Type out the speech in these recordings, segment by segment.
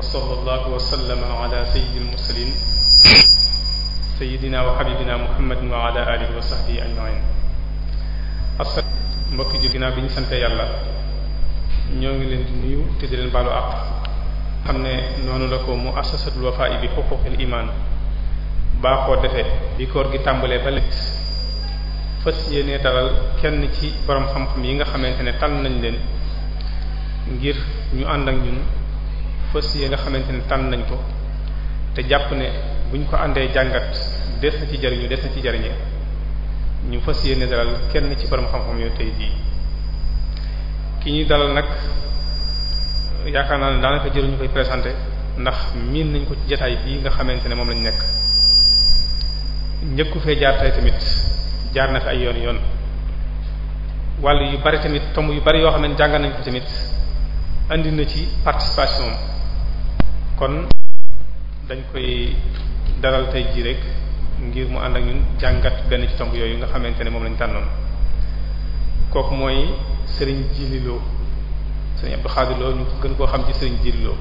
wa sallallahu wa sallama ala sayyidil mursalin sayyidina wa habibina wa ala mbokki ju ginnaaw bi ñu sante yàlla ñoo ngi leen di nuyu te leen baalu àq xam ne noonu la ko mu assasatul wafa'i bi xuquqil iman baaxoo defee bi koor gi tàmbalee ba léegi fas yéenee dalal kenn ci borom xam-xam yi nga xamante ne tànn nañ leen ngir ñu ànd ak ñun fës yi nga xamante ne tànn nañ ko te jàpp ne buñ ko àndee jàngat des na ci jariñu des na ci jariñe ñu fës ne dalal kenn ci borom xam-xam yooyu tey jii ki ñuy dalal nag yaakaar naa ne daanaka jëruñu koy présenté ndax miin nañ ko ci jotaay bii nga xamante ne moom lañu nekk njëkku fee jaar tey tamit jaar na fi ay yoon yoon wàll yu bari tamit tomb yu bari yoo xam ne jàngal nañ ko tamit indi na ci participation kon dañ koy daral tey jii rek ngir mu ànd ak ñun jàngat benn ci tomb yooyu nga xamante ne moom lañ tànnoon kooku mooy sëriñ jililoo sëriñ Abdou Khadir ñu gën koo xam ci sëriñ jililoo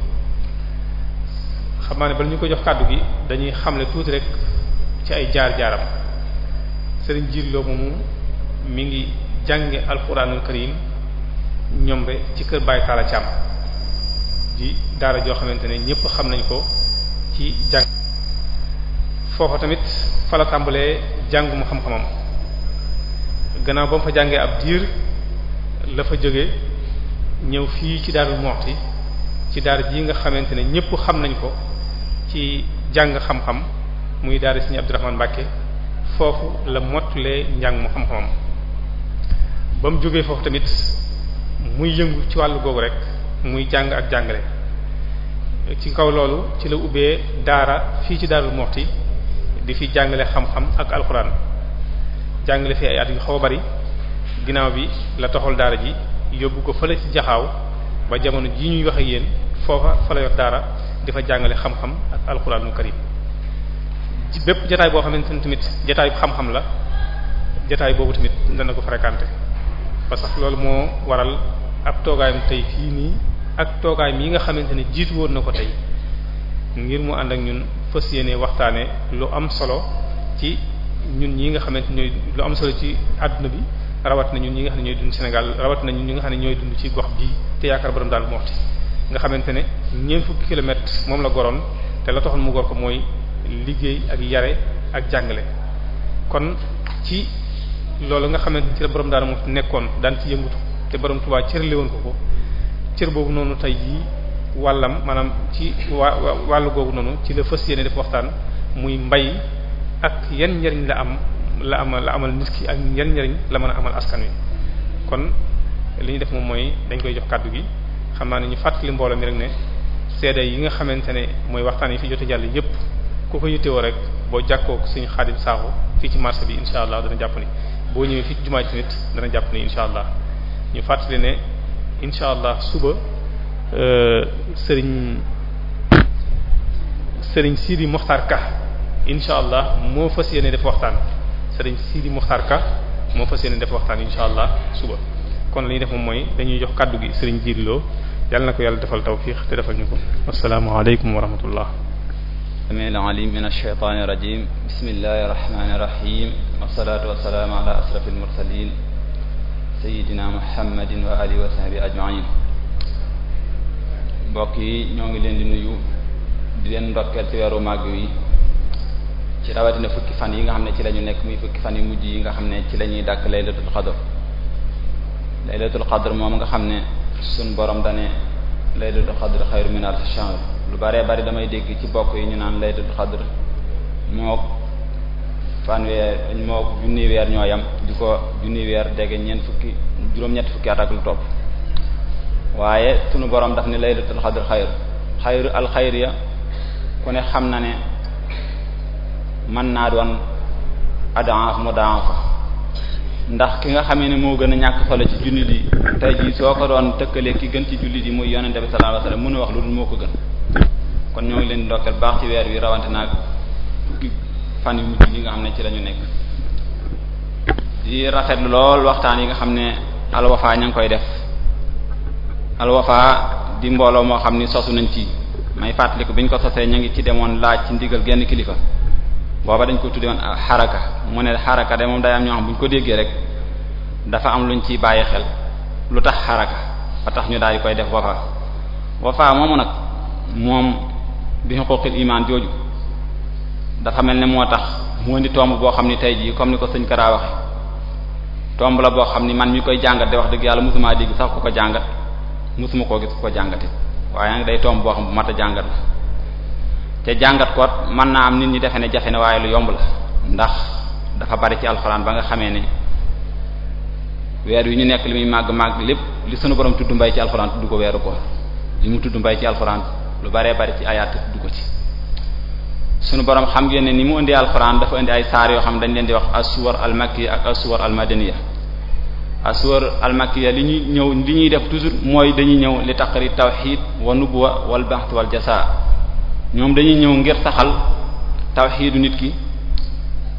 xam naa ne bala ko jox kàddu gi dañuy xamle tuuti rek ci ay jaar-jaaram sëriñ jililoo moomu mi ngi jànge alxuraanul karim ñombe ci kër Baye Talla Thiam di daara joo xamante ne ñëpp xam nañ ko ci jàng foofa tamit fa la tàmbalee jàng mu xam-xamam gannaaw ba mu fa jàngee ab diir la fa jóge ñëw fii ci Darou Moukhty ci daara ji nga xamante ne ñëpp xam nañ ko ci jàng xam-xam muy daara Serigne Abdourahmane Mbacké la mottulee njàng mu xam-xamam ba mu jógee foofu tamit muy yëngu ci wàll googu rek muy jàng ak jàngale ci kaw loolu ci la ubbee daara fii ci Darou Moukhty di fi jàngale xam-xam ak alxuraan jàngale fi ay at yu xaw a bari ginnaaw bi la toxal daara ji yóbbu ko fële ci jaxaaw ba jamono ji ñuy wax yéen foofa fa la yor daara di fa jàngale xam-xam ak alxuraanu karim ci bépp jataay boo xamante ni tamit jataay xam-xam la jataay boobu tamit dana ko fréquenter ba sax loolu moo waral ab toogaayam tey fii nii ak toogaayam yi nga xamante ne jiitu woon na ko tey ngir mu ànd ak ñun fës yéene waxtaane lu am solo ci ñun ñi nga xamante ñooy lu am solo ci àdduna bi rawat na ñun ñi nga xam ne ñooy dund Sénégal rawat na ñun xam ne ñooy dund ci gox bii te yaakaar borom daal moxti nga xamante ne ñeent fukki kilomètres moom la goroon te la taxoon mu gor ko mooy liggéey ak yare ak jàngale kon ci loolu nga xamante ci la borom daal moxti nekkoon daan ci yëngutu te borom Tuubaa cërale woon ko ko cër boobu noonu tey jii wàllam maanaam ci wa wàllu googu noonu ci la fas yéene def waxtaan muy mbay ak yan njariñ la am la amal la amal nit ki ak yan njariñ la mën a amal askan wi kon li ñu def moom mooy dañ koy jox kàddu gi xam naa ne ñu fàttali mbooloo mi rek ne seede yi nga xamante ne mooy waxtaan yi fi jot a jàll yépp ku ko yittewoo rek boo jàkkook suñu xaadim saaxu fii ci marché bi incha allah dana jàpp ni boo ñëwee fi ci dana jàpp ni incha allah ñu fàttali ne incha allah suba euh, sëriñ sëriñ Sidi Mokhtar Ka incha allah moo fas yéene def waxtaan sëriñ Sidi Mokhtar Ka moo fas yéene def waxtaan incha allah suba kon li ñu def moom mooy dañuy jox kàddu gi sëriñ Jidloo yàlla na ko yàlla defal tawfiq te defal ñu ko assalaamu aleykum wa rahmatullah samil alim min alsheytaani irajim bismillahi irrahmani irrahim wasalaatu wasalaamu ala ashraf almursalin sayidina muhammadin wa alihi wa sahbi ajmain mbokk yi ñoo ngi leen di nuyu di leen ndokkeel ci weeru màgg yi ci rawatina fukki fan yi nga xam ne ci la ñu nekk muy fukki fan yu mujj yi nga xam ne ci la ñuy dàkk laylatul qadr laylatul qadr moom nga xam ne suñ borom dane laylatul qadr xayru min alfi shahr lu baree bari damay dégg ci bokk yi ñu naan laylatul qadr moo fanweer moo junni weer ñoo yam di ko junni weer dege ñeent fukki juróom-ñett fukki at ak lu topp waaye sunu boroom daf ne laylatul xadr xayr xayru al xayr ya ku ne xam na ne mën naa doon adance mu daan ko ndax ki nga xamee ne moo gën a ñàkk solo ci jullit yi tey jii soo ko doon tëkkalee ki gën ci jullit yi muy yonente bi sallallahu alayhi wasallam a wax lu dul moo ko gën kon ñoo ngi leen di baax ci weer wi rawante naag fan yu mujj yi nga xam ne ci lañu nekk di rafet lool waxtaan yi nga xam ne Al Wafa ña ngi koy def Al di mbooloo moo xam ni sosu nañ ci may fàttaliku bi ñu ko sosee ñu ngi ci demoon laaj ci ndigal genn kilifa booba dañ ko tuddewoon xaraka mu ne xaraka de moom day am ñoo xam bu ñu ko déggee rek dafa am luñ ciy bàyyi xel lu tax xaraka ba tax ñu daal di koy def wafa wafa moomu nag moom bi xuquqil imaan jooju dafa mel ne moo tax mu indi tomb boo xam ni tey jii comme ni ko sëñ Kara waxe tomb la boo xam ni man mi koy jàngat de wax dëgg yàlla mosuma dégg sax ku ko jàngat mosuma koo gis ku ko jàngati waaye nag day tomb boo xam bu mat a jàngat la te jàngat koot mën naa am nit ñi defe ne jafe ne waaye lu yomb la ndax dafa bari ci alxuraan ba nga xamee ne weer yu ñu nekk li muy màgg màgg lépp li sunu borom tudd mbay ci alxuraan tudd ko weeru ko li mu tudd mbay ci lu baree bari ci ayaat tudd ci sunu borom xam ngeen ni mu indi alquran dafa indi ay saar yoo xam dañ leen di wax asuwar almakkiya ak asuwar almadaniya asuwar almakkiya li ñuy ñëw li ñuy def toujours mooy dañuy ñëw li taqari tawxid wa nubuwa wal baxt wal jasa ñoom dañuy ñëw ngir saxal tawxidu nit ki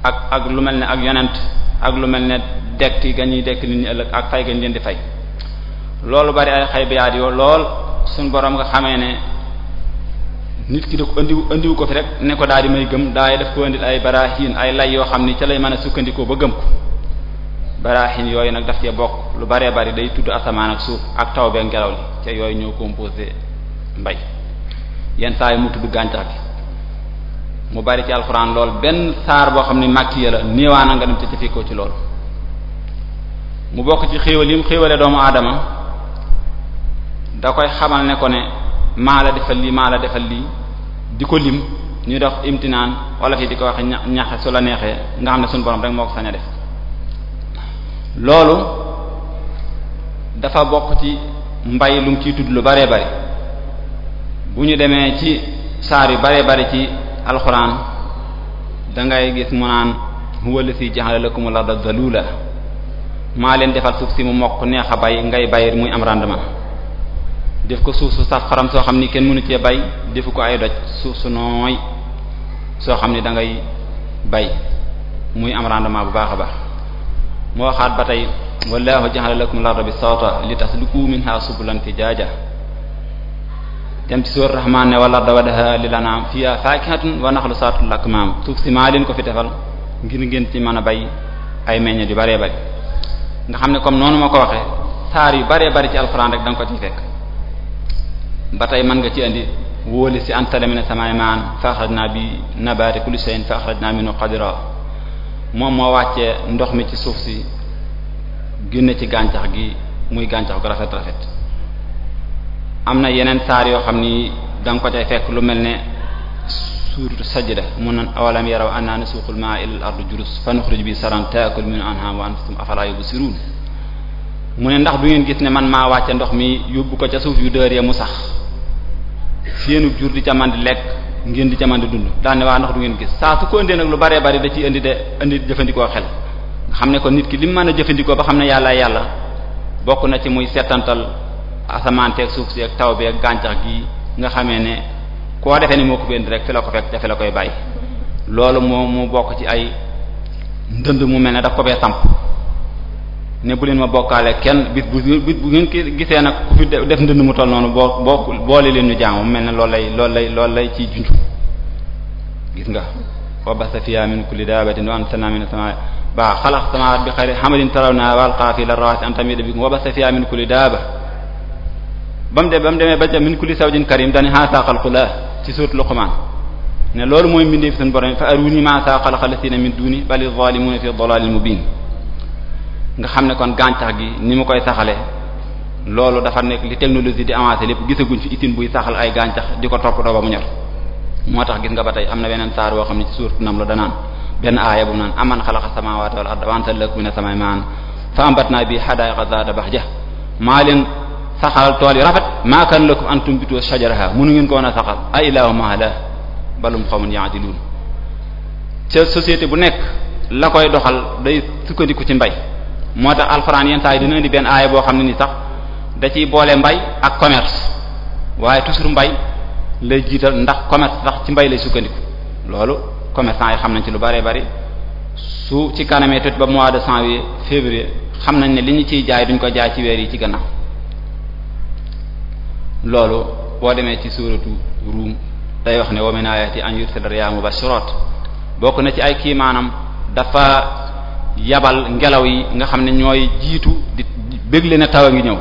ak ak lu mel ne ak yonent ak lu mel ne dekki ga ñuy dekk nit ñi ëllëg ak fay ga leen di fay loolu bari ay xaybiyaat yoo lool sunu borom nga xamee ne. nit ki da ko andiw andiwu ko fi rek ne ko daal di may gëm daay def ko andil ay barahin ay lay yoo xam ni ca lay mën a sukkandikoo ba gëm ko barahin yooyu nag daf cee bokk lu baree bari day tudd asamaan ak suuf ak taw be ngelaw li yooyu ñoo composé mbay yenn saa yi mu gàncax gi mu bari ci alxuraan lool benn saar boo xam ne màkkiya la néewaana nga dem ca cafeekoo ci lool mu bokk ci xéewal yi xéewale doomu aadama da koy xamal ne ko ne maa la defal lii maa la defal lii di ko lim ñuy dox imtinaan wala fii di ko waxe ñax su la neexee nga xam ne suñu borom rek moo ko sañ a def loolu dafa bokk ci mbay lum mu ciy tudd lu baree bari bu ñu demee ci saar yu baree bari ci alxuraan dangay ngay gis mu naan huwa ko ja'ala lakumul arda dalula maa leen defal suuf si mu mokk neex a bay ngay bay muy am rendement def ko suuf su saf xaram soo xam ni kenn mënu cee bay defu ko ay doj suuf su nooy soo xam ni da ngay bay muy am rendement bu baax a baax moo waxaat ba tey wallahu ja'ala lakum tax arda bisata litasluku minha subulan fijaja dem ci suur rahman ne wal arda wadaha lil anam fiha fakihatun wa nakhlu satul akmam suuf si maa leen ko fi defal ngir ngeen ci mën a bay ay meññet yu bëree bëri nga xam ne comme noonu ma ko waxee saar yu bëree bari ci alxuraan rek da nga ko ciy fekk ba tey man nga ci andi wóoli si antala mi ne samay maan fa axrajna bi nabaati kulli shay'in fa axrajna minhu qadra moom moo wàccee ndox mi ci suuf si génne ci gàncax gi muy gàncax gu rafet rafet am na yeneen saar yoo xam ni da nga ko cay fekk lu mel ne suuratu sajda mun nan awalam yaraw annaa nasuuqul maa ilal ardi jurus fa nuxriju bi saran taakulu mu ne ndax du ngeen gis ne man maa wàcce ndox mi yóbbu ko ca suuf yu dër mu sax seenu jur di ca man di lekk ngeen di ca man di dund daan ne waa ndax du ngeen gis saa su ko indee nag lu baree bari da ciy indi de indi jëfandikoo xel nga xam ne ko nit ki li mu mën a jëfandikoo ba xam ne yàlla yàlla bokk na ci muy setantal asamaanteeg suuf si ak taw bi ak gàncax gi nga xamee ne koo defee ni moo ko fi indi rek fi la ko fekk dafa la koy bàyyi loolu moo mu bokk ci ay ndënd mu mel ne daf ko bee samp ne bu leen ma bokkaale kenn bis bu bis bu ngeen gisee nag ku fi def ndënd mu toll noonu boo boo boole leen ñu jaamu mel ne loolu lay loolu lay loolu lay ciy gis nga wa basa fiha min kulli daabatin wa anzalna min as-samaa'i bi xayri hamadin tarawna wal qaafila rawaasi an tamida bikum wa basa fiha min kulli daaba ba de ba mu demee ba ca min kulli sawjin karim dani haasa xalqula ci surat Luqman ne loolu mooy mbindeef sunu borom fa aruni ma saa xalaqal lasiina min duuni bal zaalimuuna fi dalaalin mubiin nga xam ne kon gàncax gi ni mu koy saxale loolu dafa nekk li technologie di avancé lépp gisaguñ fi itim buy saxal ay gàncax di ko toppatoo ba mu ñor moo tax gis nga ba tey am na beneen saar woo xam ne ci suurtu nam la danaan benn aaya bu naan aman xalaqa samawati wal arda wa anzalakum mina samaa'i maa'an fa ambatna bi hada'iqa zaata bahja maa leen saxalal tool yi rafet maa kan lakum an tumbitu shajaraha mënu ngeen ko woon a saxal a ilaahu ma'a llaah balum qawmun ya'diluun ca société bu nekk la koy doxal day sukkandiku ci mbay moo tax alxuraan yenn saa yi dina indi benn aaya boo xam ne ni sax da ciy boole mbay ak commerce waaye toujours mbay lay jiital ndax commerce sax ci mbay lay sukkandiku loolu commerçant yi xam nañ ci lu bëree bari su ci kanamee tuuti ba mois de janvier février xam nañ ne li ñu ciy jaay duñ ko jaay ci weer yi ci gannaaw loolu boo demee ci suuratu ruum day wax ne wa min ayati an yursila riyaha mubashirat bokk na ci ay kii maanaam dafa yabal ngelaw yi nga xam ne ñooy jiitu di bégle na taw a ngi ñëw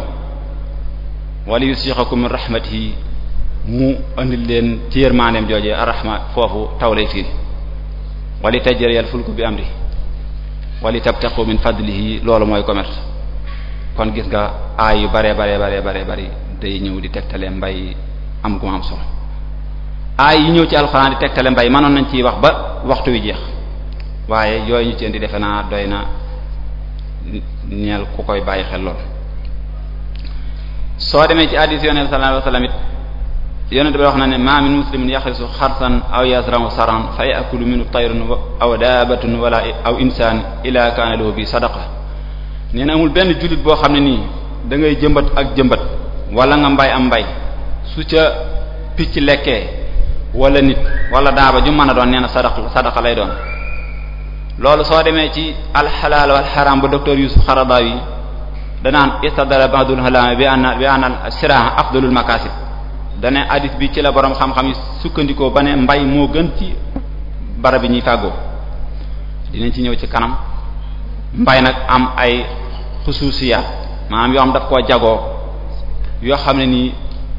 wala yusixakum min rahmatihi mu indi leen ci yërmaaneem jooje arrahma foofu taw lay firi wali tajriyal fulku bi amri wali tabtaqu min fadlihi loolu mooy commerce kon gis nga aay yu bare bare bare bare bari day ñëw di tegtale mbay am gu ma am solo aay yi ñëw ci alxuraan di tegtale mbay mënoon nañ ciy wax ba waxtu wi jeex waaye yooyu ñu ci indi defe naa doy na ñeel ku koy bàyyi xel lool soo demee ci hadiis yonent sallallahu alayhi bi wax na ne ma min muslimin yaxrisu xarsan aw yasramu saran fa yakulu minu tayrun aw daabatun wala aw insaan ila kaana bi sadaqa nee amul benn jullit boo xam ne nii dangay ngay jëmbat ak jëmbat wala nga mbay am mbay su ca picc lekkee wala nit wala daaba ju mën a doon nee na sadaqa sadaqa lay doon loolu soo demee ci alxalaal wal xaraam bu docteur Yusuf Xaradawi danaan istadala ba'dul ulama bi anna bi anna sirah afdalul makasib dane hadith bi ci la borom xam-xam yi sukkandikoo ba ne mbay moo gën ci barab bi ñuy fàggoo dinañ ci ñëw ci kanam mbay nag am ay xusuusiyaat maanaam yoo xam daf ko jagoo yoo xam ne nii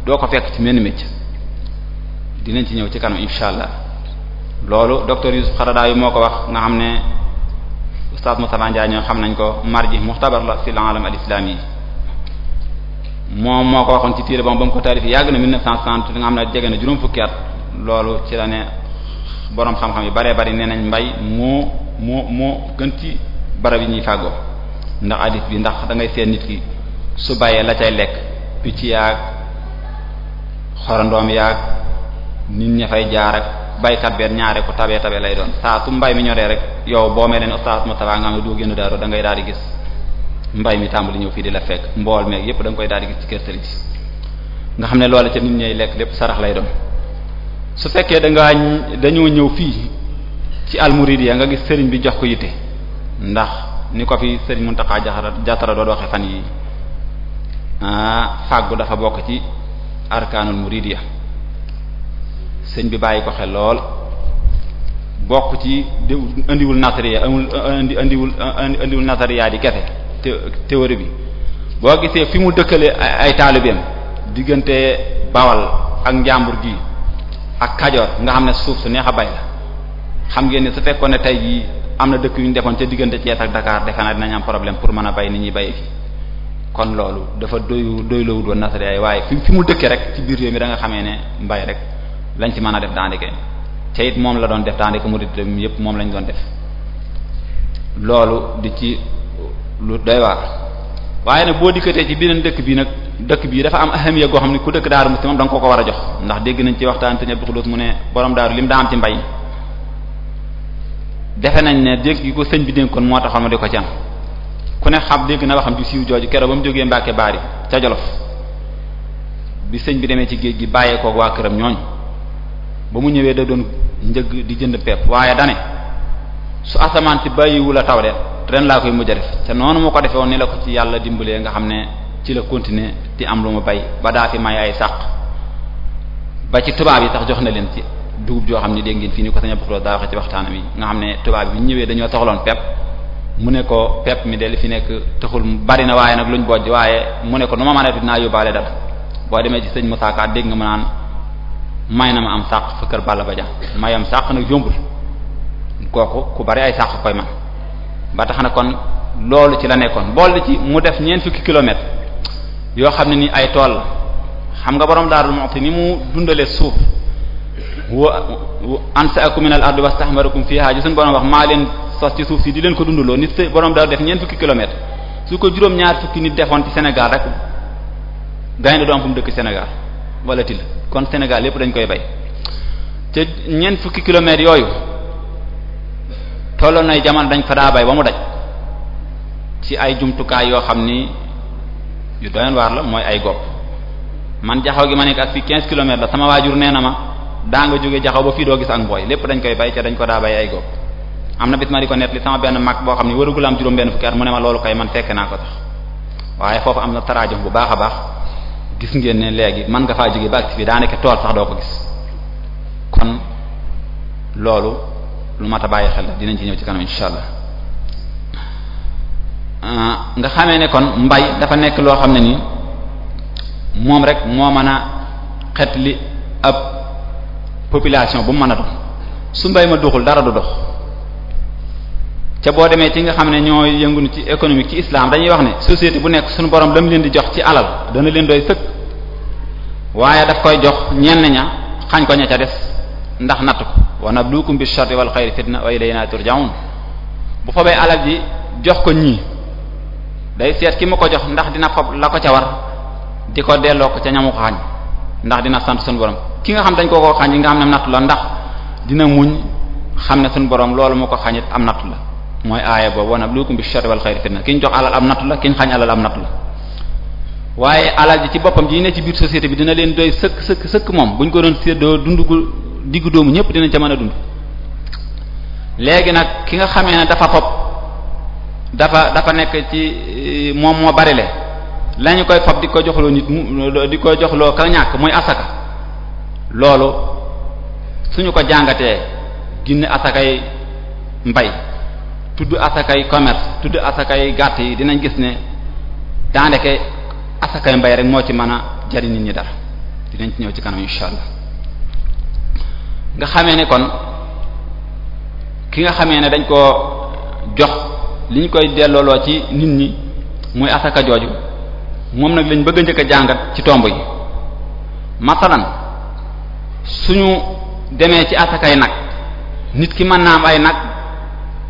doo ko fekk ci menn mécc dinañ ci ñëw ci kanam insha allah loolu docteur Youssouf Xaradaawi moo ko wax nga xam ne ustaz Moussa Ndiaye ñoo xam nañ ko marji muxtabar la fil alam al islami moom moo ko waxoon ci tiire ba ba mu ko taalif yàgg na 1960 nga xam ne jege na juróom fukki at loolu ci la boroom xam-xam baree bari nee nañ mbay moo moo moo gën ci barab yi ñuy fàggoo ndax hadith bi ndax dangay ngay seet nit ki su bàyyee la cay lekk picc yaag xorandoom yaag nit ña fay jaar ak baykat benn ñaare ku tabee tabe lay doon saa su mbay mi ñoree rek yow boo mel ne oustaz Moustapha nga nga doo génn daaru da ngay daal di gis mbay mi tàmbali ñëw fii di la fekk mbool meeg yépp da nga koy daal gis ci kër sëriñ si nga xam ne loola ci nit ñay lekk lépp sarax lay doon su fekkee da ngaa dañoo ñëw fii ci almuridiya nga gis sëriñ bi jox ko yitte ndax ni ko fi sëriñ Muntaxa jaxara jatara doon waxe fan yi ah, fàggu dafa bokk ci arkaanul muridiya sëñ bi bàyyi ko xel lool bokk ci indiwul natariya amul indi indiwul indiwul natariya di kese te théorie bi boo gisee fi mu dëkkale ay taalibeem diggante bawal ak njàmbur gi ak kajoor nga xam ne suuf su neex a bay la xam ngeen su fekkoon ne tey jii am na dëkk yu ñu defoon ca diggante Thiès ak Dakar defe naa dinañ am problème pour mën a bay ni ñuy bay kon loolu dafa doyu doy lawut woon natariya waaye fi fi mu dëkkee rek ci biir réew mi nga xamee ne mbay rek lañu ci mën a def daandike te it moom la doon def daandike mu did yëpp moom lañ doon def loolu di ci lu doy waar waaye nag boo dikkatee ci beneen dëkk bi nag dëkk bii dafa am ahamiya goo xam ne ku dëkk daaru musti moom da nga ko ko war a jox ndax dégg nañ ci waxtaan te ñebe xulóos mu ne borom daaru lim daa am ci mbay nañ ne dégg gi ko sëñ bi kon moo taxoon ma di ko ci am ku ne xam dégg na waxam ju siiw jooju kero ba mu jógee Mbàkke Baari ca Jolof bi sëñ bi demee ci géej gi bàyyee bàyyeekoo waa këram ñooñu ba mu ñëwee da doon njëg di jënd waaye dane su asamaan si bàyyiwu la taw de ren laa koy mujj a def te noonu ko defee woon la ko ci yàlla dimbalee nga xam ne ci la continuer di am lu mu bay ba daa fi ay sàq ba ci tubaab yi sax jox na leen ci dugub joo xam ne dégg fii ni ko sañ a buxuloo daa waxe ci waxtaanam xam ne tubaab yi ñëwee dañoo soxloon pepp mu ne ko pepp mi de li fi nekk taxul bari na waaye nag luñ boj waaye mu ne ko nu ma mën a dinaa yóbbaale dara boo demee ci sëñ Moussa Ka dégg nga mu naan may na ma am sàq fa kër Balla Badiane mayam sàq nag yombul kooku ku bari ay sàq koy man ba tax na kon loolu ci la nekkoon boole ci mu def ñeent fukki kilomètres yoo xam ne ni ay tool la xam nga borom Daaru Muxti ni mu dundalee suuf wa ansaakum minal ardi wastahmarakum fiha ji suñu borom wax maa leen sos ci suuf si di leen ko dundaloo nit borom Daaru def ñeent fukki kilomètres su ko juróom-ñaar fukki nit defoon ci Sénégal rek gaynde doom fu mu dëkk Sénégal volatile kon Sénégal yépp dañ koy bay te ñeent fukki kilomètres yooyu tolloon nay jamono dañ ko daa bay ba mu daj ci ay jumtukaay yoo xam ni yu doyoon waar la mooy ay gopp man jaxaw gi ma nekk ak fi 15 kilomètres la sama waajur nee na ma daa nga jóge jaxaw ba fii doo gis ak mbooy lépp dañ koy bay te dañ ko daa bay ay gopp am na bis ma di ko net li sama benn mag boo xam ni warugula am juróom benn fukki at mu ne ma loolu kay man fekke naa ko sax waaye foofu am na taraajum bu baax a baax gis ngeen ne léegi man nga faa jóge ba activé daanaka tool sax doo ko gis kon loolu lu mat a bàyyi xel dinañ ci ñëw ci kanam insha allah ah, nga xamee ne kon mbay dafa nekk loo xam ne ni moom rek moo mën a xet li ab population bu mën a dox su mbay ma doxul dara du dox ca boo demee ci nga xam ne ñoo yëngunu ci économique ci islaam dañuy wax ne société bu nekk suñu borom la leen di jox ci alal dana leen doy sëkk waaye daf koy jox ñenn ña xañ ko ña ca des ndax natt ko wa nabluukum bi sharri wal xayri fitna wa ilayna turja'un bu fobee alal ji jox ko ñii day seet ki ma ko jox ndax dina fob la ko ca war di ko delloo ko ca ñamu xañ ndax dina sant suñu borom ki nga xam dañ koo koo xañ yi nga xam ne nattu la ndax dina muñ xam ne suñu borom loolu mu ko xañit am nattu la mooy aaya boobu wan nabluukum bi sharri wal xayri fitna ki ñu jox alal am nattu la ki ñu xañ alal am nattu la waaye alal ji ci boppam ji ne ci biir société bi dina leen doy sëkk sëkk sëkk moom bu ñu ko doon séddoo dund gu diggu doomu ñëpp dinañ ca mën a dund léegi nag ki nga xamee ne dafa fob dafa dafa nekk ci eh, moom moo bari le lañu koy xob di ko joxloo nit mu di ko joxloo ka ñàkk muy asaka loolu suñu ko jàngatee ginne asakay mbay tudd asakay commerce tudd asakay gàtt yi dinañ gis ne daanaka asakay mbay rek moo ci mën a jariñ nit ñi dara dinañ ci ñëw ci kanam insha nga xame ne kon ki nga xamee ne dañ koo jox li ñu koy dellooloo ci nit ñi muy asaka jooju moom nag lañ bëgg a njëkk a jàngat ci tomb yi su ñu demee ci asakay nag nit ki mën naa am ay nag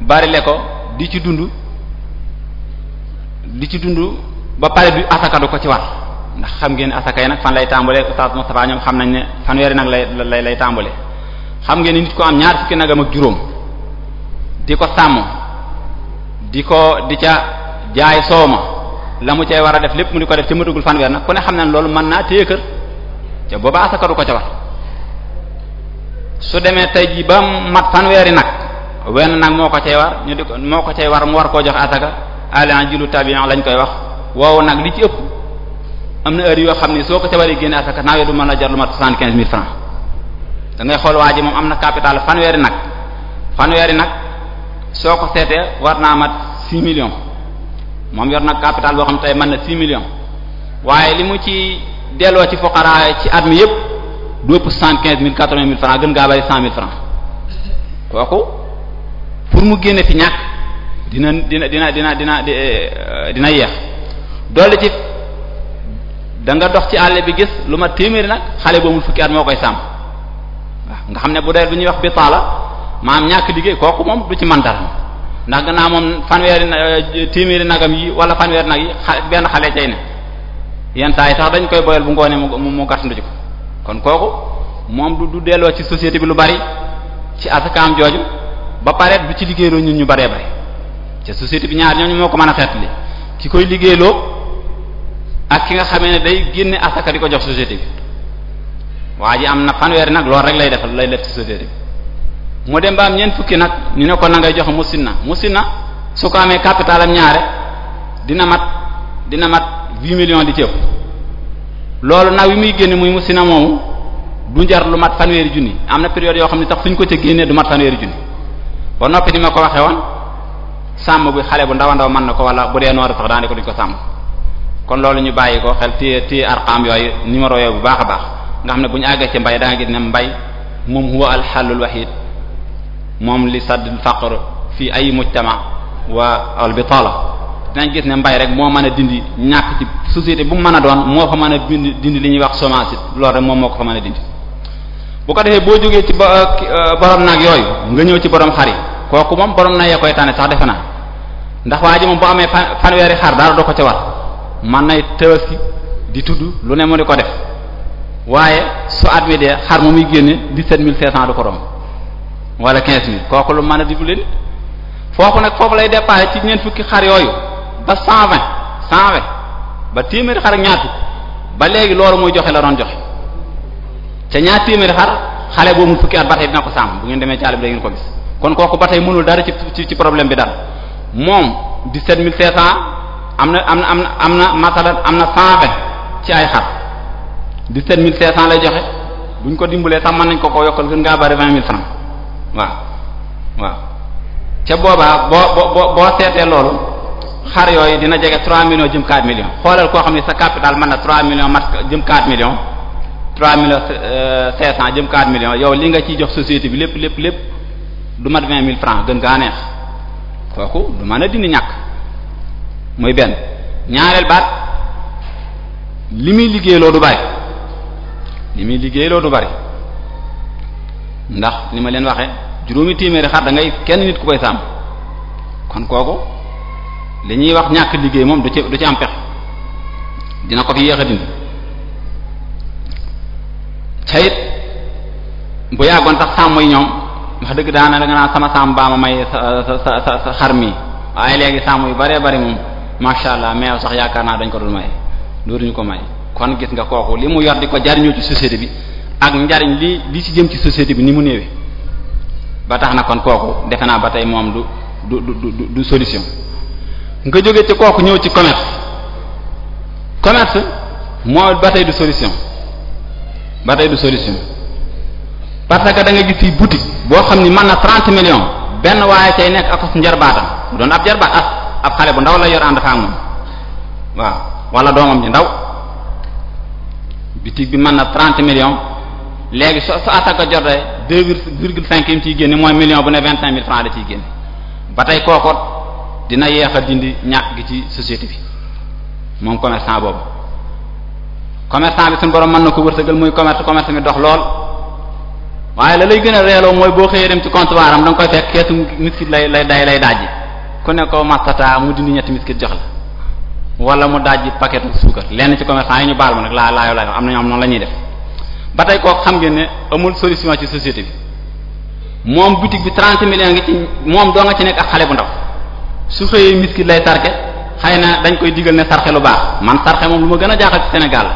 barile ko di ci dund di ci dund ba pare du asaka ko ci war ndax xam ngeen asaka nag fan lay tàmbalee Oustaz Moustapha ñoom xam nañ ne fanweeri nag lay lay lay xam ngeen nit ko am ñaar fukki nagam ak juróom di ko sàmm di ko di ca jaay ma la mu cay war a def lépp mu di ko def ca matagul fanweer nag ku ne xam na loolu mën naa téye kër ca booba asaka ko ca war su demee tey ji ba mat fanweeri nag wenn nag moo ko cay war ñu di ko moo ko cay war mu war koo jox asaka alin jilu tabian lañ koy wax woowu nag li ci ëpp am na heure yoo xam ne soo ko ca waree génne naaw du mën la jar lu mat soixante xool waa ji am na capital fanweeri nag fanweeri nag soo ko seetee war naa mat six millions moom yor nag capital boo xam tey mën na six million waaye li mu ci delloo ci foqara ci at mi yëpp du ëpp soixante-quinze mille quatre-vingt mille francs gën gaa bari cent mille kooku pour mu génne fi ñàkk dina dina dina dina dina eh, dina yeex dolli ci da nga dox ci àll bi gis lu ma téeméeri nag xale boobu fukki at moo koy sàmp waaw nga xam ne bu dee bu ñuy wax bi taala maam ñàkk liggéey kooku moom du ci man dara ndax gannaaw moom fanweeri na eh, téeméeri nagam yi wala fanweeri nag yi xa benn xale cay ne yenn saa yi sax dañ koy boyal bu ngoonee mu mu gàttandu ci ko kon kooku moom du delloo ci société bi lu bari ci asakaam jooju. ba pare du ci liggéey ñun ñu baree bare ca société bi ñaar ñooñu moo ko mën a xeetli ki koy liggéeyloo ak ki nga xamee ne day génne asaka di ko jox société bi waa ji am na fanweeri nag loolu rek lay defal lay def ci société bi mu dem ba am ñeent fukki nag ñu ne ko na ngay joxe musina musina su ko amee capital am ñaare dina mat dina mat huit million di ceeb loolu nag wi muy génne muy musina moomu du njar lu mat fanweeri junni am na période yoo xam ne sax ko ca génnee du mat fanweeri ba noppi ni ma ko waxee woon sàmm bi xale bu ndawa ndaw mën na ko wala bu dee nooru sax ko duñ ko sàmm kon loolu ñu bàyyi ko xel téye téye arqam yooyu numéro yooyu bu baax a baax nga xam ne bu ñu àggee ci mbay da nga gis ne mbay moom huwa alxalul wahid moom li sadd faqr fii ay mujtama wa al bitala dinañ gis ne mbay rek moo mën a dindi ñàkk ci société bu mu mën a doon moo ko mën a dindi dindi li ñuy wax semence it loolu rek moom moo ko fa mën a dindi bu ko boo jógee ci borom nag yooyu nga ñëw ci borom xar yi kooku moom borom na yee koy tànne sax defe naa ndax waa ji moom bu amee fanweeri xar daal doo ko ca war man nay tabaski di tudd lu ne mu ni ko def waaye su at mi dee xar mu muy génne dix-sept mille cinq cents du ko romb wala quinze mille kooku lu mën a dimbali nit foofu nag foofu lay dépassé ci ñeent fukki xar yooyu ba cent vingt cent ba téeméeri xar ak ñaar ba léegi loolu muy joxe la doon joxe ca ñaar téeméeri xar xale boobu fukki at ba tey dina ko sàmm bu ngeen demee ci àll ko kon kooku ba tey mënul dara ci ci problème bi dal moom 17500 am na am na am na am na masalan am na 120 ci ay xar 17500 lay joxe buñ ko dimbalee sax mën nañ ko ko yokkal gën ngaa bari 20000 francs waaw waaw ca boobaa boo boo boo seetee loolu xar yooyu dina jege 3 millions jëm 4 millions xoolal koo xam ne sa capital mën na 3 millions mat jëm 4 millions 3 millions 500 euh, jëm 4 millions yow li nga ciy jox société bi lépp lépp lépp. du mat vingt mille francs gën gaa neex kooku du mën a dindi ñàkk muy benn ñaareel baat li muy liggéey loo du bari li muy liggéey loo du bari ndax ni ma leen waxe juróomi téeméeri xar da ngay kenn nit ku koy sàmm kon kooku li ñuy wax ñàkk liggéey moom du ci du ci am pex dina ko fi yéex a dindi ca it bu yàggoon sax sàmm yi ñoom wax dëgg daana da nga naan sàmm baa baama may sa sa sa xar mi waaye léegi sàmm yu bëree bëri moom macha allah meew sax yaakaar naa dañ ko dul may ñu ko may kon gis nga kooku li mu yor di ko jariñoo ci société bi ak njariñ li li ci jëm ci société bi ni mu néewee ba tax na kon kooku defe naa ba tey moom du du du du du solution nga jóge ci kooku ñëw ci commerce commerce moo ba tey du solution ba tey du solution parce que da nga gis fii boutique boo xam ni mën na 30 millions benn waaye cay nekk ak njarbaatam mu doon ab jarbaat ab ab xale bu ndaw la yor ànd fa ak moom waaw wala doomam ji ndaw boutique bi mën na 30 millions léegi so so attaque a jotee deux virgule cinq yi mu ciy génne million bu ne vingt cinq mille ba tey kookoot dina yeex a dindi ñàkk gi ci société bi moom commerçant boobu commerçant bi suñu borom mën na ko wërsëgal muy commerce commerce mi dox lool waaye la lay gën a reeloo mooy boo xëyee dem ci comptoir am da nga koy fekk keesu miskit lay lay day lay dajji ku ne ko mastata mu dindi ñetti miskit jox la wala mu dajji paquet suukar lenn ci commerçant yi ñu baal ma nag laa laayo laayo am na ñoo am noonu la ñuy def ba tey kooku xam ngeen ne amul solution ci société bi moom boutique bi 30 million ngi ci moom doo nga ci nekk ak xale bu ndaw su xëyee miskit lay sarke xëy na dañ koy digal ne sarxe lu baax man sarxe moom lu ma gën a jaaxal ci Sénégal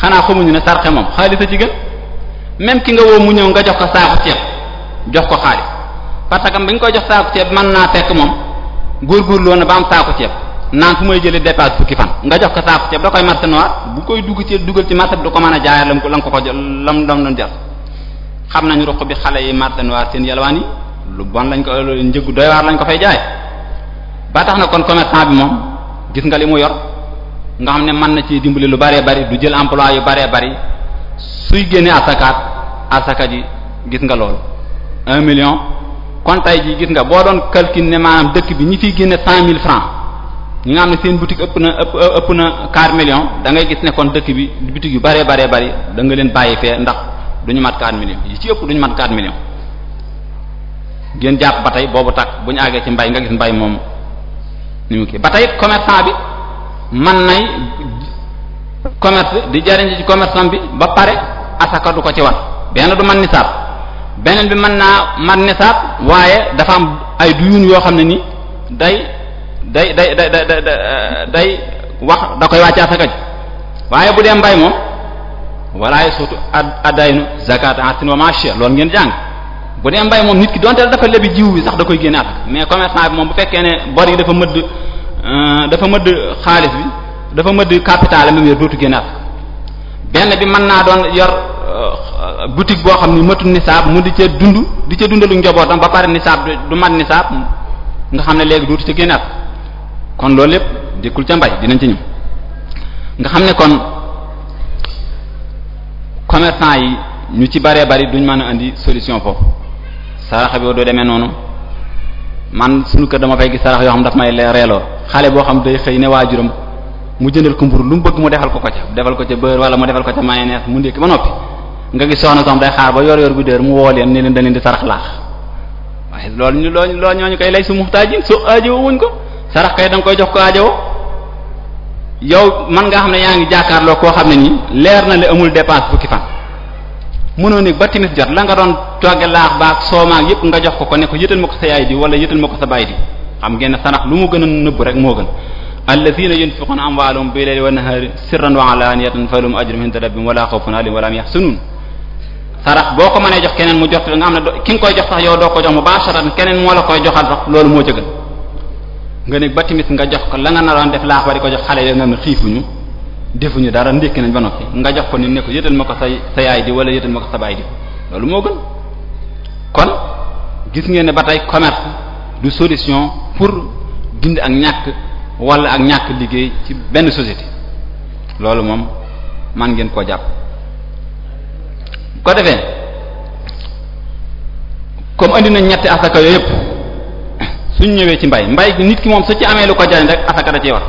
xanaa xamuñu ne sarxe moom xaalis a même ki nga woo mu ñëw nga jox ko saaku ceeb jox ko xaalis parce que bi nga koy jox saaku ceeb mën naa fekk moom góor na ba am saaku ceeb naan fu may jëlee dépasse fukki fan nga jox ko saaku ceeb da koy marché noir bu koy dugg ci dugal ci marché du ko mën a jaayal lam ko lam ko ko lam lam doon jar xam nañu ruq bi xale yi marché noir seen yalwaan yi lu bon lañ ko njëgu doy waar lañ ko fay jaay ba tax na kon commerçant bi moom gis nga li mu yor nga xam ne mën na ci dimbali lu bëree bëri du jël emploi yu bëree bëri suy génne asakaat asaka ji gis nga loolu un million kon tey ji gis nga boo doon calcul ne maanaam dëkk bi ñi fiy génne cent mille francs ñi nga xam ne seen boutique ëpp na ëpp na quatre millions da ngay gis ne kon dëkk bi boutique yu baree baree bari da nga leen bàyyi fee ndax du ñu mat quatre millions yi ci ëpp du ñu mat quatre millions ngeen jàpp ba tey boobu takk bu ñu àggee ci mbay nga gis mbay moom ni mu kii ba tey commerçant bi man nay commerce di jariñ ci commerçant bi ba pare asaka du ko ci war benn du man nisaab beneen bi mën naa man nisaab waaye dafa am ay duyun yoo xam ne nii day day day day day day wax da koy wàcc asaka ji waaye bu dee mbay moom walla surtout addaynu zakat atin wa maashe loolu ngeen jàng bu dee mbay moom nit ki donte dafa lebi jiw bi sax da koy génne asaka mais commerçant bi moom bu fekkee ne bor yi dafa mëdd euh, dafa mëdd xaalis bi dafa mëdd capital am dootu génne asaka benn bi mën Euh, boutique boo xam ni matul nisaab mu di cee dund di ca dundalu njabootam ba pare nisaab du mat nisaab nga xam ne léegi duutu ci génnaat kon loolu lépp dékkul ca mbay dinañ ci ñëw nga xam ne kon commerçant yi ñu ci bëree bëri duñ mën a indi solution foofu saraxa bi doo demee noonu man suñu kër dama fay gis sarax yoo xam daf may reeloo xale boo xam day xëy ne waajuram mu jëndal ko mburu lu mu bëgg mu defal ko ko ca defal ko ca beurre wala mu defal ko ca mayonnaise mu ndékki ba noppi nga gis soxna som day xaar ba yor yor bu déer mu woo leen ne leen dañ leen di sarax laax waaye loolu ñu loo loolu ñooñu koy lay su muxtaajin so aajowo wuñ ko sarax kay da nga koy jox ko aajowo yow man nga xam ne yaa ngi jàkkaarloo koo xam ne nii leer na le amul dépense fukki fan mënoo ne ba timis jot la nga doon togge laax baag soomaag yépp nga jox ko ko ne ko yëtal ma ko sa yaay di wala yëtal ma ko sa baay di xam ngeen sarax lu mu gën a nëbb rek moo gën allazina yunfiquna amwaalahum bil layli wan nahari sirran wa alaniyatan falahum ajrun inda rabbihim wala xawfun alayhim wala hum yahzanun sarax boo ko mënee jox keneen mu jot nga xam ne ki nga koy jox sax yow doo ko jox mubasharatan keneen moo la koy joxal sax loolu moo ca nga ne ba timis nga jox ko la nga naroon def laa ba di ko jox xale yi nga xam ne xiifuñu defuñu dara ndékki nañ ba noppi nga jox ko ni ne ko yëtal ma ko sa sa yaay di wala yëtal ma ko sa baay di moo gën gis ngeen ne ba tey commerce du solution pour dindi ak ñàkk wala ak ñàkk liggéey ci benn société loolu moom man ngeen koo jàpp ko defee comme andi nañ ñetti asaka yooyu yëpp suñ ñëwee ci mbay mbay nit ki moom su ci amee lu ko jariñ rek asaka da ciy war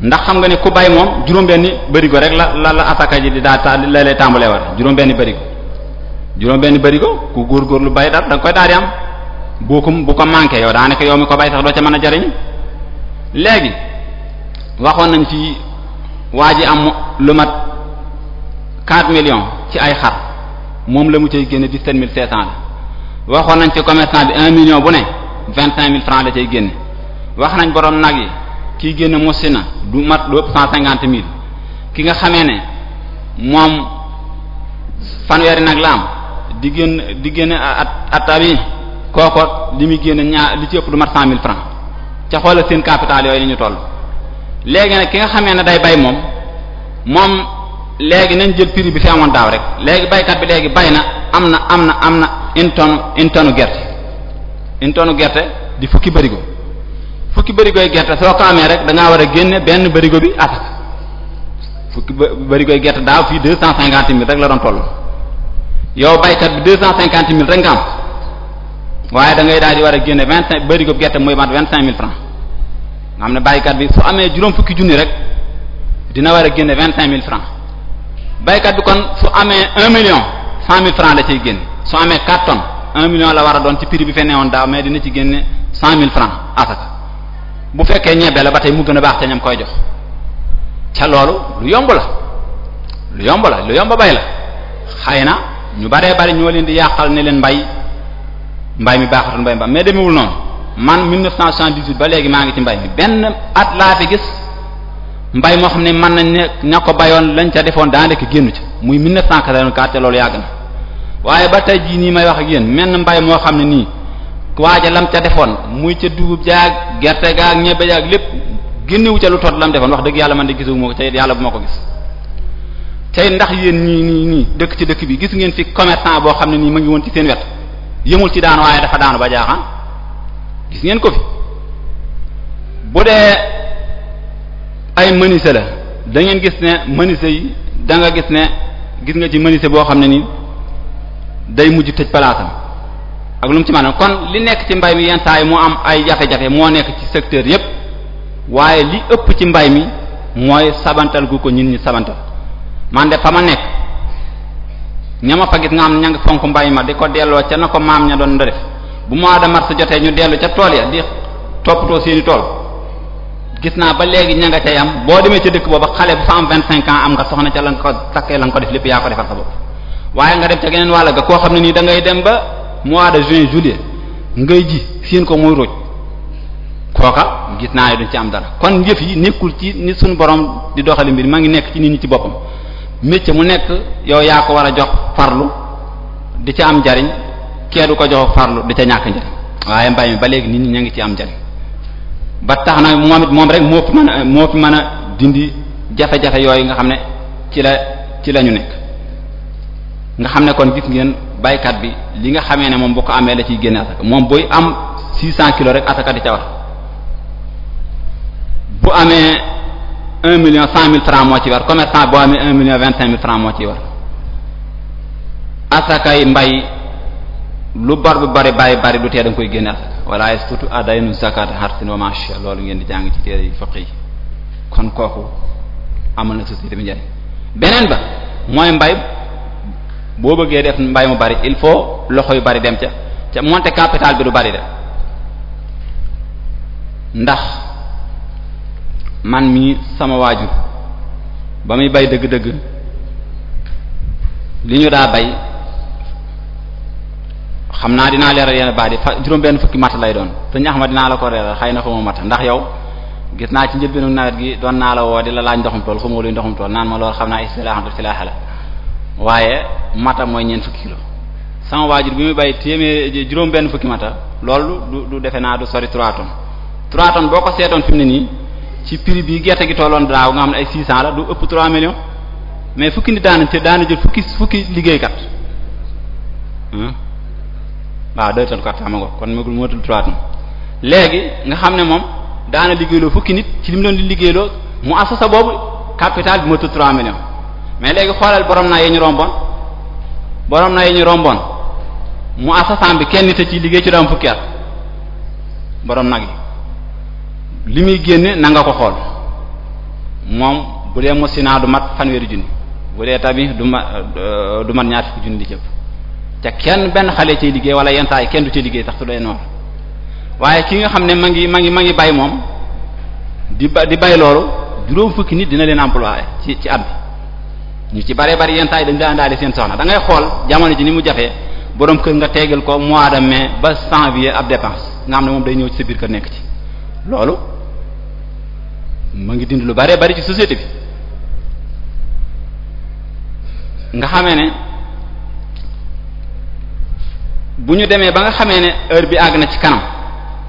ndax xam nga ne ku bay moom juróom-benni bërigo rek la la la asaka ji di daa ta la lay tàmbalee war juróom-benni bërigo juróom-benni bërigo ku góor góorgóorlu bay dara da nga koy daal di am boo ko bu ko manqué yow daanaka yow mi ko bay sax doo ca mën a jariñ léegi waxoon nañ ci waa ji am lu mat 4 million ci ay xar moom la mu cay génne di sept mille cinq cents la waxoon nañ ci commerçant bi un million bu ne vingt-cinq mille francs la cay génne wax nañ borom nag yi kiy génne mosi na du mat du ëpp cinquante mille ki nga xamee ne moom fanweeri nag la am di génn di génne at atta bi kooko li muy génne ñaar li ci ëpp du mat cent mille francs ca xoolal seen capital yooyu ñu toll léegi nag ki nga xamee ne day bay moom moom léegi nañ jël prix bi fi amoon daaw rek léegi baykat bi léegi bay na am na am na am na une tonne gerte une tonne gerte di fukki bërigo fukki bërigoy gerte soo ko amee rek da ngaa war a génne benn bërigo bi asaka fukki bërigoy gerte daaw fii deux cent cinquante mille rek la doon toll yow baykat bi deux cent cinquante mille rek nga am waaye da ngay daal di war a génne vingt cinq bërigo gerte mooy mat vingt cinq mille francs nga xam ne bi su amee juróom fukki junni rek dina war a génne vingt cinq mille francs baykat bi kon su amee un million cent mille francs la ciy génn su amee quatre tonnes un million la war a doon ci prix bi fe newoon daaw mais dina ci génne cent mille francs asaka bu fekkee ñebe la ba tey mu gën a baax ca ñam koy jox ca loolu lu yomb la lu yomb la lu yomb bay la xëy na ñu baree bari ñoo leen di yàqal ne leen mbay mbay mi baaxatul mbay mi baax mais demewul noonu man 1978 ba léegi maa ngi ci mbay mi benn at laa fi gis mbay moo xam ne mën nañ ne ña ko bayoon lañ ca defoon daanaka génn ca muy 1984 te loolu yàgg na waaye ba tey jii nii may wax ak yéen menn mbay moo xam ne nii waaja lam ca defoon muy ca dugub jaag gerte gaag ñebe jaag lépp génnewu ca lu tot lam defoon wax dëgg yàlla man de gisu moo ko tey yàlla bu ma ko gis tey ndax yéen ñii nii nii dëkk ci dëkk bi gis ngeen fi commerçant boo xam ne nii ma ngi woon ci seen wet yëmul ci daan waaye dafa daanu ba ngeen ko ay menuisier la da ngeen gis ne menuisier yi da nga gis ne gis nga ci menuisier boo xam ne nii day mujj tëj palaasam ak lu mu ci maanaam kon li nekk ci mbay mi yenn saa yi moo am ay jafe-jafe moo nekk ci secteur yépp waaye li ëpp ci mbay mi mooy sabantal gu ko ñun ñi sabantal man def fa ma nekk ña ma fa gis nga xam ña ngi fonk mbay ma di ko delloo ca na ko maam ña doon def bu ma de mars jotee ñu dellu ca tool ya di toppatoo seeni tool gis naa ba léegi ña nga cay am boo demee ca dëkk booba xale bu fa am vingt cinq ans am nga soxna ca la nga ko takkee la nga ko def lépp yaa ko defal sa bopp waaye nga dem ca geneen wàll ga koo xam ne nii da dem ba mois de juin juillet ngay ji seen ko muy ruuj kooka gis naa ne duñ ci am dara kon njëf yi nekkul ci ni suñu borom di doxali mbir maa ngi nekk ci nit ñi ci boppam métier mu nekk yow yaa ko war a jox farlu di ca am njariñ kee du ko jox farlu di ñàkk waaye mbay mi nit ñi ña ngi ci am njariñ ba tax na moom it moom rek moo fi mën a moo fi mën a dindi jafe-jafe yooyu nga xam ne ci la ci la ñu nekk nga xam ne kon gis ngeen baykat bi li nga xamee ne moom bu ko amee la ciy génne asaka moom booy am 600 kilos rek asaka di ca war bu amee 1 million 100 mille francs moo ci war commerçant boo amee 1 million 25 mille francs moo ci war asakay mbay lu bor bu bari bari bari du tee da koy génne asaka wala yasqutu adaynu zakata harfin wa masha loolu ngeen di jàng ci téere yi fiqh yi kon kooku amal na société bi njëriñ beneen ba mooy mbay boo bëggee def mbay mu bari il faut loxo yu bari dem ca ca monter capital bi du bari de ndax man mii sama waajur ba muy bay dëgg-dëgg li ñu daa bay xam naa dinaa leeral yenn baat yi fa juróom-benn fukki matt lay doon ax ma dinaa la ko leeral xëy na xuma mat ndax yow gis naa ci njëlbeenu nawet gi doon naa la woo di la laaj ndoxum tool xuma luy ndoxum tool naan ma loolu xam naa istilaaxatu silaaxa la waaye mata mooy ñeent fukki kilo sama waajur bi muy bay téeméer juróom-benn fukki mata loolu du du defe naa du sori 3 tonnes 3 tonnes boo ko seetoon fi mu ne nii ci prix bi gerte gi tolloon daaw nga xam ne ay 600 la du ëpp 3 millions mais fukki nit daana te daana jël fukki fukki liggéeykat hmm? waaw deux tonnes quatre ma ngo kon magul mootul trois tonnes léegi nga xam ne moom daana liggéeyloo fukki nit ci li mu doon di liggéeyloo mu asasa boobu capital bi mootul trois millions mais léegi xoolal borom naa yee ñu romboon borom naa romboon mu asasam bi kenn te ci liggéey ci doom fukki at borom nag yi li muy génne nanga ko xool moom bu dee mosina du mat fanweeri junni bu dee tamit du ma du mat ñaar fukki junni di jëpp te kenn benn xale cay liggéey wala yenn saa yi kenn du ci liggéey sax su dee noonu waaye ki nga xam ne ma ngi ma ngi ma ngi bay moom di ba di bay loolu juróom fukki nit dina leen employé ci ci at bi ñu ci bare bari yenn saa yi dañ daan daale seen soxna da ngay xool jamono ji ni mu jafee boroom kër nga tegal ko mois de mai ba janvier ab dépense nga xam ne moom day ñëw ci sa biir kër nekk ci loolu mu ngi dindi lu bare bari ci société bi nga xamee ne bu ñu demee ba nga xamee ne heure bi àgg na ci kanam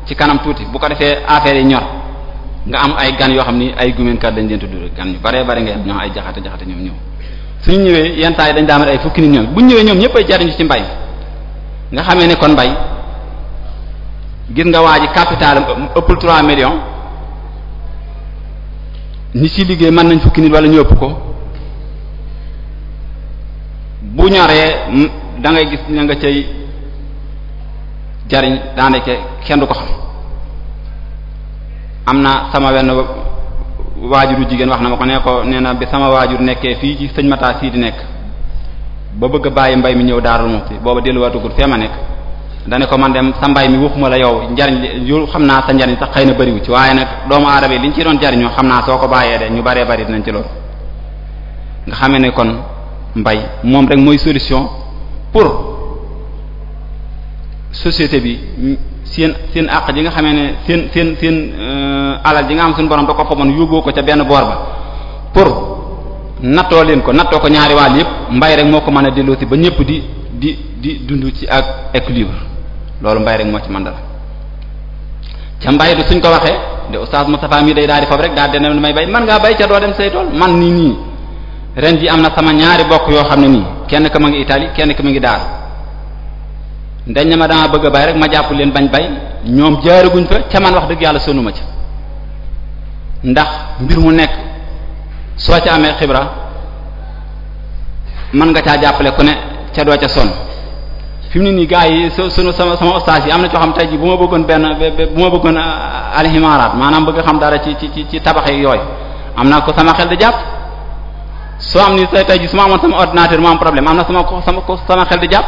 ci kanam tuuti bu ko defee affaire yi ñor nga am ay gan yoo xam ni ay gumenkat dañ leen tudd gan yu bare bare nga ñoo ay jaxate jaxate ñoom ñëw suñu ñëwee yenn yi dañ daamal ay fukki nit ñoom bu ñu ñëwee ñoom ñëpp ay jariñu xamee ne kon mbay gis nga waa ji capital ëppul 3 millions ñi ci liggéey mën nañ fukki nit wala ñu ëpp ko ñoree da ngay gis na nga cay jariñ daanaka kenn du ko xam am na sama wenn waajuru jigéen wax na ma ko nee ko nee na bi sama waajur nekkee fii ci sëñ Mata sii di nekk ba bëgg a bàyyi mbay mi ñëw Darou Moukhty booba delluwaatugul fee ma nekk dane ko man dem sa mbay mi ma la yow njariñ yu xam naa sa njariñ sax xëy na bëriwu ci waaye nag doomu aadama yi liñ ci doon jariñoo xam naa soo ko bàyyee de ñu bëree bëri dinañ ci loolu nga xamee ne kon mbay moom rek mooy solution pour société bi seen seen àq ji nga xamee ne seen seen seen euh, alal ji nga xam suñu borom da ko fomoon yóbboo ko ca benn boor ba pour nattoo leen ko nattoo ko ñaari waal yépp mbay rek moo ko mën a delloosi ba ñépp di di di dund ci ak équilibre loolu mbay rek moo ci mën dara ca mbay du suñ ko waxee de oustaz Moustapha mii day daal di fab rek daal dina may bay man ngaa bay ca doo dem say tool man nii nii ren ji am na sama ñaari bokk yoo xam ne nii kenn ka ma ngi Italie kenn ka ma ngi daar ndañ ne ma dama bëgg bay rek ma jàpp leen bañ bay ñoom jaaraguñ fa ca man wax dëgg yàlla ma ca ndax mbir mu nekk soo ca amee xibra man nga caa jàppale ku ne ca doo ca sonn fi mu ne nii gars yi su sunu sama sama ostaas yi am na coo xam tey ji bu ma bëggoon benn bu ma bëggoon ah, alximaaraat maanaam bëgg xam dara ci ci ci tabax yi yooyu am na ko sama xel di jàpp soo am ni tey tey ji su ma amoon sama ordinateur mu am problème am na sama ko sama ko sama xel di jàpp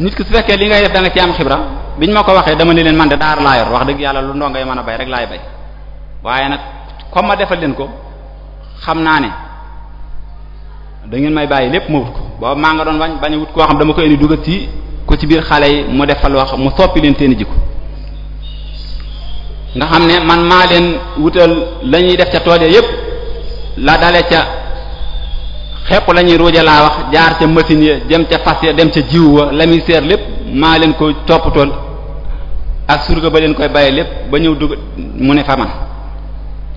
nit ki su fekkee li ngay def da ci am xibra biñ ma ko waxee dama ne leen man de daar laa yor wax dëgg yàlla lu ndoo ngay mën a bay rek laay bay waaye nag comme ma defal leen ko xam naa ne dangeen may bàyyi lépp ma wut ko boobu maa nga doon bañ bañ wut koo xam dama koy indi dugal ci ko ci biir xale yi mu defal wax mu soppi leen seen jikko nga xam ne man maa leen wutal la def ca tool yépp la dalee ca. xepp la ñuy ruuja laa wax jaar ca machine ya dem ca fas ya dem ca jiw wa la muy seer lépp maa leen ko toppatool ak surga ba leen koy bàyyi lépp ba ñëw dugg mu ne fa man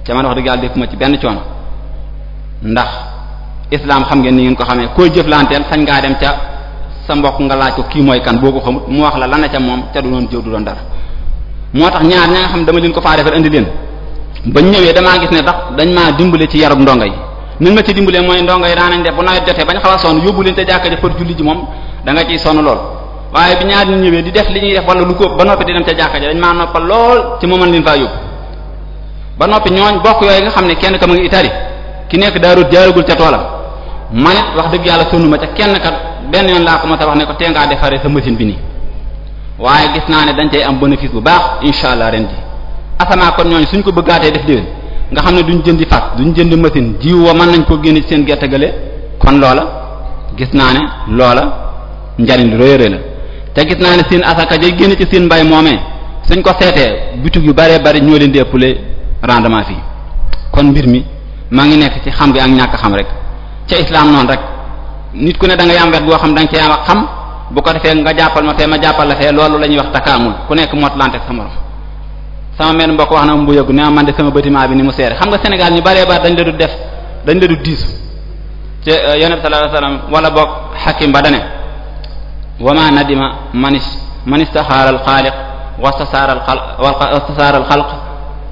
ca man wax dëgg yàlla defuma ci benn coono ndax islam xam ngeen ni ngeen ko xamee koy jëflanteel sañ ngaa dem ca sa mbokk nga laaj ko kii mooy kan boo ko xamut mu wax la lan la ca moom ca du doon jëw du doon dara moo tax ñaar ña nga xam dama leen ko faa defar indi leen ba ñëwee damaa gis ne tax dañ maa dimbale ci yarub ndongo yi. ni ma ci dimbalee mooy ndongo yi daanañ def bu nawet jotee bañ xaw a sonn yóbbu leen te jàkka ja pour julli ji moom danga nga ciy sonn lool waaye bi ñaar ñu ñëwee di def li ñuy def wala lu ko ba noppi di dem ca jàkka ja dañ maa noppal lool ci ma mën leen faa yóbbu ba noppi ñooñ bokk yooyu nga xam ne kenn ka ma ngi itali ki nekk daarut jaaragul ca toolam man it wax dëgg yàlla sonn ma ca kenn kat benn yoon laa ko ma ta wax ne ko tee ngaa defaree sa machine bi nii waaye gis naa ne dañ cay am bénéfice bu baax incha allah ren ji asamaa kon ñooñ suñ ko bëggaatee def déwén nga xam ne duñ jëndi fas duñ jënd machine jiw wa mën nañ koo génne ci seen gerte gale kon loola gis naa ne loola njariñ lu rëy rëy la te gis naa ne seen asaka jay génne ci seen mbay moomee suñ ko seetee bitig yu bëree bëri ñoo leen di ëppale rendement fii kon mbir mi maa ngi nekk ci xam gi ak ñàkk xam rek ca islam noonu rek nit ku ne da nga yam wet goo xam da nga cee am xam bu ko defee nga jàppal ma fee ma jàppal la fee loolu la ñuy wax takaamul ku nekk motlanteeg sa morom sama mel mbokk wax na mu bu yëggu ne man de sama bâtiment bi ni mu seere xam nga Sénégal ñu baree baat dañ la du def dañu la du diisu ci euh, yonent bi sallallahu alayhi wasallam wala boog xakim ba dane wama manis manistaxaara al xaaliq wastasaara al xalq wastasaara al xalq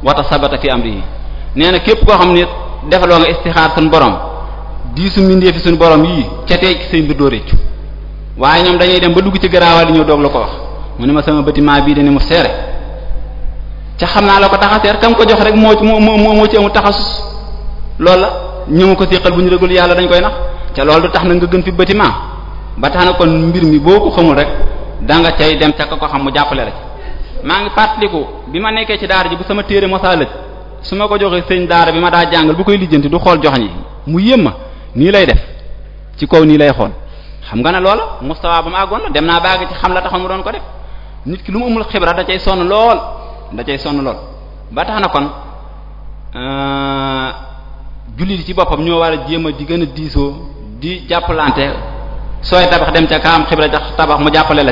watasabata fi amrihi nee na képp koo xam ne defaloo nga istixaar suñ borom diisu mindee fi suñ borom yii ca tey ci seen mbir doo réccu waaye ñoom dañuy dem ba dugg ci garaawal di ñëw doog la ko wax mu ne ma sama bâtiment bii dani mu seere ca xam naa la ko tax a kam ko jox rek moo moo moo moo ci amul taxasus loolu la ñu ma ko séqal bu ñu rëgul yàlla dañ koy nax ca loolu du tax na nga gën fi bâtiment ba tax kon mbir mi boo ko xamul rek da nga cay dem ca ko xam mu jàppale la maa ngi fàttaliku bi ma nekkee ci daara ji bu sama téere mosaa lëj su ma ko joxee sëñ daara bi ma daa jàngal bu koy lijjanti du xool jox nii mu yéem ma nii lay def ci kaw nii lay xool xam nga ne loola mustawa ba ma àggoon la dem naa baagi ci xam la taxoon mu doon ko def nit ki da cay sonn lool da cay sonn lool ba tax na kon euh, jullit ci boppam ñoo war a jéem a di gën a diisoo di jàppalante sooy tabax dem ca kaam xibra ca tabax mu jàppale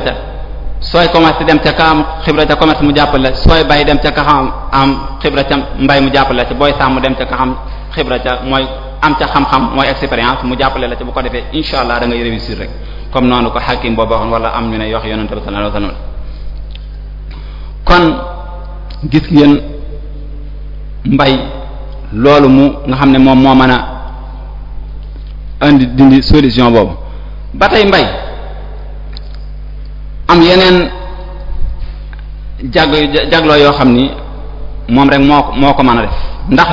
sooy commerce dem ca kaam xibra ca commerce mu jàppale la bay dem ca kaam am xibra ca mbay mu jàppale la ca booy sàmm dem ca kaam xibra ca mooy am ca xam-xam mooy expérience mu jàppale la ca bu ko defee incha allah da ngay réussir rek comme noonu ko xakim boobu waxoon wala am ñu ne yox yonente bi sallallahu alayhi wasallam kon gis ngeen mbay loolu mu nga xam ne moom moo mën a indi dindi solution boobu ba tey mbay am yeneen jaglo jagloo yoo xam ni moom rek moo moo ko mën a def ndax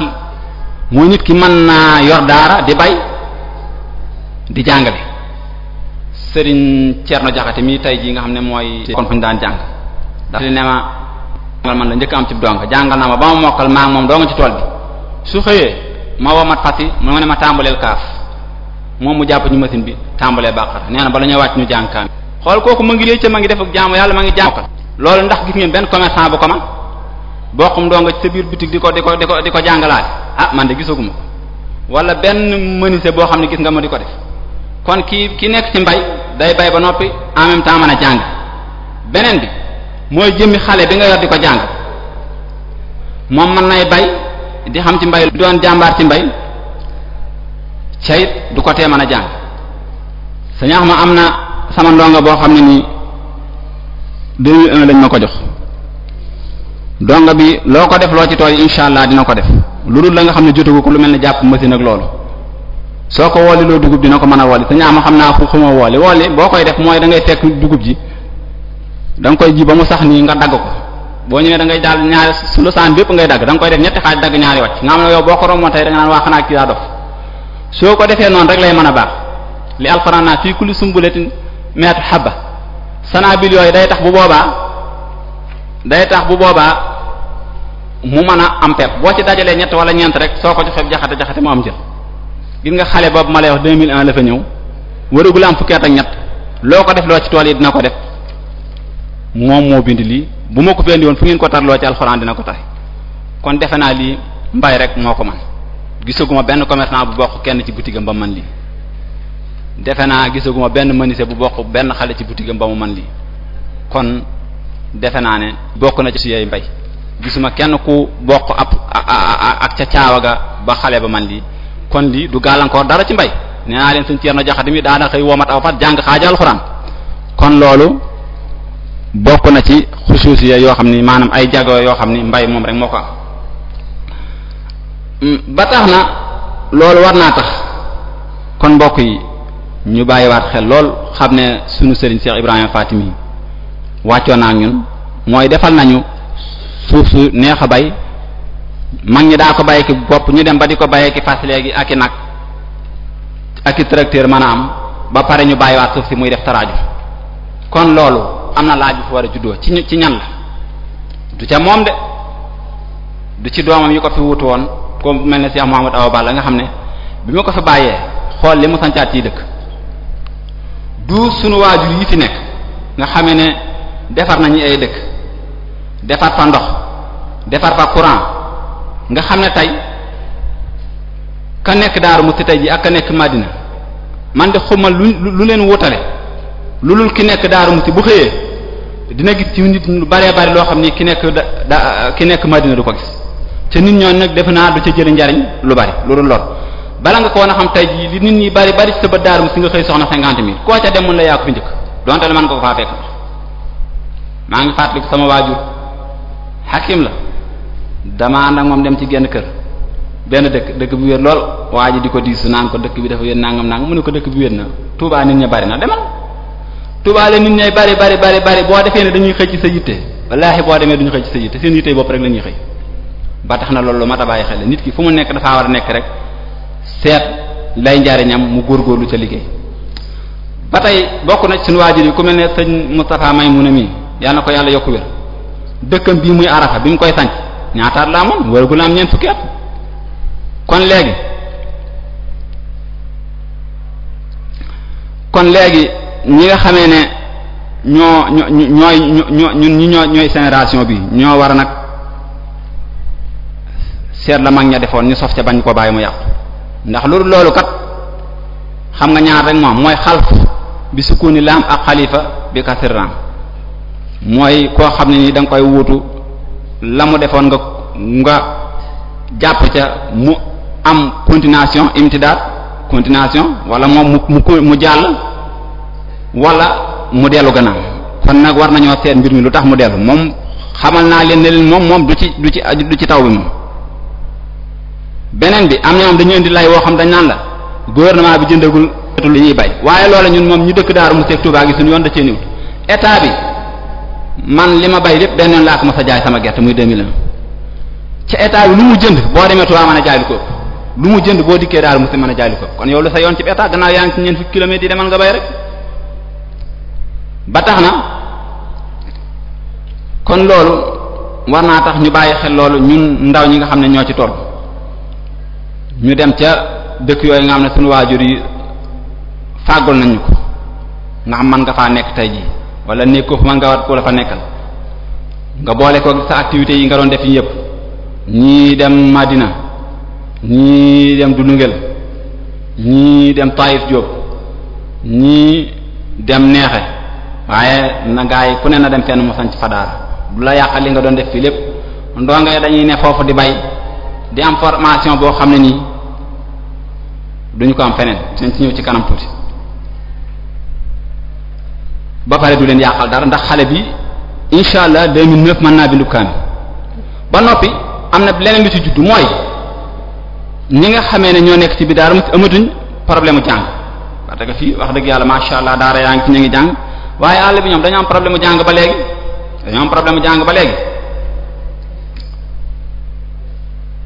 mooy nit ki mën naa yor daara di bay di jàngale Serigne Thierno Diakhaté mii tey jii nga xam ne mooy kon fu ñu daan jàng dafa ne ma jàngal man la njëkk am ci donga jàngal naa ma ba ma mokkal maa moom doo nga ci tool bi su xëyee ma woo mat fas yi mu nga ne ma tàmbaleel kaaf moom mu jàpp ñu machine bi tàmbalee bàqara nee na bala ñuy wàcc ñu jàng kaam xool kooku ma ngi léegi ma ngi def ak jaamu yàlla ma ngi jàng loolu ndax gis ngeen benn commerçant bu ko man bokkum doo nga ci sa biir boutique di ko di ko di ko di ko jàngalaate ah man de gisaguma ko wala benn menuisier boo xam ne gis nga ma di ko def kon ki ki nekk ci mbay day bay ba noppi en même temps mën a jàng beneen bi mooy jëmmi xale bi nga yor di ko jàng moom mën nay bay di xam ci mbay doon jàmbaar ci mbay cayit du ko tee mën a jàng sañaax ma am na sama ndongo boo xam ne nii 2001 lañ ma ko jox ndongo bi loo ko def loo ci tooy insha allah dina ko def lu dul la nga xam ne jotugu ko lu mel ne jàpp machine ak loolu soo ko wooli loo dugub dina ko mën a wooli sañaax ma xam naa fu xuma wooli wooli boo koy def mooy da ngay fekk dugub ji da koy ji ba mu sax nii nga dagg ko boo ñëwee da ngay daal ñaari su la saan bépp ngay dagg danga koy def ñetti xaaj dagg ñaari wàcc nga xam ne yow boo ko romboon tey da nga waa xanaa kii daa dof soo ko defee noonu rek lay mën a baax li alxuraan naa fii kulli sumbulatin meetu xabba sanaabil yooyu day tax bu boobaa day tax bu boobaa mu mën a am pepp boo ci dajalee ñett wala ñeent rek soo ko joxee jaxate jaxate mu am jël gis nga xale boobu ma lay wax 2001 la fa ñëw waragul am fukki at ñett loo ko def loo ci tool yi dina ko def moom moo bind lii bu ma ko fi fu ngeen ko tarloo ci alxuraan dina ko tari kon defe naa lii mbay rek moo ko man gisaguma benn commerçant bu bokk kenn ci boutique ba man lii naa gisaguma benn menuisier bu bokk benn xale ci boutique am ba mu man lii kon defe naa ne bokk na ci su yey mbay gisuma kenn ku bokk ab ak ca caawa ga ba xale ba man lii kon lii du gàllankoor dara ci mbay nee naa leen suñ ceerno jaxati mi daana xëy woomat aw fat jàng xaaja alxuraan kon loolu bokk na ci xusuusiya yoo xam ni maanaam ay jago yoo xam ni mbay moom rek moo ko am mm, ba tax na loolu war naa tax kon mbokk yi ñu bàyyiwaat xel lool xam ne sunu sëriñ Cheikh Ibrahima yi wàccoon naa ñun mooy defal nañu suuf su neex a bay mag ñi daa ko bayee ki bopp ñu dem ba di ko bayee ki fas léegi ak i nag ak i tracteur mën a am ba pare ñu bàyyiwaat suuf si muy def taraaju kon loolu am na laaj bu fa war a juddoo ci ci ñan la du ca moom de du ci doomam yi ko fi wutu woon comme mel ne Cheikh Mouhamed Awa Balla nga xam ne bi ma ko fi bàyyee xool li mu sancaat ciy dëkk du sunu waajur yi fi nekk nga xamee ne defar nañu ay dëkk defar fa ndox defar fa courant nga xam ne tey ka nekk Daaru Muxti tey ji ak ka nekk màddina man de xuma lu lu leen wutale lu lul ki nekk daaru musi bu xëyee dina gis ci nit lu baree bari loo xam ni ki nekk da ki nekk madina du ko gis te nit ñoo nag defe naa du ca jëli njariñ lu bari lu dul lor nga ko woon xam tey jii li nit ñi bari bari ci sa bët daaru musi nga xëy soxna cinquante mille koo ca demoon la yaa ko fi njëkk donte la mën nga ko faa fekk maa ngi fàttaliku sama waajur xakim la dama ànd ak moom dem ci genn kër benn dëkk dëkk bi wér lool waa ji di ko diis naan ko dëkk bi dafa wér nangam nangam mu ne ko dëkk bi wér na Touba nit ña bari na demal Tuubaa la nit ñay bari bari bari bari boo defee ne dañuy xëy ci sa yitte wallaahi boo demee duñu xëy ci sa yitte seen yitte bopp rek la ñuy xëy ba tax na loolu mat a bàyyi xel nit ki fu mu nekk dafaa war a nekk rek seet lay njariñam mu góorgóorlu ca liggéey ba tey bokk na ci suñu waajur yi ku mel ne sëñ Moustapha Maymuna mi yal na ko yàlla yokku wér dëkkam bii muy Arafa bi mu koy sanc ñaataat la amoon wër gu la am ñeent fukki at kon léegi kon léegi ñi nga xamee ne ñoo ñoo ñooy ñoo ñun ñoo ñooy génération bi ñoo war a nag seet la mag ña defoon ñu sof ca bañ ko bàyyi mu yàqu ndax lu loolu kat xam nga ñaar rek moom mooy xalf bi sukkuuni laam ak xalifa bi kasirram mooy koo xam ne nii danga koy wuutu la mu defoon nga nga jàpp ca mu am continuation imtidaat continuation wala moom mu mu jàll wala mu dellu gannaaw kon nag war nañoo seet mbir mi lu tax mu dellu moom xamal naa leen ne leen moom moom du ci du ci du ci taw bi moom beneen bi am na ñoom dañu indi lay woo xam dañ naan la gouvernement bi jëndagul li ñuy bay waaye loola ñun moom ñu dëkk Daaru Muxti ak Tuubaa gi suñu yoon da cee niwut état bi man li ma bay lépp benn laa ko ma jaay sama gerte muy 2001 ca état bi lu mu jënd boo demee Tuubaa mën a jaay lu ko lu mu jënd boo dikkee Daaru Muxti a ko kon yow lu sa yoon ci état nga bay ba tax na kon loolu war naa tax ñu bàyyi xel loolu ñun ndaw ñi nga xam ne ñoo ci tool ñu dem ca dëkk yooyu nga xam ne suñu waajur yi fàggul nañu ko ndax man nga faa nekk tey ji wala nekkoo fa man nga wat koo la fa nekkal nga boole ko sa activités yi nga doon def yépp ñii dem Madina ñii dem Dundungel ñii dem Taïf Diop ñii dem Neexe waaye na gaa yi ku ne na dem fenn mu sanc fa daara du la yàqal li nga doon def fii lépp ndongo yi dañuy ne foofu di bay di am formation boo xam ne nii duñu ko am feneen dinañ ci ñëw ci kanam tuuti ba pare du leen yàqal dara ndax xale bi incha allah 2009 mën naa bindu kaamil ba noppi am na leneen lu ci juddu mooy ñi nga xamee ne ñoo nekk ci bi daara amatuñ problème mu jàng parce que fii wax dëgg yàlla macha allah daara yaa ngi fi ñu ngi jàng. waaye àll bi ñoom dañu am problème jàng ba léegi dañu am problème mu jàng ba léegi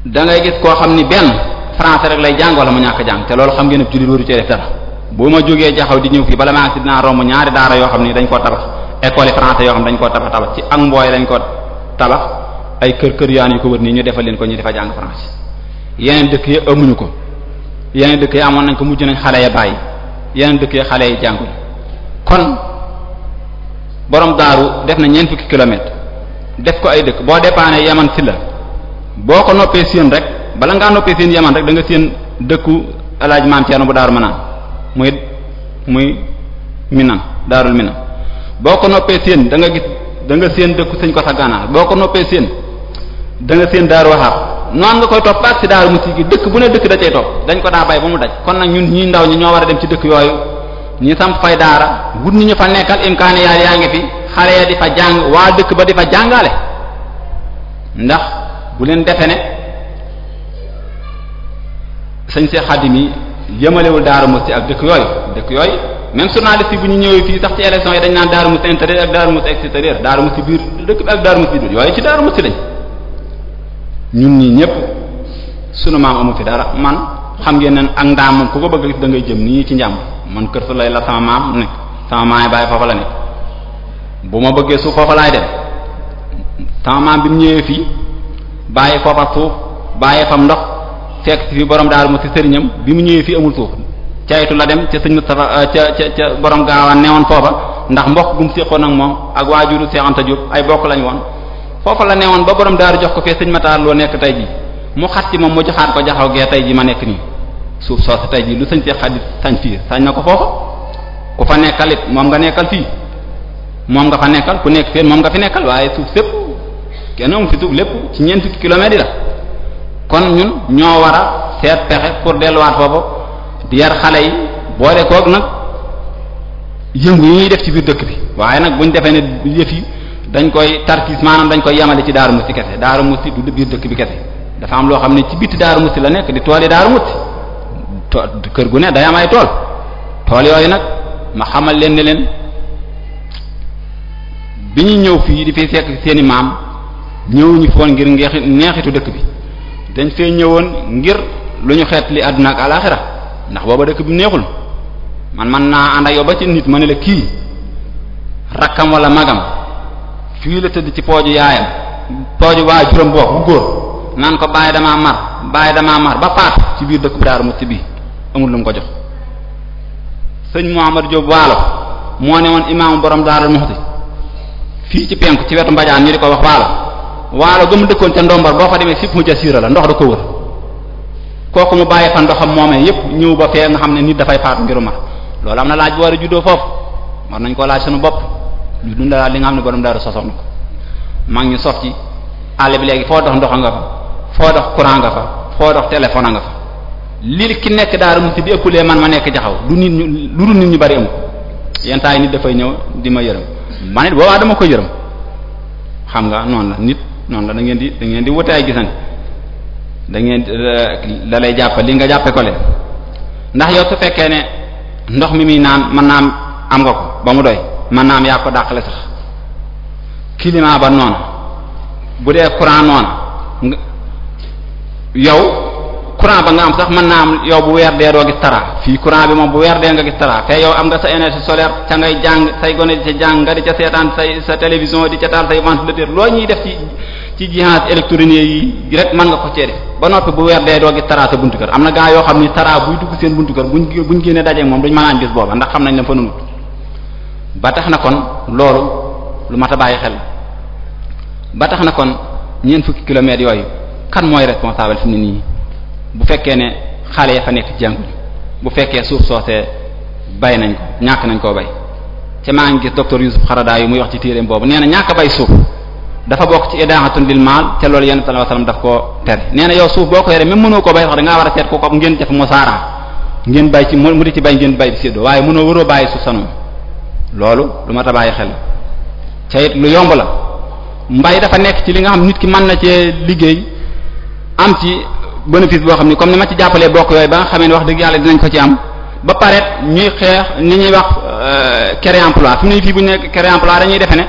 da gis koo xam ni benn français rek lay jàng wala mu ñàkk jàng te loolu xam ngeen ne jullit waru cee def dara bu ma jógee jaxaw di ñëw fii bala maa ngi si dinaa romb ñaari daara yoo xam ni dañ koo tabax école français yoo xam dañ koo tabax tabax ci ak mbooy lañ koo tabax ay kër kër yaan yu ko wër nii ñu defal leen ko ñu defa jàng français yeneen dëkk yi amuñu ko yeneen dëkk yi amoon nañ ko mujj nañ xale ya bàyyi yeneen dëkk yi xale yi jàngul borom daaru def na ñeent fukki kilomètres def ko ay dëkk boo dépanné yaman si la boo ko noppee seen rek bala ngaa noppee seen yaman rek da nga seen dëkku alaaj maam Thierno bu daaru manaan muy muy minan daarul minan boo ko noppee seen da nga gis da nga seen dëkku sëñ ko sa gànnaar boo ko noppee seen da nga seen daaru waxaab noonu nga koy toppaat si daaru mu si gi dëkk bu ne dëkk da cay topp dañ ko daa bay ba mu daj kon nag ñun ñuy ndaw ñi ñoo war a dem ci dëkk yooyu ñu samp fay daara wut ñu fa nekkal imkaane yaa yaa ngi fi xale ya di fa jàng waa dëkk ba di fa jàngale ndax bu leen defe ne sëñ Seex Xaadim yi yëmalewul Daaru Muxti ak dëkk yooyu dëkk yooyu même journaliste yi bu ñu ñëwee fii sax ci élection yi dañ naan Daaru Muxti intérieur ak Daaru Muxti extérieur Daaru Muxti biir dëkk bi ak Daaru Muxti biir yooyu ci Daaru Muxti lañ ñun ñii ñëpp sunu maam amu fi dara man xam ngeen ne ak ndaam moom ku ko bëgg a gis da ngay jëm nii ci njàmm man kër su lay la sama maam nekk sama maam yi bàyyi foofa la nekk bu ma bëggee suuf foofa laay dem sama maam bi mu ñëwee fii bàyyi foofa suuf bàyyi fam ndox fekk fi borom daal mu ci sëriñam bi mu ñëwee fii amul suuf caytu la dem ca sëñ Mustafa euh, ca ca ca borom gaawaan newoon foofa ndax mbokk gum séqoon ak moom ak waajuru Cheikh Anta Diop ay bokk lañu woon foofa la woon ba borom daaru jox ko fee sëñ Matar loo nekk tey ji mu xat ci moom mu joxaat ko jaxaw gee tey ji ma nekk nii suuf soosu tey jii lu sëñ Cheikh Khadim sañ fii sañ na ko foofa ku fa nekkalit moom nga nekkal fii moom nga fa nekkal ku nekk fii moom nga fi nekkal waaye suuf sépp kenn amu fi suuf lépp ci ñeent fukki kilomètres yi la kon ñun ñoo war a seet pexe pour delluwaat foofu di yar xale yi boole koog nag yëngu yi ñuy def ci biir dëkk bi waaye nag buñ defee ne yëf yi dañ koy tarkiis maanaam dañ koy yemale ci Darou Moukhty kese Darou Moukhty du biir dëkk bi kese dafa am loo xam ne ci bitti Darou Moukhty la nekk di tool kër gu ne day am ay tool tool yooyu nag ma xamal leen ne leen bi ñu ñëw fii di fi fekk seeni maam ñëwuñu foon ngir neexitu dëkk bi dañ fee ñëwoon ngir lu ñu xeet li àdduna ak alaaxira ndax booba dëkk bi neexul man man naa ànd ak yow ba ci nit ma ne la kii rakkam walla magam fii la tëdd ci pooju yaayam pooju waa juróom boo bu góor naan ko bàyyi damaa mar bàyyi damaa mar ba paat ci biir dëkk bi daaru mucc bii amul lu mu ko jox sëñ Mouhamad Diop waalo moo ne woon imaamu borom Daaru Muxti fii ci penk ci wetu Mbadiane ñu di ko wax waalo waalo ba mu dëkkoon ca Ndombar boo fa demee fépp mu siira la ndox da ko wër kooku mu bàyyi fa ndoxam moomee yépp ñëw ba fee nga xam ne nit dafay faatu ngiru ma loolu am na laaj bu war a juddoo foofu war nañ koo laaj suñu bopp ñu dund laaj li nga xam ne borom Daaru sosoon ko maa ngi ñu sof ci àll bi léegi foo dox ndox nga foo dox courant nga fa foo li ki nekk daara mu di lee man ma nekk jaxaw du nit ñu lu dul nit ñu bari am yenn nit dafay ñëw di ma yërëm man it boobaa dama ko yërëm xam nga noonu la nit noonu la da ngeen di da ngeen di wute ay gisante da ngeen da lay li nga jàppe ko leen ndax yow su fekkee ne ndox mi muy naan mën naa am nga ko ba mu doy mën naa am yaa ko dàqale sax climat ba noonu bu dee courant noonu yow. courant ba nga am sax mën naa am yow bu weer dee doo gis tara fii courant bi moom bu weer dee nga gis tara te yow am nga sa énergie solaire ca ngay jàng say gone di sa jàng nga di ca seetaan say sa télévision di ca taal say ventilateur loo ñuy def ci ci jihaz électronique yi rek mën nga ko cee ba noppi bu weer dee doo gis tara sa buntu kër am na gaa yoo xam ni tara buy dugg seen buntu kër buñ buñ génnee dajeeg moom duñ mën a am booba ndax ba tax na kon loolu lu mat a bàyyi xel ba na kon ñeent fukki kilomètres yooyu kan mooy responsable fi mu ne nii bu fekkee ne xale ya fa nekk jànguñu bu fekkee suuf soosee bay nañ ko ñàkk nañ koo bay te maa ngi gis docteur Youssouf Xaradaa yu muy wax ci téereem boobu nee na ñàkk bay suuf dafa bokk ci idaahatun lil maal te loolu yonent sallallahu alayhi wasallam daf koo tere nee yow suuf boo ko yoree même mënoo koo bay sax da ngaa war a seet ko ko ngeen def musaara ngeen bay ci mu di ci bay ngeen bay bi séddoo waaye mënoo waroo bàyyi suuf sanoon loolu lu ma tabaayee xel ca la mbay dafa nekk ci li nga xam nit ki mën na cee liggéey bénéfice boo xam ni comme ni ma ci jàppalee bokk yooyu ba nga xamee ne wax dëgg yàlla dinañ ko ci am ba pare ñuy xeex ni ñuy wax euh, créer emploi fi mu ne fii bu ñu nekk créer emploi dañuy defe ne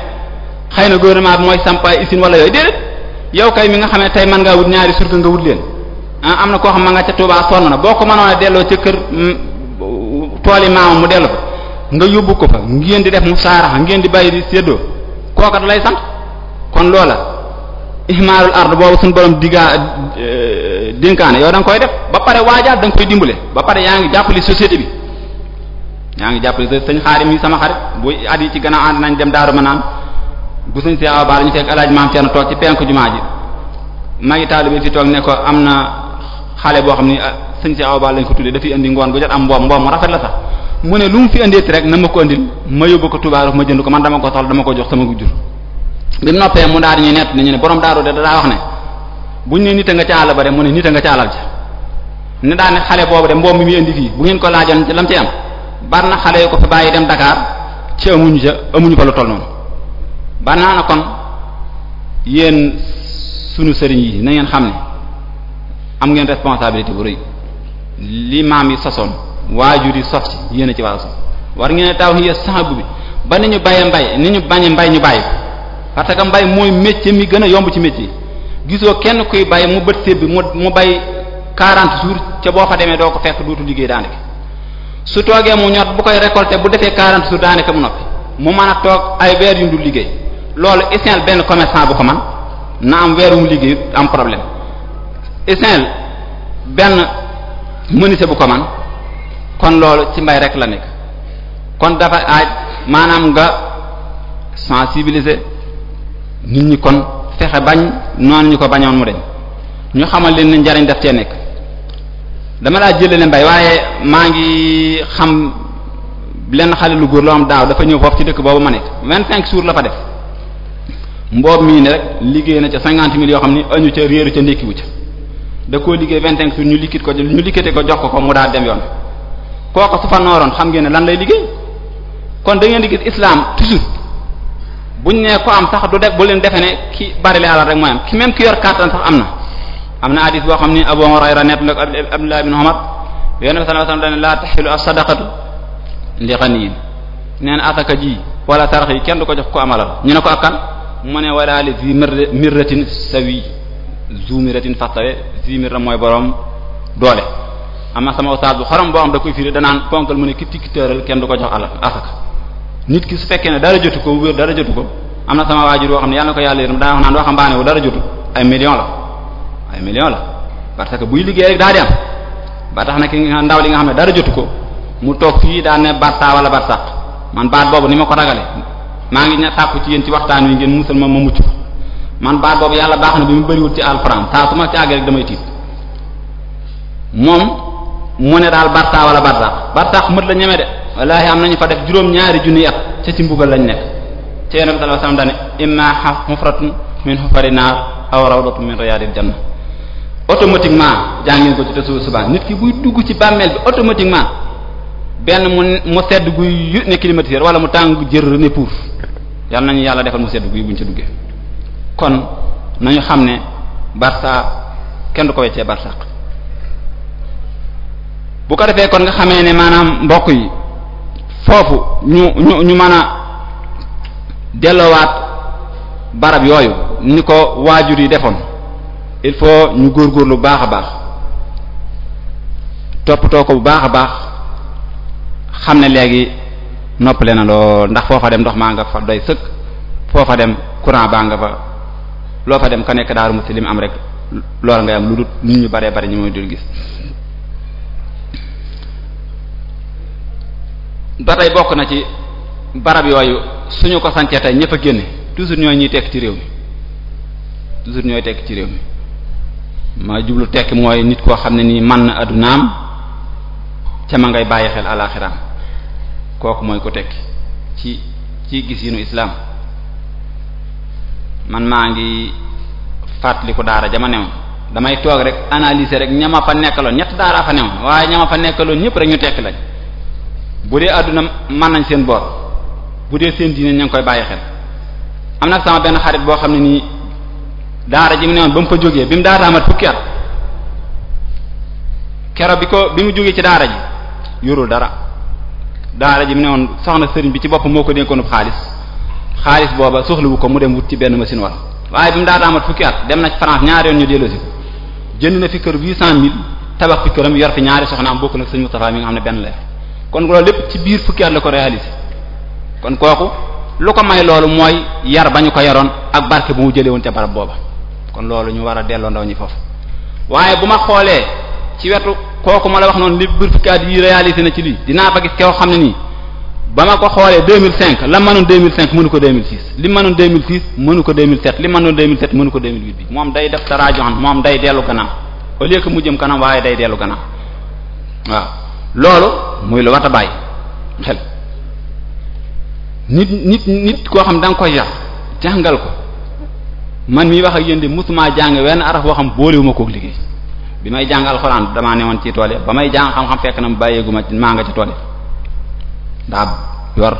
xëy na gouvernement bi mooy sampaay usine wala yooyu déedéet yow kay mi nga xam ne tey mën ngaa wut ñaari surga nga wut leen ah am na koo xam ma nga ca Touba sonn na boo ko mënoon a delloo ca kër mm, tooli maamam mu dellu fa nga yóbbu ko fa ngeen di def mu saaraxa ngeen di bàyyi di séddoo kookat lay sant kon loola ihmaarul ard boobu suñu borom diggaa eh, dénkaane yow da nga koy def ba pare waajaat da nga koy dimbale ba pare yaa ngi jàppale société bi yaa ngi jàppale sëñ xaarim yi sama xarit bu at yi ci gannaaw ànd nañ dem daaru manaan bu sëñ si awa baal ñu fekk alaaj maam Cerno toog ci penk jumaa ji magi taalibe fi toog ne ko am na xale boo xam ne ah, sëñ si awa baal lañ ko tuddee dafiy indi ngoon gu jot am mboom mboom mu rafet la sax mu ne lu mu fi andeeti rek na ma ko andil ma yóbbu ko tubaaru ma jënd ko man dama ko soxla dama ko jox sama ko jur bi mu noppee mu daal ñuy nett ñu ne borom daaru de daa wax ne buñ ne nit a nga ca àll ba de mu ne nit a nga ca àllal ji ne daane xale boobu de mboom mi muy indi fii bu ngeen ko laajoon lam ci am bar na xale yu ko fi bàyyi dem Dakar ci amuñu ca amuñu fa lu toll noonu ba naa na kon yéen sunu sëriñ yi na ngeen xam ne am ngeen responsabilité bu rëy li maam yi sosoon waajur yi sof ci yéen a ci waaso war ngeen taw yi saxabu bi ba ni ñu bayee mbay ni ñu bañee mbay ñu bàyyi parce que mbay mooy métier mi gën a yomb ci métier gisoo kenn kuy bay mu bët séb bi mu mu bay 40 jours ca boo fa demee doo ko fekk dootu liggéey daanaka su toogee mu ñor bu koy récolter bu defee 40 jours daanaka mu noppi mu mën a toog ay weer yu du liggéey loolu essentiel benn commerçant bu ko man na am weer wu liggéey am problème essentiel benn menuisier bu ko man kon loolu ci mbay rek la nekk kon dafa aaj maanaam nga sensibiliser. nit ñi kon fexe bañ noonu ñu ko bañoon mu dem ñu xamal leen ne njariñ daf cee nekk dama laa jëlale mbay waaye maa ngi xam lenn xale lu góor loo am daaw dafa ñëw foofu ci dëkk boobu ma nekk vingt cinq jours la fa def mboob mii ne rek liggéey na ca cinquante mille yoo xam ni añu ca réeru ca ndékkiwu ca da koo liggéey vingt cinq jours ñu likkit ko ñu likkite ko jox ko ko mu daal dem yoon kooku su fa nooroon xam ngeen ne lan lay liggéey kon dangeen ngeen di gis islam toujours bu buñ nee ko am sax du def bu leen defe ne ki bari la alal rek mooy am ki même ki yor kàttan sax am na am na hadith boo xam ni Abu Hurayra net nak Abdullah ibn Umar yonent bi sallallahu alayhi wasallam dane laa taxilu as-sadaqatu li ghaniyin nee na asaka ji wala sarax yi kenn du ko jox ko amalal ñu ne ko ak mu ne wala li zi mirratin sawi zu mirratin fastawe zi mooy borom doole am na sama ustaas bu xorom boo am da koy firi danaan ponkal mu ne ki tikkitëral kenn du ko jox alal asaka nit ki su fekkee ne dara jotu ko wér dara jotu ko am na sama waajur woo xam ne yàlla na ko yàlla yërëm daa wax naan waxambaane wu dara jotu ay million la ay million la parce que buy liggéey rek daa di am ba tax na ki nga ndaw li nga xam ne dara jotu ko mu toog fii daa ne barsa wala barsaq man baat boobu ni ma ko ragale maa ngi ña sàkku ci yéen ci waxtaan wi ngeen musal ma ma mucc man baat boobu yàlla baax na bi mu bëriwul ci alxuraan saa su ma àggee rek damay tiit ne daal barsa wala barsaq wallaahi am nañu fa def juróom-ñaari junniy at ca ci mbugal lañ nekk ci yonent bi sallallahu alayhi wasallam dane imma min hufari naar aw rawdatun min riyadil janna automatiquement jàngeen ko ci te suba nit ki buy dugg ci bàmmeel bi automatiquement benn mu mu sedd guy ne climatiseur wala mu tàng jër ne puuf yàlla nañu yàlla defal mu sedd guy buñ ci duggee kon nañu xam ne barsa kenn du ko weccee barsaq bu ko defee kon nga xamee ne maanaam mbokk yi foofu ñu ñu ñu mën a delloowaat barab yooyu ñu ko waajur yi defoon il faut ñu góor góorgóorlu bu baax a baax toppatoo ko bu baax a baax xam ne léegi noppale na lool ndax foo fa dem ndox maa nga fa doy sëkk foo fa dem courant baa nga fa loo fa dem ka nekk daaru muslim am rek loolu ngay am lu dul ñu baree bare ñu muy dul gis ba tey bokk na ci barab yooyu suñu ko sancee tey ñëpp a génne toujours ñooy ñuy tekk ci réew mi toujours ñooy tekk ci réew mi maa jublu tekk mooy nit koo xam ne nii man na àddunaam ca ma ngay bàyyi xel alaxiraam kooku mooy ko tekki ci ci gis yinu islaam man maa ngi fàttali ko daara jama newoon damay toog rek analyser rek ñama fa nekkaloon ñett daara fa newoon waaye ñama fa nekkaloon ñëpp rek ñu tekki lañ bu dee àdduna mën nañ seen boor bu dee seen diine ña ngi koy bàyyi xel am nag sama benn xarit boo xam ne nii daara ji mu ne woon ba mu fa jógee bi mu daara amat fukki at kero bi ko bi mu jógee ci daara ji yorul dara daara ji mu ne woon soxna sëriñ bi ci bopp moo ko dénkoonub xaalis xaalis booba soxlawu ko mu dem wut ci benn machine war waaye bi mu daara amat fukki at dem na France ñaari yoon ñu delloosi ko jënd na fi kër 800000 tabax fi këram yor fi ñaari soxnaam bokk mi nga xam ne benn la kon loolu lépp ci biir fukki at la ko réalisé kon kooku lu ko may loolu mooy yar ba ñu ko yaroon ak barke bu mu jëlee woon ca barab booba kon loolu ñu war a delloo ndaw ñi foofu waaye bu ma xoolee ci wetu kooku ma la wax noonu li biir fukki at yi réalisé na ci lii dinaa fa gis koo xam ne nii ba ma ko xoolee la mënoon 2005 mënu ko 2006 li mënoon 2006 mënu ko 2007 li mënoon 2007 mënu ko 2008 bi moom day def taraajoxan moom day dellu gannaaw au lieu mu jëm kanam waaye day dellu gannaaw waaw loolu muy lu wat a bàyyi xel nit nit nit koo xam da nga koy yar jàngal ko man mii wax a yéen de mosuma jàng wenn araf boo xam boolewuma kook liggéey bi may jàng alxuraan ne woon ci tool ba may jàng xam-xam fekk na mu bàyyeeguma maa nga ci tool daa yor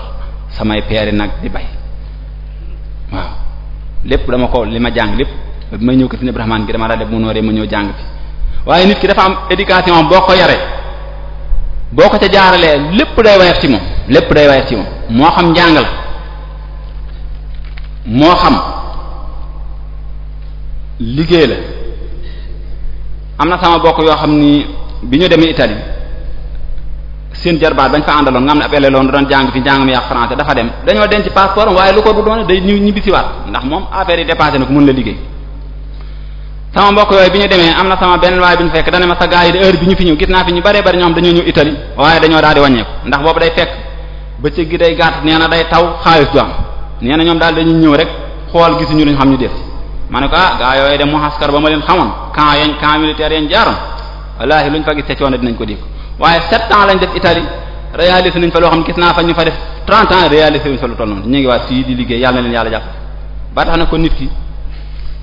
samay peeri nag di bay waaw lépp dama ko li ma jàng lépp bi may ñëw ko si Ibrahima gi dama daal de mu nooree ma ñëw jàng bi waaye nit ki dafa am éducation boo ko yaree. boo ko ca jaaralee lépp day wayaf ci moom lépp day wayaf ci moom moo xam njàng la moo xam liggéey la am na sama bokk yoo xam ni bi ñu demee Italie seen jarbaat bañ fa àndaloon nga xam ne ab eleloon doon jàng fi njàng mi yàq français dafa dem dañoo denc passeport waaye lu ko du doon day ñibbi siwaat ndax moom affaire yi dépassé na ko mën la liggéey sama mbokk yooyu bi ñu demee am na sama benn waaye bi ñu fekk dana ma sa gaa yi de bi ñu fi ñëw gis naa fi ñu bare bari ñoom dañoo ñëw Italie waaye dañoo daal di wàññeeku ndax boobu day fekk bëccëg gi day gàtt nee day taw xaalis du am nee ñoom daal dañuy ñëw rek xool gisuñu luñ xam ñu des ma ne ko ah gaa yooyu de mu askar ba ma leen xamoon camp yañ camp militaire yañ jaaroon wallaahi luñ fa gis te dinañ ko dégg waaye sept ans lañ def loo xam gis naa fa ñu fa def trente ans réalisé wuñ fa lu toll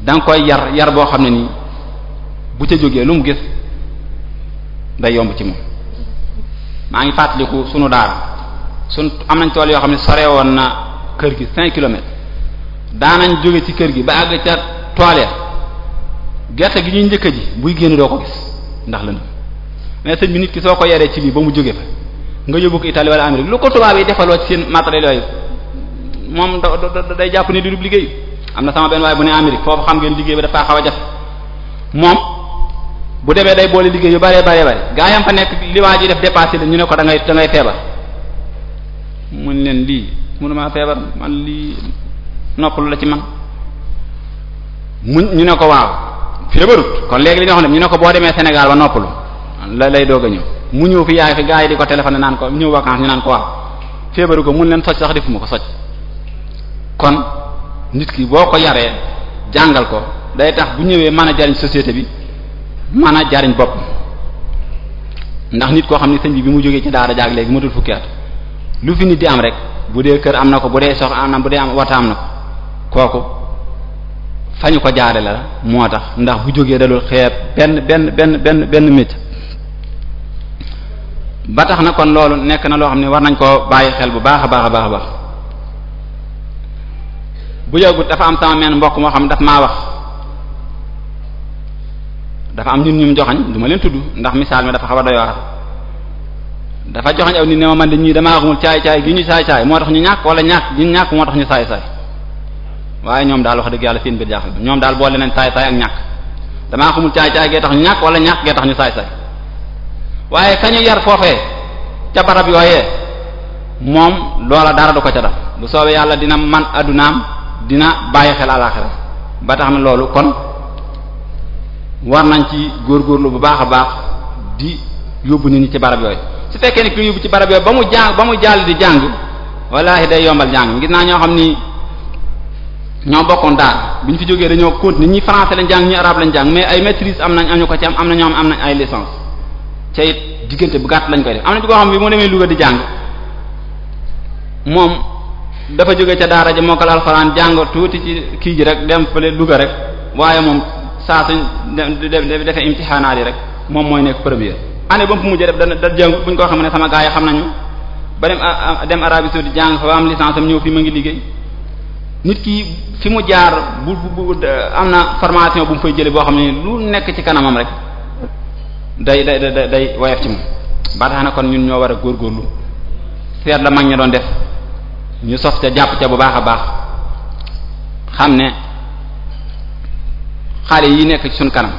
da nga koy yar yar boo xam ne nii bu ca jógee lu mu gis day yomb ci moom maa ngi fàttaliku sunu daara sun am nañ tool yoo xam ne sore woon na kër gi cinq kilomètres daanañ jóge ci kër gi ba àgg ca toilette gerte gi ñuy njëkk ji buy génn doo ko gis ndax lëndëm mais sëñ bi nit ki soo ko yaree ci lii ba mu jóge fa nga yóbbu ko Italie wala Amérique lu ko tubaab yi defaloo ci seen matériel yooyu moom da day jàpp ne du liggéey am na sama benn waaye bu ne Amérique foofu xam ngeen liggéey bi dafa xaw a jafe moom bu demee day boole liggéey yu bëree bëree bëri gaa yam fa nekk li waa ji def dépassé la ñu ne ko da ngay da ngay feebar leen lii mënumaa feebar man lii noppalu la ci man mun ñu ne ko waaw feebarut kon léegi li ñu xam ne ñu ne ko boo demee Sénégal ba noppalu la lay doog a mu ñëw fi yaay fi gaa yi di ko téléphoné naan ko ñëw vacances ñu naan ko waaw feebaru ko mun leen soj sax defuma ko soj nit ki boo ko yaree jàngal ko day tax bu ñëwee man a jariñ société bi mën a jariñ bopp ndax nit koo xam ne sëñ bi bi mu jógee ci daara jaag léegi matul fukki at lu fi nit di am rek bu dee kër am na ko bu dee sox am na bu dee am wata am na ko kooku fañu ko jaare la moo tax ndax bu jógee dalul xeeb benn benn benn benn benn métier ba tax na kon loolu nekk na loo xam ne war nañ koo bàyyi xel bu baax a baax a baax a baax bu yàggut dafa am sama meen mbokk moo xam daf maa wax dafa am ñun ñu joxañ du ma leen tudd ndax misaal mi dafa xaw a doy waar dafa joxañ aw nit ne ma man de ñii damaa xamul caay caay gi ñu saay caay moo tax ñu ñàkk wala ñàkk gi ñu ñàkk moo tax ñu saay saay waaye ñoom daal wax dëgg yàlla seen biir jaaxal ñoom daal boole nañ saay saay ak ñàkk damaa xamul caay caay gee ñàkk wala ñàkk gee tax ñu saay saay waaye kañu yar foofee ca barab yooyee moom loola dara du ko ca dal bu soobee man addunaam dina bàyyi xel alaxira ba tax na loolu kon war nañ ci góor góorlu bu baax a baax di yóbbu nit ñi ci barab yooyu su fekkee ne ki yóbbu ci barab yooyu ba mu jàng ba mu jàll di jàng wallaahi day yombal jàng ngi naa ñoo xam ni ñoo bokkoon daal bu ñu fi jógee dañoo ni ñi français lañ jàng ñi arabe lañ jàng mais ay maitrise am nañ am ñu ko ci am am na ñoo am nañ ay licence ca it diggante bu gàtt lañ koy def am na ci koo xam bi mu demee Louga di jàng moom. dafa jóge ca daara ji mokkal alxuraan jàng tuuti ci kii ji rek dem fële Louga rek waaye moom saa suñ defee imtixaanaat yi rek moom mooy nekk premier année ba mu mujjee def da bu ñu ko xam ne sama gaa yi xam nañu ba dem ah, ah, dem Arabie saoudite jàng fa ba am licence am ñëw fi ma ngi liggéey nit ki fi mu jaar bu bu am na formation bu mu fay jëlee boo xam ne lu nekk ci kanamam rek day day day day woyof ci moom ba tax na kon ñun ñoo war a góor góorlu seet la mag ña doon def ñu sof ca jàpp ca bu baax a baax xam ne xale yi nekk ci suñ kanam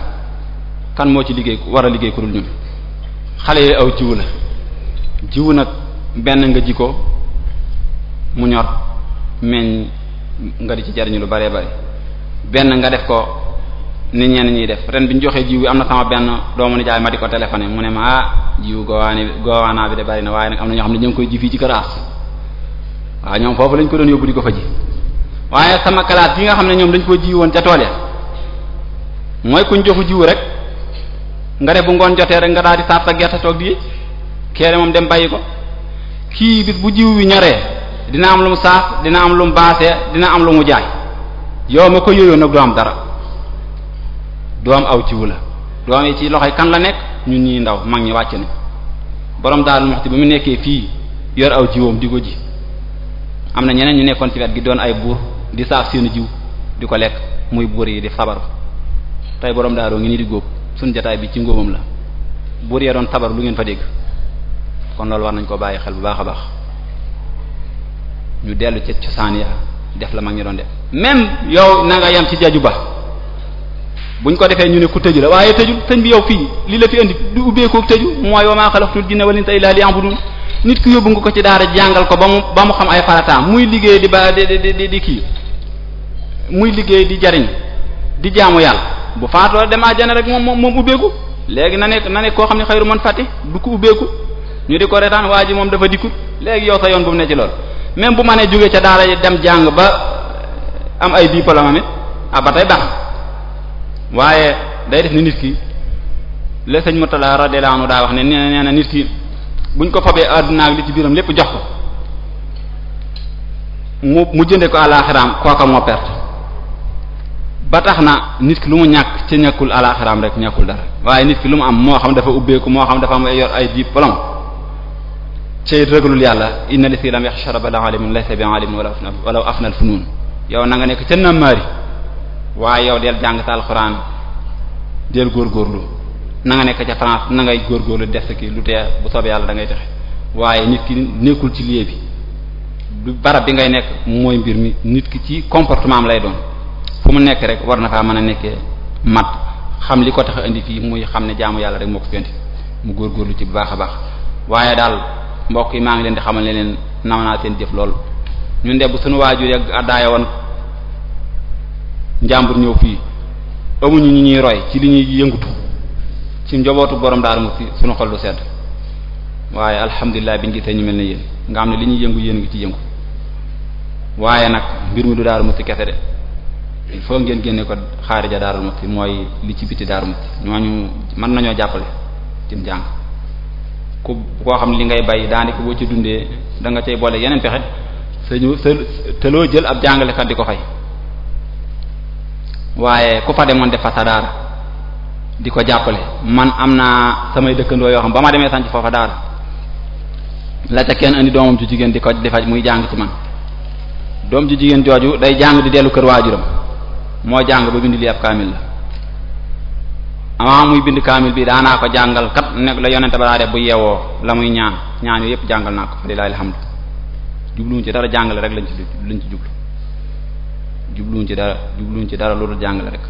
kan moo ci liggéey war a liggéey ku dul ñun xale yi aw jiwu la jiwu nag benn nga ji ko mu ñor meññ nga di ci jariñu lu bare bare benn nga def ko nit ñenn ñuy def ren bi ñu joxee jiw bi am na sama benn doomu nijaay ma di ko téléphoné mu ne ma ah jiw goowaane goowaanaa bi de bari na waaye nag am na ñoo xam ne ñu ngi koy ji fii ci karaas waa ñoom foofu lañ ko doon yóbbu di ko fa ji waaye sama kalaat yi nga xam ne ñoom dañ koo ji woon ca tool ya mooy kuñ joxu jiw rek nga ne bu ngoon jotee rek nga daal di saab sa gerte toog di keere moom dem bàyyi ko kii bis bu jiw wi ñoree dina am lu mu saaf dina am lu mu baasee dina am lu mu jaay yow ma ko yooyu nag du am dara du am aw jiwu la du am ci loxoy kan la nekk ñun ñuy ndaw mag ñi wàcc ne borom daal moxti bi mu nekkee fii yor aw jiwoom di ko ji am na ñeneen ñu nekkoon ci wet gi doon ay buur di saaf seenu jiw di ko lekk muy buur yi di sabaru tey borom daaroo ngi ni di góob suñ jataay bi ci ngóobam la buur yee doon sabaru lu ngeen fa dégg kon loolu war nañ ko bàyyi xel bu baax a baax ñu dellu ca cosaan ya def la mag ñu doon def même yow na nga yem ci jaju ba buñ ko defee ñu ne ku tëju la waaye tëjul sëñ bi yow fii li la fi indi du ubbeekoo tëju mooy wa maa xalaqtul jinna wal insa illaa liya'budun nit ki yóbbu nga ko ci daara jàngal ko ba mu ba mu xam ay farataam muy liggéey di ba di di di di kii muy liggéey di jariñ di jaamu yàlla bu faatoo dem àjjana rek moom moom ubbeeku léegi na nekk na ne koo xam ne xayru man fàtte du ko ubbeeku ñu di ko retaan waa ji moom dafa dikku léegi yow sa yoon bu mu ne ci lool même bu ma ne jógee ca daara dem jàng ba am ay diplôme amit ah ba tey baax waaye day def ni nit ki le sëñ Murtala radiyallahu anhu daa wax ne nee buñ ko fabee àdduna ak li ci biiram lépp jox ko mu mu jënde ko alaxiraam kooka moo perte ba tax na nit ki lu mu ñàkk ci ñàkkul alaxiraam rek ñàkkul dara waaye nit ki lu mu am moo xam dafa ubbeeku moo xam dafa am ay yor ay diplôme ci rëglul yàlla inna li fi lam yaxsha rabbal alamin laysa bi alimin wala afnal wala fu funun yow na nga nekk ca nammaari waaye yow del jàng sa alxuraan del góorgóorlu na nekk ca France na ngay góorgóorlu def sa kii lu tee bu soobee yàlla da ngay texe waaye nit ki nekkul ci lie bi lu barab bi ngay nekk mooy mbir mi nit ki ci comportement am lay doon fu mu nekk rek war na faa mën a nekkee mat xam li ko tax indi fii muy xam ne jaamu yàlla rek moo ko fi mu góor góorlu ci bu baax a baax waaye daal mbokk yi maa ngi leen di xamal ne leen naw naa seen jëf loolu ñun de bu suñu waajur yeg addaaya woon njàmbur ñëw fii amuñu ñu ñuy ci li ñuy yëngutu ci njobootu borom daaru Muxti suñu xol du sedd waaye alhamdulilah biñ gisee ñu mel na yéen nga xam ne li ñuy yëngu yéen ci yëngu waaye nag mbir mi du daaru Muxti kese de il faut ngeen génne ko xaarija daaru Muxti mooy li ci biti daaru Muxti ñooñu mën nañoo jàppale cim jàng ku koo xam li ngay bay daanaka boo ci dundee danga nga boole yeneen pexe sa ñu sa te loo jël ab jàngalekat di ko fay waaye ku fa demoon def daara di ko jàppale man am naa samay dëkkandoo yoo xam ba ma demee sànc foofa daara la ca kenn indi doomam ci jigéen di ko di faj muy jàng ci man doom ci jigéen jooju day jàng di dellu kër waajuram moo jàng ba bind lii ab kaamil la avant muy bind kaamil bi daanaa ko jàngal kat nekk la yonente balaa def bu yeewoo la muy ñaan ñaan yooyu yëpp jàngal naa ko fa lilahi alhamdu jubluwuñ ci dara jàngale rek lañ ci lañ ci jublu jubluwuñ ci dara jubluwuñ ci dara loolu jàngale rek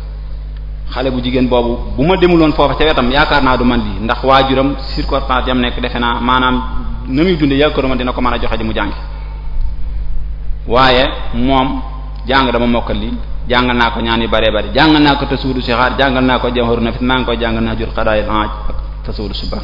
xale bu jigéen boobu bu ma demuloon foofa ca wetam yaakaar naa du man lii ndax waajuram circonstance yam nekk defe naa maanaam na muy dunde yaakaaruma dina ko mën a joxe ji mu jàngi waaye moom jàng dama mokkal li jàng naa ko ñaan yu bare bare jàngal naa ko tasuudu si xaar jàngal naa ko jawharu nafis maa ngi koy jàngal naa jur xadaayil aaj ak tasuudu subhan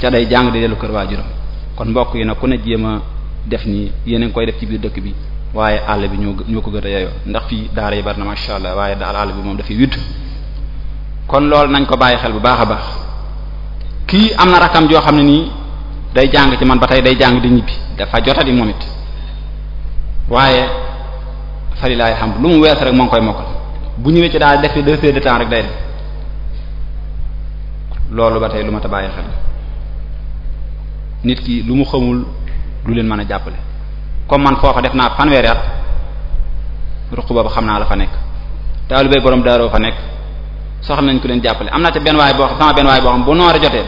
ca day jàng di dellu kër waajuram kon mbokk yi nag ku ne jéem a def nii yéen a ngi koy def ci biir dëkk bi waaye àll bi ñoo ñoo ko gën a yeyoo ndax fii daara yi bari na masha Allah waaye daal àll bi moom dafay witt kon loolu nañ ko bàyyi xel bu baax a baax kii am na rakam joo xam ne nii day jàng ci man ba tey day jàng di ñibbi dafa jotali moom it waaye falilaay xam lu mu weesu rek moom koy koy mokkal bu ñëwee ci daal defee deux heures de temps rek day dem loolu ba tey lu ma ta bàyyi xel nit ki lu mu xamul lu leen mën a jàppale comme man foofa def naa fanweeri at ruq boobu xam naa la fa nekk taalibey borom daaroo fa nekk soxla nañ ko leen jàppale am na ci benn waay boo xam sama benn waay boo xam bu nooree jotee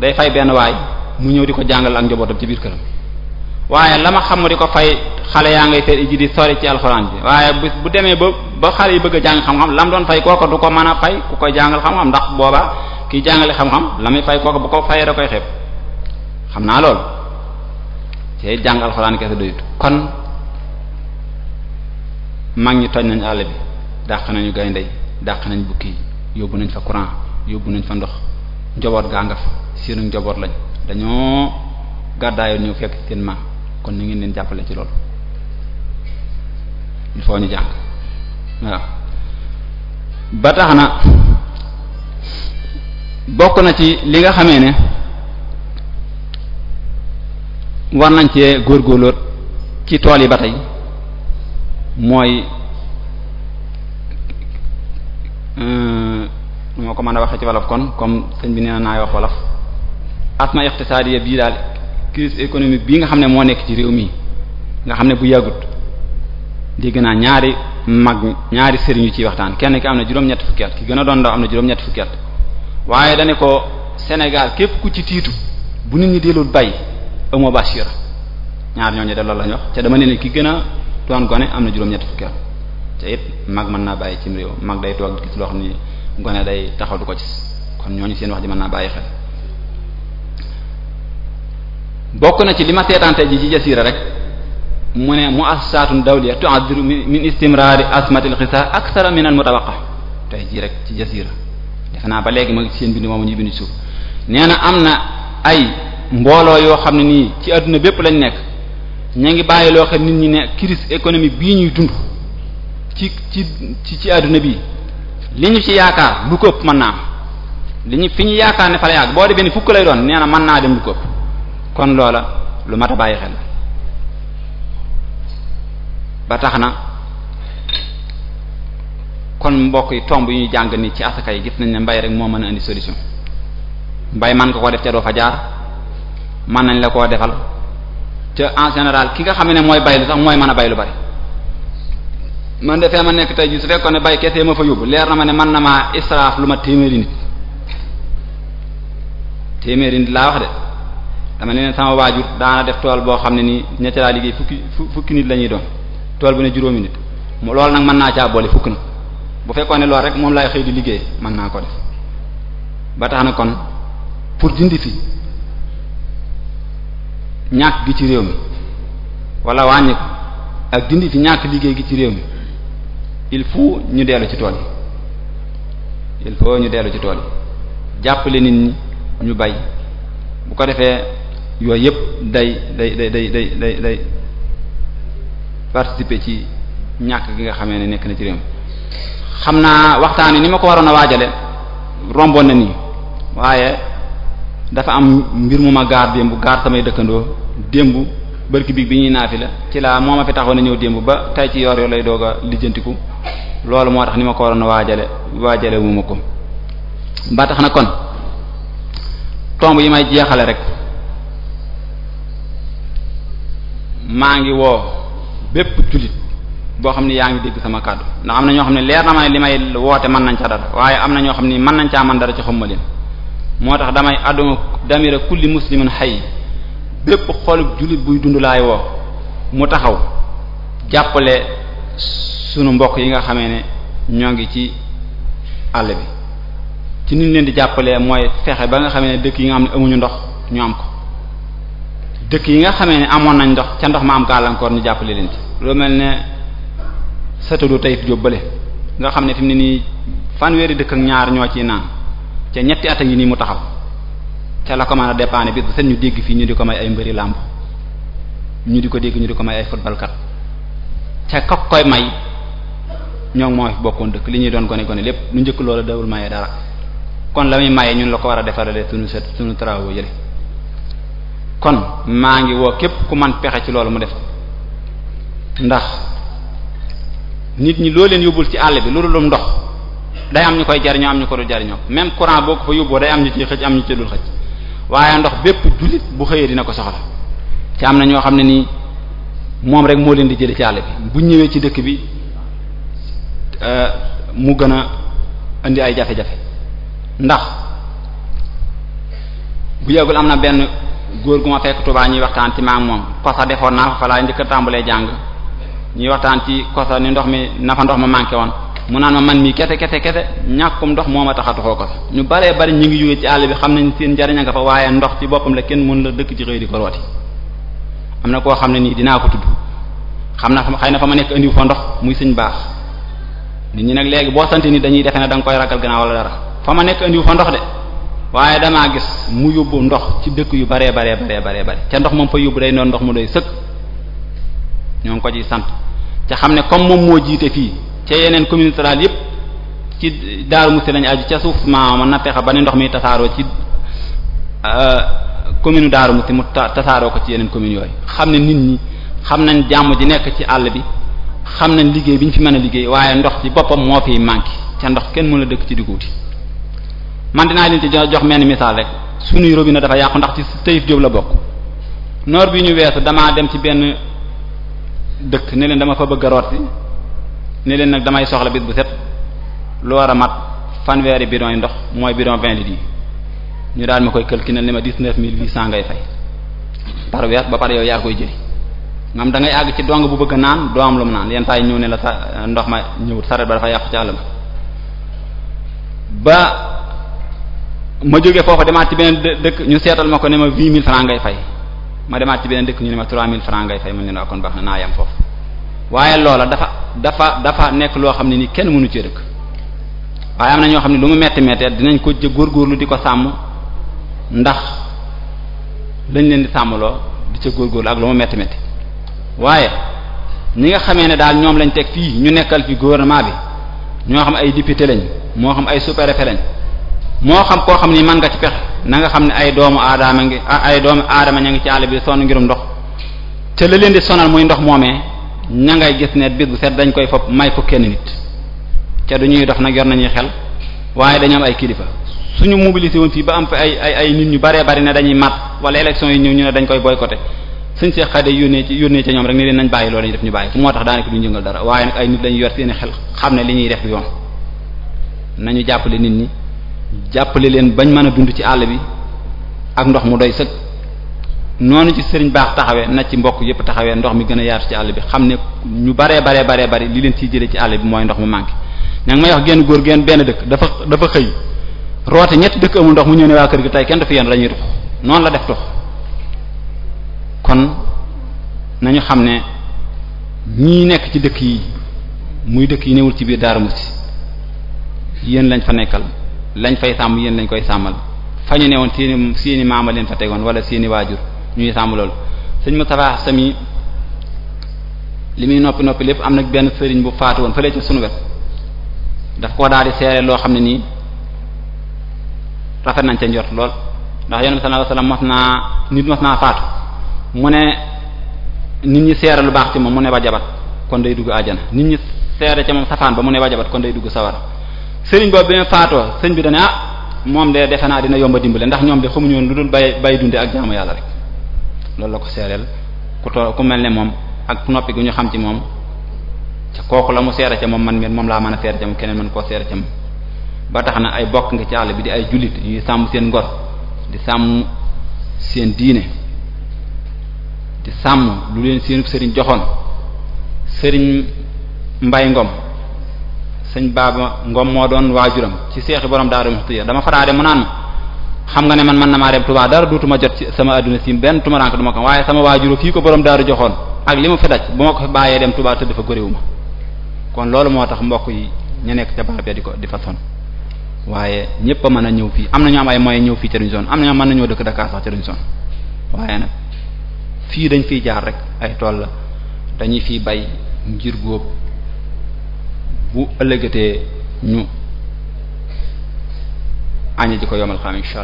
day fay benn waay mu ñëw di ko jàngal ak njabootam ci biir këram waaye la ma xam mu di ko fay xale yaa ngi seet ji di sori ci alxuraan bi waaye bu bu demee ba ba xale yi bëgg a jàng xam-xam lam doon fay kooka du ko mën a fay ku koy jàngal xam-xam ndax boobaa kiy jàngale xam-xam la muy fay kooka bu ko fayee da xam naa loolu tey jàng alxuraan kese doyut kon mag ñi toj nañu àll bi dàq nañu gaynde dàq nañ bukki yi yóbbu nañ fa courant yóbbu nañ fa ndox njaboot gaa nga fa seenu njaboot lañ dañoo gàddaayoon ñëw fekk seen maam kon ni ngeen leen jàppale ci loolu il faut ñu jàng waaw ba tax na bokk na ci li nga xamee ne war nañ cee góorgóorlóot ci tool yi ba tey mooy moo euh, ko man a waxee ci wolof kon comme sëñ bi nee na naay wax wolof asma iqtisadiya bii daal crise économique bii nga xam ne moo nekk ci réew mi nga xam ne bu yàggut dégg naa ñaari mag ñaari sëriñ yu ciy waxtaan kenn ki am na juróom-ñetti fukki ki gën doon ndaw am na juróom-ñetti fukki waaye dane ko Sénégal képp ku ci tiitu bu nit ñi delul bay aw mubashira ñaar ñooñu de loolu lañu wax te dama ne ne ki gën a doon gone am na juróom-ñetti fukki at te it mag mën naa bàyyi cim réew mag day toog gis loo xam ni gone day taxaw du ko ci kon ñooñu seen wax ji mën naa bàyyi xel bokk na ci li ma seetaante ji ci jasira rek mu ne mu muassasatun dawliya tu'adhiru min istimrari asmatil xisa akthara min al mutawaqqa tey jii rek ci jasira defe naa ba léegi ma seen bind moomu ñuy bind ci suuf nee mbooloo yoo xam ne nii ci àdduna bépp lañ nekk ñu ngi bàyyi loo xam nit ñi ne crise économique bii ñuy dund ci ci ci àdduna bi li ñu ci yaakaar lu ko ëpp mën naa li ñu fi ñu yaakaar ne fa la yàgg boo defee ni fukk lay doon nee na mën naa dem lu ko kon loola lu mat a bàyyi xel ba tax na kon mbokk yi tomb yu ñuy jàng ni ci asaka yi gis nañ ne mbay rek moo mën a indi solution mbay mën nga ko def ca doo fa jaar mën nañ la koo defal te en général ki nga xam ne mooy baylu sax mooy mën a bay lu bari mën de fee ma nekk tey jii su fekkoon ne bay kese ma fa yóbbu leer na ma ne man na maa israaf lu ma téeméeri nit téeméeri nit laa wax de dama leen sama waajur daana def tool boo xam ne nii ña ca liggéey fukki fukki nit la ñuy doon tool bu ne juróomi nit mu loolu nag mën naa caa boole fukk na bu fekkoon ne loolu rek moom laay xëy di liggéey mën naa ko def ba tax fi. ñàkk gi ci réew mi wala wàññi ko ak dindi ci ñàkk liggéey gi ci réew mi il faut ñu dellu ci tool yi il faut ñu dellu ci tool yi jàppale nit ñi ñu bay bu ko defee yooyu yëpp day day day day day day day participer ci ñàkk gi nga xamee ne nekk na ci réew mi xam naa waxtaan wi ni ma ko waroon a waajale romboon na nii waaye dafa am mbir mu ma gaar mu gaar samay dëkkandoo démb barki bi bi ñuy naafi la ci laa moo ma fi taxoon a ñëw démb ba tey ci yor yor lay doog a lijjantiku loolu moo tax ni ma ko waroon a waajale waajale wu ma ko ba tax na kon tomb yi may jeexale rek maa ngi woo bépp jullit boo xam ne yaa ngi dégg sama kàddu ndax am na ñoo xam ne leer na ma ne li may woote mën nañ ca dara waaye am na ñoo xam ne mën nañ ca mën dara ci xomma moo tax damay aduma damira kulli muslimin hayy bépp xoolu jullit buy dund laay woo mu taxaw jàppale sunu mbokk yi nga xame ne ñoo ngi ci àll bi ci niñ leen di jàppale mooy fexe ba nga xamee ne dëkk yi nga xam ne amuñu ndox ñu am ko dëkk yi nga xamee ne amoon nañ ndox ca ndox ma am gàllankoor ñu jàppale leen ci lu mel ne satado tayit jóob bële nga xam ne fi mu ne nii fanweeri dëkk ak ñaar ñoo ci naan ca ñetti ata a ngi nii mu taxaw ca la ko mën a dépanner bi seen ñu dégg fii ñu di ko may ay mbëri làmb ñu di ko dégg ñu di ko may ay footballkat ca kok koy may ñoom ngi moo fi bokkoon dëkk li ñuy doon gone gone lépp lu njëkk loola dawul maye kon la muy ñun la ko war a defarale sunu set sunu travaux yële maa ngi woo képp ku man pexe ci loolu mu def ndax nit ñi loo leen yóbbul ci àll bi ndox day am ñu koy jariñoo am ñu ko du jariñoo même courant boo ko fa yóbboo day am ñu ci xëcc am ñu ci xëcc waaye ndox bépp jullit bu xëyee dina ko soxla ci am na ñoo xam ne nii moom rek moo leen di jëlee ci àll bi bu ñëwee ci dëkk bi euh, mu gën a indi ay jafe-jafe ndax bu yàggul am na benn góor gu ma fekk Tuubaa ñuy waxtaan ci maam moom kosa defoon naa fa fa njëkk a tàmbalee jàng ñuy waxtaan ci kosa ni ndox mi na fa ndox ma manqué woon mu naan ma man mii kese kese kese ñàkkum ndox moo ma tax a toxoo ko fi ñu baree bari ñu ngi jóge ci àll bi xam nañ seen njariñ nga fa waaye ndox ci boppam la kenn mën la dëkk ci xëy di ko rooti am na koo xam ne nii dinaa ko tudd xam na xëy na fa ma nekk indiw fa ndox muy sëñ baax nit ñi nag léegi boo sante ni dañuy defe ne da nga koy ragal gannaaw wala dara fa ma nekk indiw fa ndox de waaye damaa gis mu yóbbu ndox ci dëkk yu baree baree baree baree bare ca ndox moom fa yóbbu day noon ndox mu doy sëkk ñoo ngi ko ciy sant ca xam ne comme moom moo jiite fii ca yeneen commune rurales yëpp ci Darou Moukhty lañu aju ca suuf maama na fexe ba ne ndox mi tasaaroo ci euh, commune daaru Moukhty mu tasaaroo ko ci yeneen communes yooyu xam ne nit ñi xam nañ jàmm ji nekk ci àll bi xam nañ liggéey bi ñu fi mën a liggéey waaye ndox ci boppam moo fiy manqué ca ndox kenn mën a dëkk ci digguuti man dinaa leen ci jox menn misaal rek sunuy robinet dafa yàqu ndax ci Taïf Diop la bokk noor bi ñu weesu damaa dem ci benn dëkk ne leen dama fa bëgg a root si ne leen nag damay soxla bis bu set lu war a mat fanweeri bidon yi ndox mooy bidon vingt litres yi ñu daal ma koy calculer ne ma dix-neuf mille huit cent ngay fay par weer ba par yow yaa koy jëli ngam da ngay àgg ci dong bu bëgg a naan doo am lu mu naan yenn saa ñëw ne la sa ndox ma ñëwut saret ba dafa yàqu ci àll ba ba ma jógee foofa demaat ci beneen dëkk ñu seetal ma ko ne ma huit mille francs ngay fay ma demaat ci beneen dëkk ñu ne ma trois mille francs na naa yem foofu waaye loola dafa dafa dafa nekk loo xam ne nii kenn mënu cee dëkk waaye am na ñoo xam ne lu mu metti metti dinañ ko jë góorgóorlu di ko sàmm ndax lañ leen di sàmmloo di ca góorgóorlu ak lu mu metti metti waaye ñi nga xamee ne daal ñoom lañu teg fii ñu nekkal fi gouvernement bi ñoo xam ay député lañ moo xam ay sous-préfet lañ moo xam koo xam ni mën nga ci pex na nga xam ne ay doomu aadama ngi ay doomu aadama ña ngi ci àll bi sonn ngirum ndox te leen di sonal muy ndox moomee ña ngay gis ne bis bu set dañ koy fopp may ko kenn nit ca du ñuy dox nag yor nañuy xel waaye dañu am ay kilifa suñu mobilisé woon fii ba am fa ay ay nit ñu baree bari ne dañuy mat wala élection yi ñëw ñu ne dañ koy boycotté suñ see xade yónnee ci yónnee ci ñoom rek ni leen nañ bàyyi loolu ñu def ñu bàyyi moo tax daanaka duñ yëngal dara waaye nag ay nit lañu yor seeni xel xam ne li ñuy def yoon nañu jàppale nit ñi jàppale leen bañ mën a dund ci àll bi ak ndox mu doy sëkk noonu ci sëriñ baax taxawee na ci mbokk yëpp taxawee ndox mi gën a yaatu ci àll bi xam ne ñu baree baree baree bari li leen ciy jëlee ci àll bi mooy ndox mu manqué ña may wax genn góor genn benn dëkk dafa dafa xëy roote ñetti dëkk amul ndox mu ñëw ne waa kër gi tey kenn dafa yenn dañuy tux noonu la def tux kon nañu xam ne ñii nekk ci dëkk yi muy dëkk yi newul ci biir Darou si yéen lañ fa nekkal lañ fay sàmm yéen lañ koy sàmmal fañu newoon seeni seeni maama leen fa tegoon wala seeni waajur ñuy sàmm loolu sëñ Moustapha sami li muy noppi noppi lépp am na benn sëriñ bu faatu woon ci sunu daf koo daal di seere loo xam ne nii rafet nañ ca njort lool ndax yonent bi sallallahu alayhi wasallam naa nit mos naa faatu mu ne nit ñi seere lu baax ci moom mu ne ba jabat kon day dugg àjjana nit ñi seere ca moom safaan ba mu ne ba jabat kon day dugg sawara sëriñ boobu bi mu faatoo sëriñ bi dane ah moom de defe naa dina yomba dimbale ndax ñoom de xamuñu woon lu dul bay bay dunde ak jaamu yàlla rek loolu la ko seereel ku too ku mel ne moom ak noppi gu ñu xam ci moom ca kooku la mu seere ca moom man mi moom laa mën a seere ca moom keneen mën koo seere ba tax na ay bokk nga ci àll bi di ay jullit yuy sàmm seen ngor di sàmm seen diine di sàmm lu leen seen sëriñ joxoon sëriñ mbay ngom sëñ baaba ngom moo doon waajuram ci seex borom daaru muxtiya dama fa daa de mu naan xam nga ne man mën na maa dem Touba dara duutuma jot ci sama adduna si benn tumarank du ma ko waaye sama waajuro fii ko borom daaru li mu fi daj bu ma ko fi bàyyee dem Touba te dafa goréwu ma kon loolu moo tax mbokk yi ñu nekk ca barab ya ko di fa son waaye ñëpp a mën a ñëw fii am na am ay moyens ñëw fii ca am na ñoo mën na ñëw dëkk Dakar sax ca duñ son waaye nag fii dañ fiy jaar rek ay tool la dañuy fiy bay ngir góob bu ëllëgatee ñu aña ji ko yomal xam insha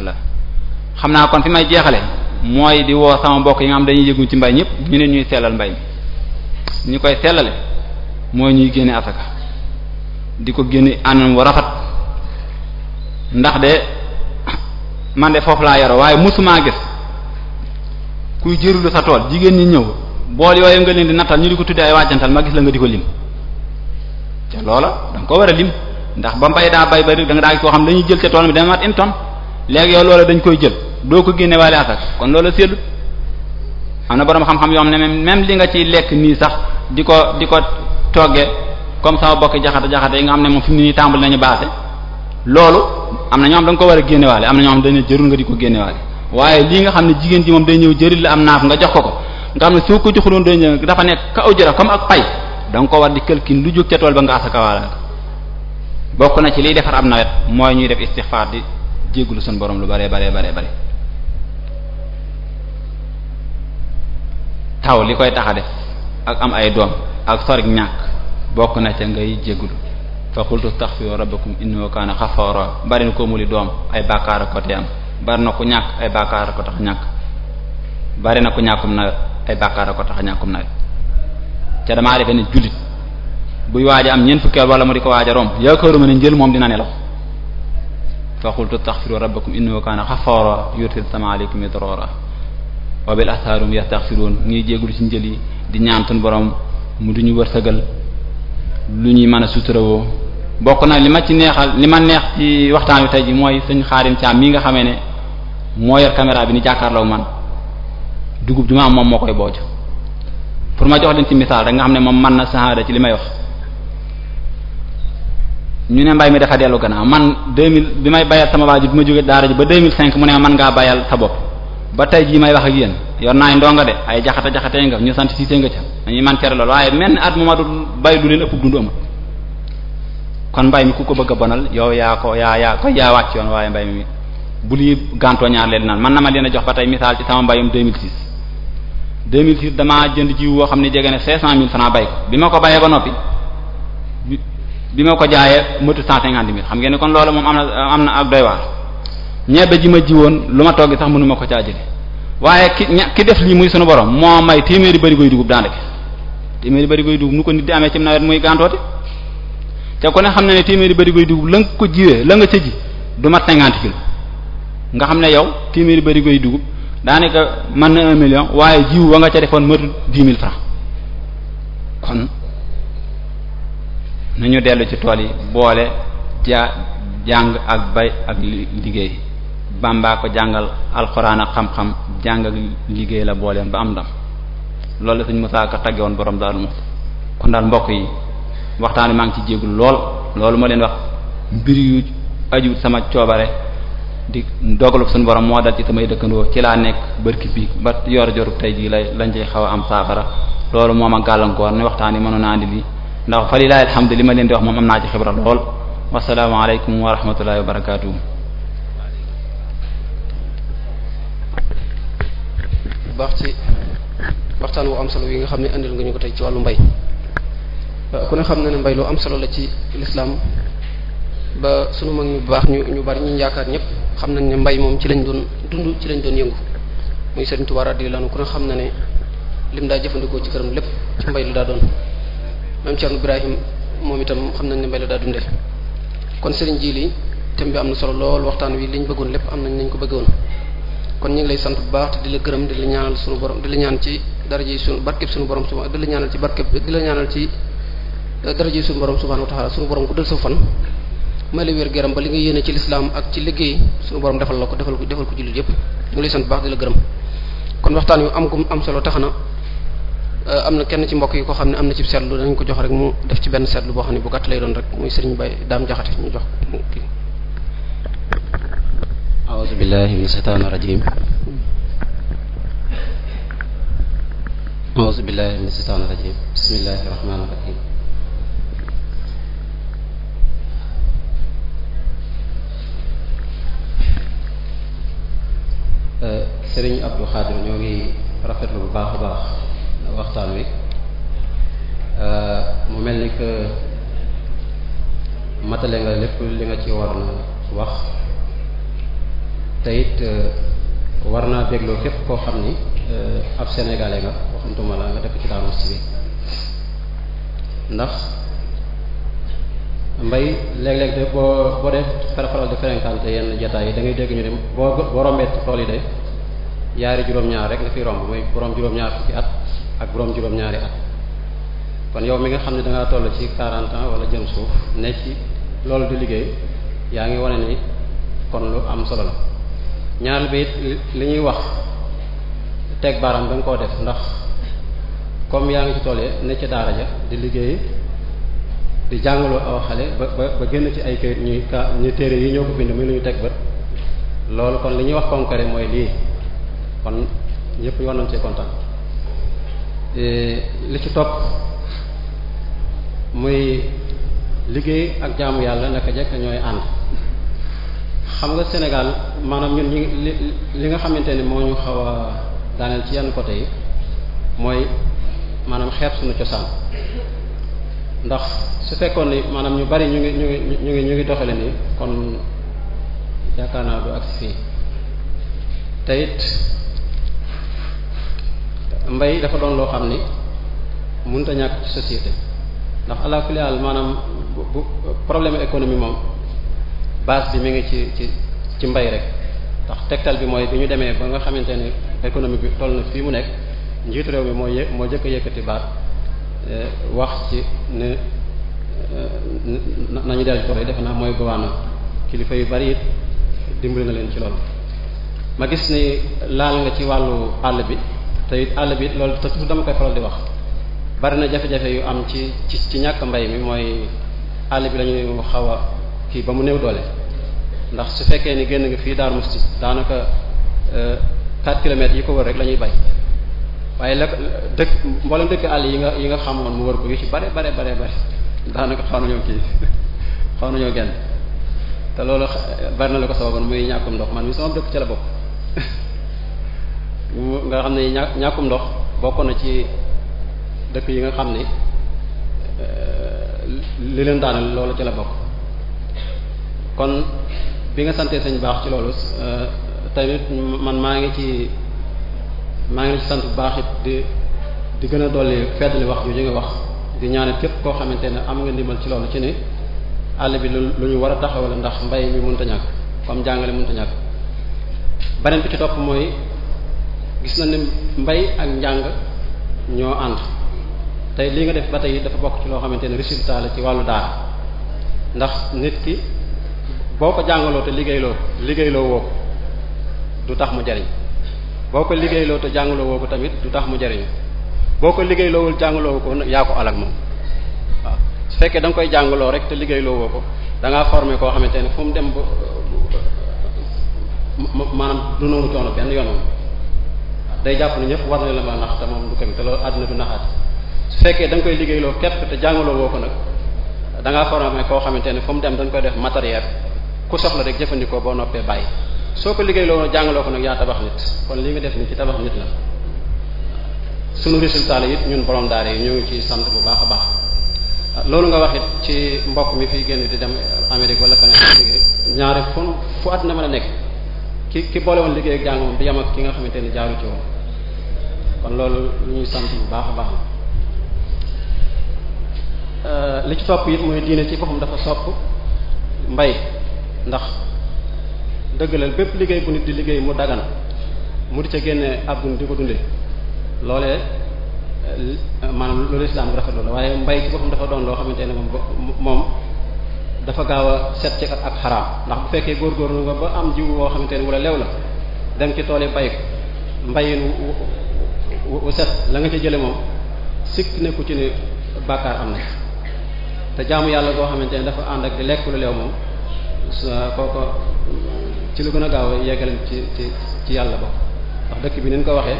xam naa kon fi may jeexale mooy di woo sama mbokk yi nga xam dañuy yëgu ci mbay ñëpp ñu ne ñuy sellal mbay mi ñu koy sellale mooy ñuy génne asaka di ko génne anam wa rafet ndax de man de foofu laa yoro waaye mësumaa gis kuy jërulu sa tool jigéen ñi ñëw bool yooyu nga leen di nattal ñu di ko tuddee ay wàjjantal ma gis la nga di ko lim te loola danga ko war a lim ndax ba mbay daa bay bari da nga daa koo xam ne dañuy jël ca tool mi dana mat une tonne léegi yow loola dañ koy jël doo ko génne waale kon loola seetlu am na boroom xam-xam yoo xam ne même même li nga ciy lekk nii sax di ko di ko togge comme sama bokki jaxate jaxate yi nga xam ne moom fi mu nii tàmbali nañu baase loolu am na ñoo xam da ko war a génnewaale am na ñoo xam dañu jërul nga di ko génnewaale waaye lii nga xam ne jigéen ji moom day ñëw jëriñ la am naaf nga jox ko ko nga xam ne soo ko joxuloon day ñëw dafa nekk ka aw jëra comme ak pay da nga ko war di këlkin lu jóg ca tool ba nga asakawaala bokk na ci liy defar am nawet mooy ñuy def istixfaar di jéggulu suñu borom lu bare bare bare bare taw li koy tax a def ak am ay doom ak sorik ñàkk bokk na ca ngay jéggulu fa qultu astaghfiru rabbakum innahu kaana ghaffara bari na ko muli doom ay bàkkaar ak te am bari na ku ñàkk ay bàkkaar ak tax ñàkk bari na ku ñàkkum nawet ay bàkkaar ak tax ñàkkum nawet ca damaa defe ne jullit buy waaja am ñeent fukkeel wala mu di ko waaja romb yaakaaruma ne njël moom dina nelaw fa qultu astaghfiru rabbakum innahu kaana ghaffara yursil sama alaykum midrara wa bil asharum yastaghfirun ngi jéggul ci njël yi di ñaantun borom mu duñu wërsëgal lu ñuy mën a suturawoo bokk na li ma ci neexal li ma neex ci waxtaan wi tey ji mooy sëñ xaarim Thiam mii nga xamee ne moo yor caméra bi ni jàkkaarloo man dugub ji ma am moom moo koy booj pour ma jox leen ci misaal rek nga xam ne moom man na saxaada ci li may wax ñu ne mbay mi dafa dellu gannaaw man 2000 bi may bayal sama waajur bi ma jógee daara ji ba 2005 mu ne man ngaa bayal sa bopp ba tey jii may wax ak yéen naa naay ndonga de ay jaxata jaxate nga ñu sant siisee nga ca dañuy man cere lool waaye mel ni at mu ma du bay du leen ëpp dundu amul kon mbay mi ku ko bëgg a bonal yow yaa ko yaa yaa ko yaa wàcc yoon waaye mbay mi bu lii gantoo ñaar leen naan man na ma leen a jox ba tey misaal ci sama mbayum 2006 2006 jënd jiw woo xam ne jege ne 500000 francs bay ko bi ma bayee ba noppi bi ma ko jaayee motu cent cinquante mil xam ngeen ne kon loolu moom am na am na ak doy waar ñebe ji ma ji woon lu ma toggi sax mënuma ko caa jële waaye ki ki def lii muy sunu borom moo may téeméeri bëri koy dugub daanaka téeméeri bëri koy dugub nu ko di amee ci nawet muy gàntoote te ku ne xam na téeméeri bëri koy dugub nga ko jiwee la nga ca ji du cinquante kilos nga xam ne yow téeméeri bëri koy dugub daanaka mën na un million waaye jiw wa nga ca defoon motu dix mille francs kon. nañu dellu ci tool yi boole ja jàng ak bay ak liggéey Bàmbaa ko jàngal alxuraan ak xam-xam jàng ak liggéey la booleen ba am ndam loolu la suñ Musaa Ka tagge woon borom daal moom kon daal mbokk yi waxtaan wi maa ngi ci jéegul lool loolu ma leen wax mbir yu aju sama coobare di dogalu suñu borom moo dal ci samay dëkkandoo ci laa nekk bërki bi ba yor joru tey jii lay lañ cey xaw a am saafara loolu moom ma gàllankoor ne waxtaan yi mënoon naa andi lii ndax fa lilahi alhamdu li ma leen di wax moom am naa ci xibra lool wasalaamaaleykum wa rahmatullahi wa barakaatu. baax ci waxtaan woo am solo yi nga xam ne andil nga ñu ko tey ci wàllu mbay euh, ku ne xam na ne mbay lu am solo la ci lislaam ba sunu mag ñu baax ñu ñu bari ñu yaakaar ñëpp xam nañ ne mbay moom ci lañ doon dund ci lañ doon yëngu muy Sëriñ Tuubaa la anhu ku ne xam na ne lim daa jëfandikoo ci këram lépp ci mbay lu daa doon maam Thierno Ibrahim moom itam xam nañ ne mbay la daa dundee kon sëriñ ji lii thème bi am na solo lool waxtaan wi liñ bëggoon lépp am nañ nañ ko bëggoon kon ñu ngi lay sant bu baax te di la gërëm di la ñaanal sunu borom di la ñaan ci daraje sunu barkeb sunu borom suba di la ñaanal ci barkeb di la ñaanal ci daraje sunu borom subhanahu wa taala sunu borom guddal sa fan may la wér gërëm ba li nga yéene ci lislaam ak ci liggéey sunu borom defal la ko defal ko defal ko jullit yëpp ñu ngi lay sant bu baax di la gërëm kon waxtaan wi am gu am solo tax na Euh, am na kenn ci mbokk yi ko xam ne am na ci seetlu dañ ko jox rek mu def ci benn seetlu boo xam ne bu gàtt lay doon rek muy sëriñ Bay daam jaxate ñu jox kii aouzu billahi min shaytaani rajim aouzu billahi min shaytaani rajim bismillahi rahmaani rahim euh, sëriñ Abdou Khadir ñoo ngi rafetlu bu baax a baax waxtaan wi euh, mu mel ni que matale nga lépp li nga ci war na wax te it euh, war naa dégloo képp koo xam ni euh, ab sénégalais nga waxantuma la nga dëkk ci Darou Moukhty ndax mbay léeg-léeg de boo boo dee faral di fréquenté yenn jataay yi dangay dégg ñu ne boo boo rombee tool yi de yaari juróom-ñaar rek nga fi romb mooy borom juróom-ñaar ci at ak borom juróom-ñaari at kon yow mi nga xam ne da ngaa toll ci 40 ans wala jëm suuf ne ci loolu di liggéey yaa ngi wane ni kon lu am solo la ñaar bi li ñuy wax teg baaraam da koo def ndax comme yaa ngi ci tool ne ci daara ja di liggéey di jàngaloo aw xale ba ba ba génn ci ay kër ñuy ka ñu téere yi ñoo ko bind muy lu ñu teg bët loolu kon li ñuy wax concret mooy lii kon ñëpp war nañ cee Euh, li ci topp muy liggéey ak jaamu yàlla naka jekk ñooy ànd xam nga Sénégal maanaam ñun ñi li li nga xamante ni moo ñu xaw a daaneel ci yan côté yi mooy maanaam xeeb suñu cosaan ndax su fekkoon ni maanaam ñu bari ñu ngi ñu ngi ñu ngi ñu ngi doxale ni kon yaakaar naa du agsi fii te mbay dafa doon loo xam ni mënut a ñàkk ci société ndax ala kulli maanaam bu problème économie moom base bi mi ngi ci ci ci mbay rek ndax tegtal bi mooy bi ñu demee ba nga xamante ne économie bi toll na fii mu nekk njiitu réew mi moo yë moo jëkk a yëkkati baat eh, wax ci ne eh, nañu dellu tool yi defe naa mooy gouverneur kilifa yu bari it dimbali na leen ci loolu ma gis ni laal nga ci wàllu àll bi. te it àll bi lool te su dama koy faral di wax bari na jafe-jafe yu am ci ci ci ñàkk mbay mi mooy àll bi la ñuy xaw a kii ba mu néew doole ndax su fekkee ni génn nga fii Darou Moukhty daanaka 4 euh, kilomètres yi ko wër rek lañuy bay waaye la dëkk mboolem dëkk àll yi nga yi nga xamoon mu wër ko yu ci bare bare bare bare daanaka xaw nañoo kii xaw nañoo genn te loolu bari na la ko sababoon muy ñàkkum ndox man mi sama dëkk ci la bokk nga xam ne ñàkkum ndox bokk na ci dëkk yi nga xam ne euh, li leen daanal loolu ci la bokk kon bi nga santee sëñ baax ci loolu euh, tamit man maa ngi ci maa ngi ci sant bu baax it di di gën a dolli feddali wax jooju nga wax di ñaanal képp koo xamante ne am nga ndimbal ci loolu ci ni àll bi lu lu ñu war a taxawal ndax mbay ñu mënta ñàkk comme jàngale mënta ñàkk beneen bi ci topp mooy gis na ne mbay ak njàng ñoo ànd tey li nga def ba tey dafa bokk ci loo xamante ne résultat la ci wàllu daara ndax nit ki boo ko jàngaloo te liggéeyloo liggéeyloo woo ko du tax mu jariñ boo ko liggéeyloo te jàngaloo woo ko tamit du tax mu jariñ boo ko liggéeyloowul jàngaloo ko yaa ko alak moom waaw su fekkee da koy jàngaloo rek te liggéeyloo woo ko da ngaa koo xamante ne fu mu dem ba maanaam du noonu coono benn yoonam day jàpp ne ñëpp war na la ma nax te moom du kenn te loolu àdduna du naxaat su fekkee da nga koy liggéeyloo képp te jàngaloo woo ko nag da ngaa formé koo xamante ne fu mu dem dañ koy def matériel ku soxla rek jëfandikoo boo noppee bàyyi soo ko liggéeyloo jàngaloo ko nag yaa tabax nit kon li nga def ni ci tabax nit la sunu résultat ñun borom daara yi ñu ngi ci sant bu baax a baax loolu nga wax it ci mbokk mi fiy génn di dem Amérique wala feneen liggéey ñaari fu fu at na mën a nekk ki ki boole woon liggéey ak jàng moom du yem ki nga xamante ne jaaru ci woon kon loolu lu ñuy sant bu baax a baax la euh, li ci topp it mooy diine ci boppam dafa sopp mbay ndax dëgg la bépp liggéey bu nit di liggéey mu dagan mu di ca génne ab dund di ko dunde loolee euh, maanaam loolu islaam bi rafetlu la waaye mbay ci boppam dafa doon loo xamante ne moom moom dafa gaaw a set ci ak xaraam ndax bu fekkee góorgóorlu nga ba am jiw woo xamante ne wala lew la dem ci tool yi bay ko mbayin wu set la nga ca jële moom sikk nekku ci ne bàkkaar am na te jaamu yàlla goo xamante ne dafa ànd ak di lekk lu leew moom ah, kooko ci lu gën a gaaw yeggale ci ci ci yàlla ba ndax dëkk bi ni ñu ko waxee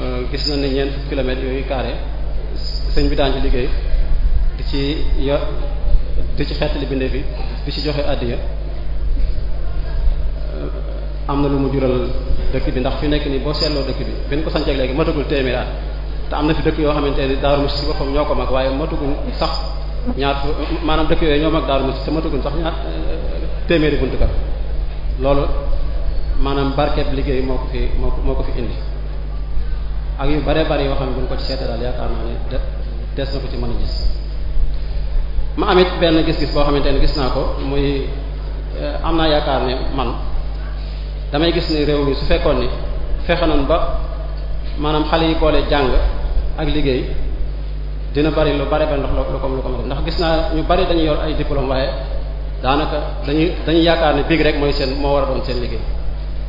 euh, gis na ne ñeent kilomètres yooyu carré sëñ bi daan ci liggéey ci yo di ci xeetali bindeef yi di ci joxe àddiya euh, am na lu mu jural dëkk bi ndax fi nekk nii boo seetloo dëkk bi benn ko sancee léegi matagul téeméer at te am na fi dëkk yoo xamante ni Daaru Muxti ci boppam ñoo ko mag waaye matagul sax ñaar maanaam dëkk yooyu ñoo mag Daaru Muxti te matagul sax ñaar euh, téeméeri bunt kat loolu maanaam barkeeb liggéey moo ko fi moo ko fi indi ak yu bare bare yoo xam ne bu ñu ko ci seete daal naa ne de des na ko ci mën a gis ma amit benn gis-gis boo xamante ne gis naa ko muy eh, am naa yaakaar ne man damay gis ni réew mi su fekkoon ni fexe nañ ba maanaam xale yi boole jàng ak liggéey dina bari lu bari ba ndox lu ko lu ko ndax gis naa ñu bari dañu yor ay diplôme waaye daanaka dañuy dañuy yaakaar ne biig rek mooy seen moo war a doon seen liggéey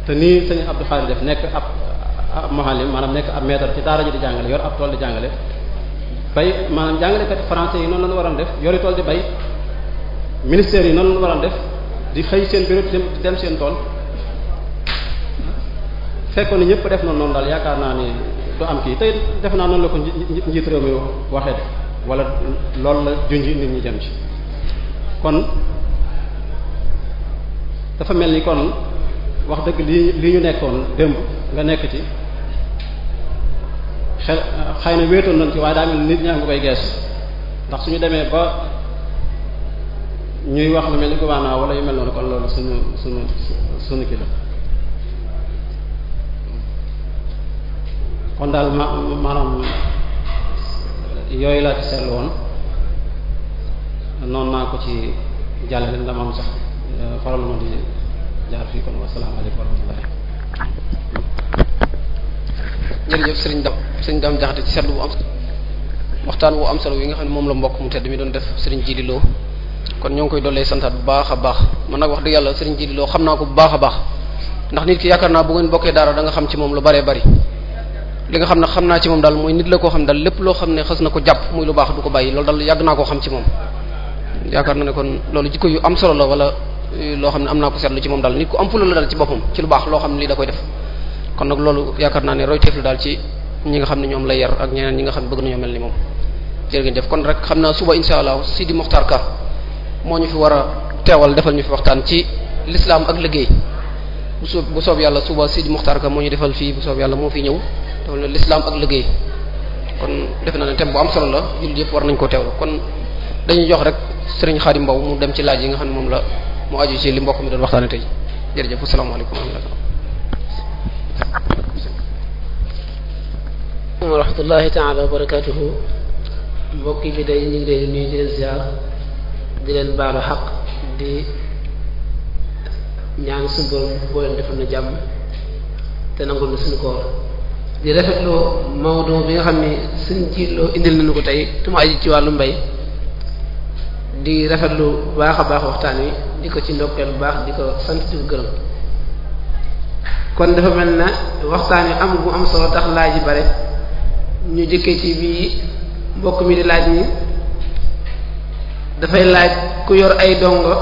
te nii sëñ Abdou Khadir def nekk ab ab muallim maanaam nekk ab maître ci daara ji di jàngale yor ab tool di jàngale bay maanaam jàngalekat français yi noonu la ñu waroon def yori tool di bay ministère yi noonu la ñu waroon def di xëy seen bureau di dem seen tool fekkoon ne ñëpp def na noonu yaakaar naa ni du am kii tey def naa noonu la ko njiit réew mi waxee de wala loolu la junj nit ñi jëm ci kon dafa mel ni kon wax dëgg lii lii ñu nekkoon démb nga nekk ci xel xëy na wéetoon nañ ci waaye daa mel nit ñaa ngi koy gees ndax su ñu demee ba ñuy wax lu mel ni gouvernement wala yu mel noonu kon loolu suñu suñu suñu kii la kon daal ma maanaam yooyu laa ci seetlu woon noonu naa ko ci jàllale dama am sax euh, faral ma di jaar fii kon wasalaamaaleykum wa rahmatullahi jërëjëf sëriñ dam sëriñ dam jaxate ci seetlu bu am waxtaan wu am solo yi nga xam ne moom la mbokk mu tedd mi doon def sëriñ Jili Lo kon ñoo ngi koy dollee santaat bu baax a baax man nag wax dëgg yàlla sëriñ jii Lo xam naa ko bu baax baax ndax nit ki naa bu bokkee daara da nga xam ci moom lu baree bari li nga xam ne xam naa ci moom daal mooy nit la koo xam daal lépp loo xam ne xas na ko jàpp muy lu baax du ko bàyyi loolu daal yàgg naa koo xam ci moom yaakaar na ne kon loolu jikko yu am solo la wala eh, loo xam ne am naa ko seetlu ci moom daal nit ku am fulla la daal ci boppam lu baax xam ne lii da koy kon nag loolu yaakaar naa ne royteef la daal ci ñi nga xam ne ñoom la yar ak ñeneen ñi nga xam ne bëgg nañoo mel ni moom jërë ngeen kon rek xam naa suba insha allah Sidi Mokhtar Ka moo ñu fi war a teewal defal ñu fi waxtaan ci l'islam ak liggéey bu soob bu soob yàlla suba Sidi Mokhtar Ka moo ñu defal fii bu soob yàlla moo fi ñëw defal na l'islam ak liggéey kon defe naa ne thème bu am solo la yëpp war nañ koo teewlu kon dañuy jox rek Serigne Khadim Mbow mu dem ci laaj yi nga xam ne moom la mu aju ci li mbokk mi doon waxtaane tey jërëjëf asalaamaaleykum wa rahmatullah wa rahmatullahi taala wa barakatuhu mbokki bi day ñu ngi leen nuyu di leen ziar di leen baalu xaq di ñaan suñu boo leen defal na jàmm te nangul na suñu koor di rafetloo Maodo bi nga xam ne suñ jiitloo indil nañu ko tey tu ma ci wàllu mbay di rafetlu baax a baax waxtaan wi di ko ci ndokkeel bu baax di ko sant di ko gërëm kon dafa mel na waxtaan wi am bu am solo tax laaj yi bare ñu jëkkee ci bii mbokk mi di laaj ni dafay laaj ku yor ay dongo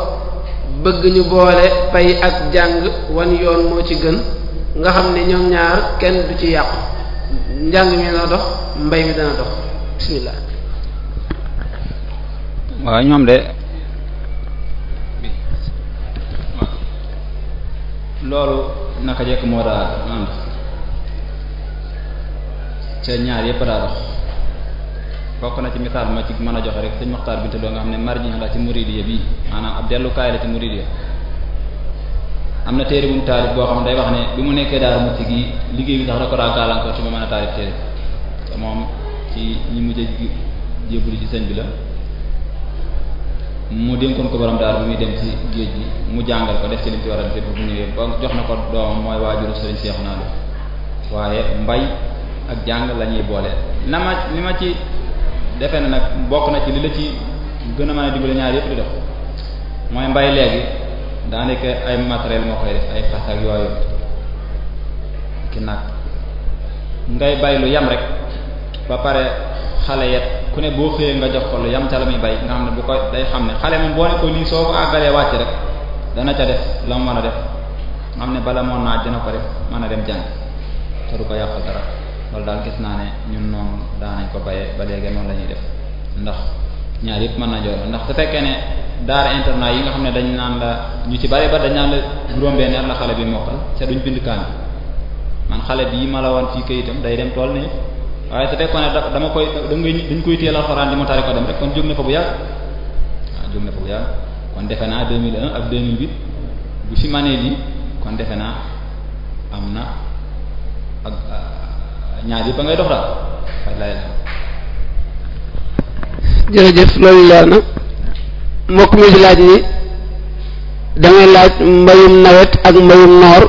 bëgg ñu boole pay ak jàng wan yoon moo ci gën nga xam ne ñoom ñaar kenn du ci yàqu njàng mi dana dox mbay mi dana dox bismillah waaw ñoom de loolu naka jekk moo daa ànd ca ñaar yépp daa dox bokk na ci misaal ma ci mën a joxe rek sëñ Maxtaar Binta Lo nga xam ne marji la ci muridiya bi maanaam ab dellukaay la ci muridiya am na téere bu mu taalif boo xam ne day wax ne bi mu nekkee daal mucc gi liggéey bi sax da ko daa gàllankoor ci ma mën a taalif téere te moom ci ñi mujj a jébbalu ci seen bi la mu dénkoon ko borom daal bi muy dem ci géej gi mu jàngal ko def ci lim ci war a def bu ñëwee ba jox na ko doomam mooy waajuru Serigne Cheikh Nalo waaye mbay ak jàng lañuy ñuy boole. na ma ni ma ci defe na nag bokk na ci li la ci gën a mën a dimbali ñaar yëpp di dox mooy mbay léegi daanaka ay matériel moo koy def ay fas ak yooyu ki nag ngay bay lu yam rek ba pare. xale yet ku ne boo xëyee nga jox ko lu yam ca la muy bay nga xam ne bu ko day xam ne xale moom boo ne ko lii soo ko àggalee wàcc rek dana ca def la mu mën a def nga xam ne bala moo naaj dina ko def mën a dem jàng te ko yàqal dara loolu daal gis naa ne ñun noonu ko bayee ba léegi noonu la ñuy def ndax ñaar yëpp mën na joor ndax su fekkee ne daara internat yi nga xam ne dañ naan la ñu ci bare ba dañ naan la juróom-benn at la xale bi mokkal te duñ bind kaan man xale bi ma la woon fii kayitam day dem tool ne waaye su fekkoon ne dama koy dañ koy téye alxuraan di ma ko dem rek kon jóg na fa bu yàgg waaw jóg na fa bu yàgg kon defe naa 2001 ak 2008 bu fi manee lii kon defe naa am na ak ah, ñaar yëpp a ngay dox daal wallaay loolu leer na mbokk mi laaj ni dangay laaj mbayum nawet ak mbayum noor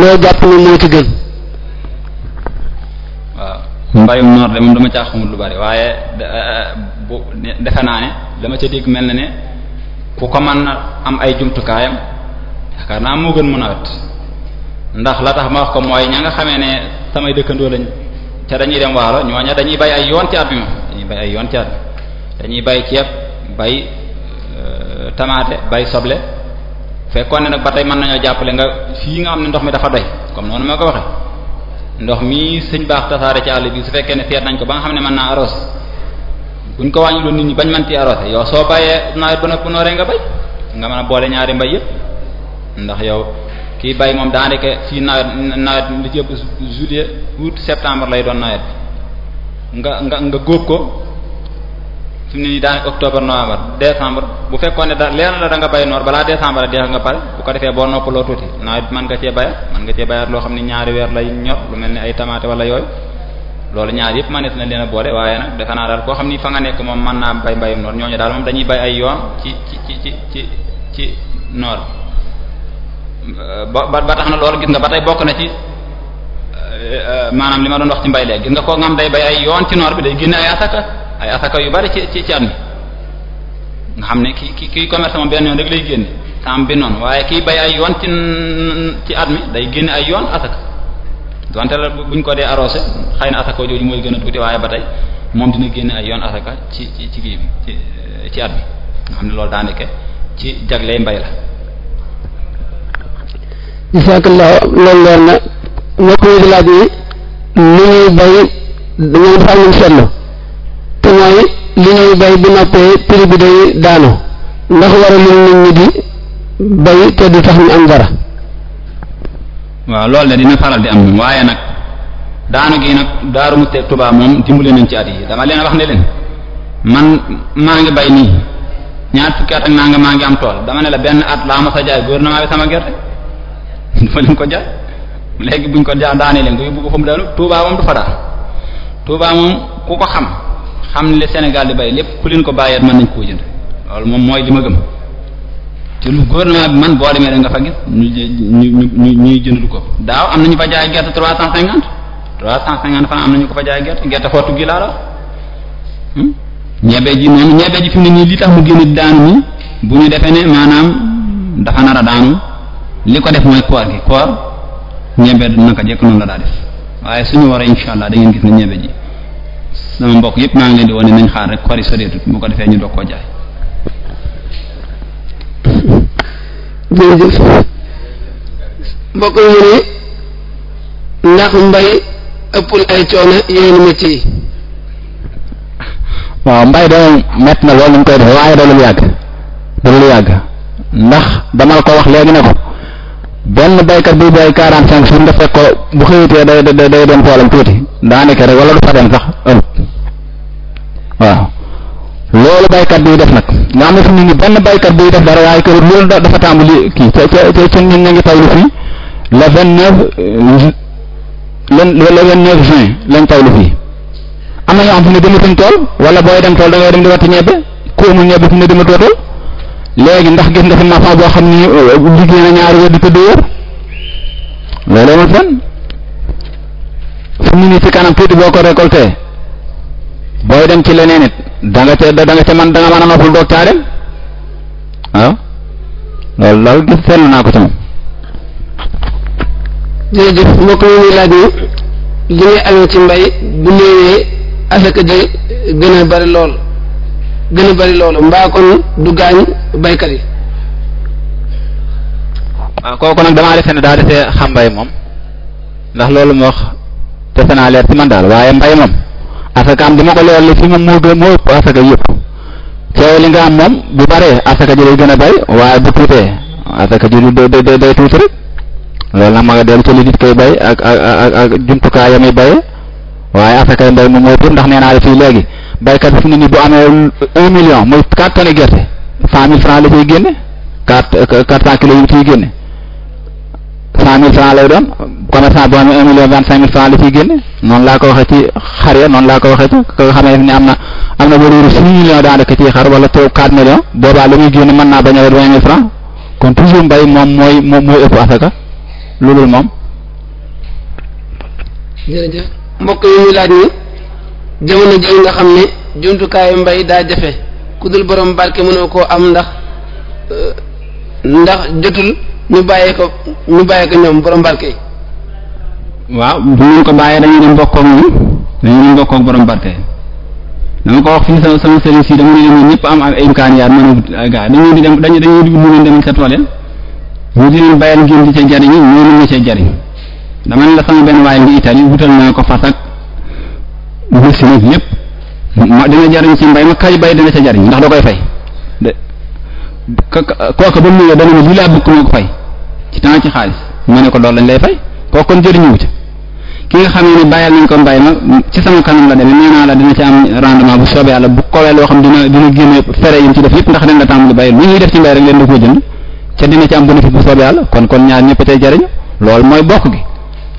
loo jàpp ni moo ci gën mbayum noor de moom dama caa xamul lu bari waaye bu defe naa ne dama ca dégg mel na ne ku ko mën am ay jumtukaayam yaakaar naa moo gën mu nawet ndax la tax ma wax ko mooy ña nga xamee ne samay dëkkandoo lañ ca dañuy dem waalo ñooña dañuy bay ay yoon ci at mi dañuy bay ay yoon ci at dañuy bay ceeb bay euh, tamaate bay soble fekkoon ne nag ba tey mën nañoo jàppale nga fii nga xam ne ndox mi dafa doy comme noonu ma ko waxee ndox mii sëñ baax tasaare ci àll bi su fekkee ne seet nañ ko ba nga xam ne mën naa arrosé buñ ko wàññi loon nit ñi bañ mën ci arrosé yow soo bàyyee nawet ba noppi nooree nga bay nga mën a boole ñaari mbay yëpp ndax yow kii bay moom daanaka fii nawet nawet li ci ëpp juillet août septembre lay doon nawet bi nga nga nga góob ko su mu ne nii daanaka octobre novembre décembre bu fekkoon ne da leer na da nga bay noor balaa décembre a jeex nga pare bu ko defee boo noppaloo tuuti nawet mën nga cee bayat mën nga cee bayat loo xam ne ñaari weer lay ñor lu mel ni ay tamaate wala yooyu loolu ñaar yëpp mënees na leen a boole waaye nag defe naa daal koo xam ni fa nga nekk moom man naa bay mbayum noor ñooñu daal moom dañuy bay ay yoon ci ci ci ci ci ci noor ba ba tax na loolu gis nga ba tey bokk na ci eh, eh, maanaam ma doon wax ci mbay léegi gis day bay ay yoon ci noor bi day génne ay ay asaka yu bari ci ci at mi nga xam ne ki ki kiy commerce moom benn yoon rek lay génne temps bi noonu waaye kiy bay ay yoon ci at mi day génne ay yoon asaka donte la buñ ko dee arrosé xëy na asaka jooju mooy gën a tuuti waaye ba tey moom dina génne ay yoon asaka ci ci ci kii bi ci ci at mi nga xam ne loolu daanaka ci jagley mbay la. bisimilah loolu leer na mbokk yi di te mooy li ñuy bay bu noppee prix bi day daanu ndax waralul nit ñi bay te du tax ñu am dara waaw loolu de dina faral di am waaye nag daanu gi nag daaru mu teg Tuubaa moom dimbali nañ ci yi dama leen wax ne leen man ngi bay nii ñaar fukki at ak tool dama benn at laa ma sa jaay gouvernement sama gerte dafa ko léegi buñ ko jaa daanee leen ko yóbbu ko fa daanu Tuubaa moom ku ko xam xam le Sénégal di bay lépp ku leen ko bàyyeet mën nañ koo jënd loolu moom mooy li ma gëm te lu gouvernement bi man boo demee da nga fa gis ñu ñu ñu ñuy ko daaw am nañu fa gerte trois cent cinquante trois cent cinquante francs am nañu ko fa jaay gerte gerte xottu gi laa la hmm? ñebe ji noonu ñebe ji fi mu ne nii li tax mu génn daanu nii bu ñu defee ne maanaam dafa nar a daanu li ko def mooy koor gi koor ñebe naka jekk noonu la daa def waaye suñu waree insha allah da ngeen gis ne ñebe ji sama mbokk yëpp maa ngi leen di wane nañ xaar rek kori soreetut bu ko defee ñu doog ko jaay. jërëjëf mbokk yi ne ndax mbay ëppul ay coono yeneen métier yi. waaw mbay dana mett na loolu ñu koy defee waaye dalul yàgg dalul yàgg ndax dama la ko wax léegi ne ko benn baykat buy bay quarante cinq jours nga fekk ko bu xëyutee day day dem toolam tuuti daanaka rek wala du fa dem sax waaw loolu baykat buy def nag nga xam ne fi mu ni benn baykat buy def dara waaye kër loolu dafa tàmbali kii ca ca ca ca ñun ña ngi tawlu fii la vingt neuf le le vingt neuf juin lañ tawlu fii am na ñoo xam fi ne dematuñ tool wala booy dem tool da ngay dem di watti ñebe ku amul ñebe fi ne dematoo tool léegi ndax gis nga fi nafa boo xam ni liggéey euh, na ñaari weer di tëdd wër loolu amul fenn fu mu ni ci kanam tuuti boo ko récolté. booy dem ci leneen it da nga ca da ca man da nga mën a noppal doog caa dem waaw loolu loolu gis seetlu naa ko ci moom. jërëjëf mbokk mi ci mbay bu néewee asaka ja gën a bari lool gën a bari loolu mbaa kon du gaañ baykat yi. waaw kooku nag damaa defe ne daa defee xam mbay moom ndax loolu moo wax defe naa leer ci man daal waaye mbay moom. asakaam bi ma ko leerlu fi moom moo li nga am bu baree asaka ji day gën a bay waaye bu tuutee asaka ji du day day day tuuti rek loolu nag ma nga lu ci li nit koy bay ak ak ak jumtukaay yam muy bayee waaye asakay mbay moom moo ëpp ndax nee naa la fii léegi baykat bi fi mu ne bu amee un million mooy quatre tonnes gerte cent mille francs la ciy génne quatre quatre cent kilos yi génne cent mille francs lay doon commerçant boo amee un million vingt cinq mille francs la ciy génne noonu laa ko waxee ci xar ya noonu laa ko waxee ci ko xamee ne am na am na valeur six millions daanaka ciy xar wala trop quatre millions boobaa la muy génne mën naa bañ a vingt mille francs kon toujours mbay moom mooy moom mooy ëpp asaka loolu moom mbokk yi ñu laaj ni jamono jël nga xam ne jumtukaayu mbay daa jafe ku dul borom barke mënoo ko am ndax euh, ndax ñu bàyyi ko ñu bàyyi ko ñoom borom barke yi. waaw bu ñu ko bàyyee dañu dem bokkoog ñun dañu dem bokkoog borom barke yi dama ko wax fii sama sama sëriñ si dama ne ñëpp am ay imkaaniyaat man gaa dañu mu sa tool yi ñu di leen bàyyal ngeen di ca jariñ ñoo mën na la sama benn waaye ngi Italie wutal naa ko fas ak machine ak lépp ma dina jariñ ci mbay ma kay bay dina ca jariñ ndax da koy fay de kooka ba mu ñëwee dana ma lii laa bëgg ma ko fay ci temps ci xaalis mu ne ko loolu lañ lay fay kooku kon jëriñu ci ki nga xam ne bàyyal nañ ko mbay ma ci sama kanam la demee nee naa la dina ci am rendement bu soobee yàlla bu kowee loo xam dina dina génne fere yi ci def yëpp ndax ren la tàmbali bàyyi lu ñuy def ci mbay rek leen da koo jënd ca dina ci am bénéfice bu soobee yàlla kon kon ñaar ñëpp tey jëriñu lool mooy bokk gi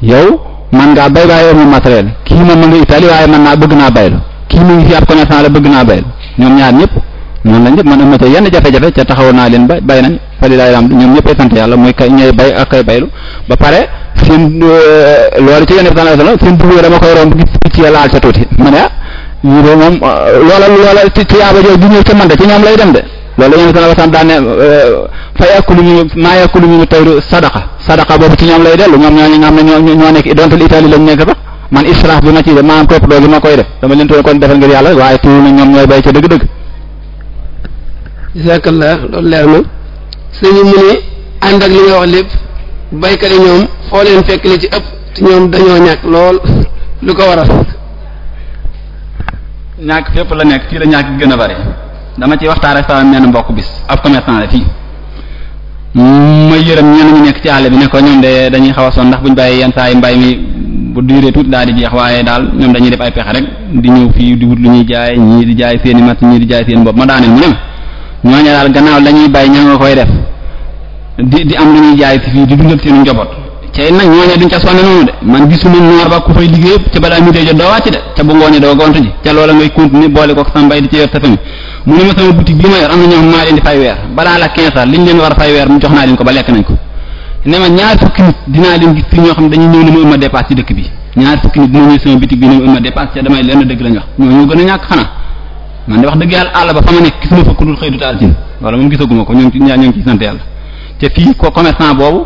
yow man ngaa bay waaye mu matériel ki moom ma nga Italie waaye man naa bëgg naa baylu kii mu ngi fi bëgg naa baylu ñoom ñaar ñëpp noonu la ñëpp man am na yenn jafe-jafe ca taxaw naa leen ba bay nañ fali laay lam ñoom ñëppay sant yàlla muy kay ñay bay ak kay baylu ba pare seen euh, loolu ci yonent bi sallallahu alayhi wasallam seen dugub tuuti ma ne ah ñu de moom euh, loola loola ci ci yaaba jooju ñëw ca man de ci ñoom lay dem de loolu euh, ñoom ñoo nga xam nekk donte Italie lañ nekk sax man israf bi ma ciy def maanaam topp doogi ma koy def dama leen tuone kon defal ngir yàlla waaye tuur na ñoom ñooy bay ca dëgg-dëgg jazakallah loolu leer na sëñu mu ne ànd ak li nga wax lépp baykat yi ñoom foo leen fekk li ci ëpp te ñoom dañoo ñàkk lool lu ko waral ñàkk fépp la nekk fii la ñàkk gën a bare dama ci waxtaare sama menn mbokk bis ab commerçant la fii ma yërëm ñenn ñu nekk ci àll bi ne ko ñoom de dañuy xaw a sonn ndax buñ bàyyi yenn saa yi mbay mi bu durée tuuti daal di jeex waaye daal ñoom dañuy def ay pexe rek di ñëw fii di wut lu ñuy jaay ñii di jaay seen i mat di jaay seen bopp ma daaneel mu ne ñooñu daal gannaaw la ñuy bay nga koy def di di am lu ñuy jaay fii di dund ak seen njaboot cey nag ñooñu duñ ca sonn noonu de man gisuma noor ba ku fay liggéey yëpp ca balaa midi doo wàcc de ca bu ngoonee doo gont ji ca loola ngay continuer boole ko sa mbay di ci yor sa famille mu ne ma sama boutique bi ma am na ñoom maa leen di fay weer balaa la 15 heures liñ leen war a fay weer mu jox naa leen ko ba lekk nañ ko ne ma ñaar fukki ñoo xam dañuy ñëw ne ma ëmma dépasse ci dëkk bi leen dëgg lañ wax a man de wax dëgg yàlla àll ba fa ma nekk gisuma fa ku dul xëy du taal siin loolu moom gisaguma ko ñoo ci ñaa yàlla te fii ko commerçant boobu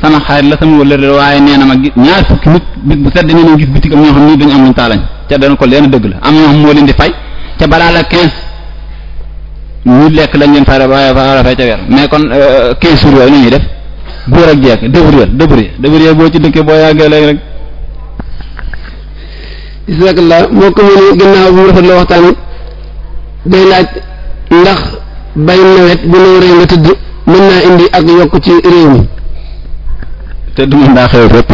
sama xarit la sama wëllëre waaye nee na ma gis ñaar fukki nit bis bu sedd nee na gis bitigam ñoo xam ni dañu am luñ taalañ ca dana ko leen dëgg la am ñoo xam moo leen di fay ca balaa la quinze ñu lekk lañ leen fay waaye fa fay ca weer mais kon euh, quinze jours yooyu ni ñuy def góor ak jeeg débrouiller débrouiller débrouiller boo ci dëkkee boo yàggee léegi rek. bisimilah day laaj ndax bay nawet bu nooree nga tëdd mën naa indi ak yokk ci réew mi tëdd mën naa xew fépp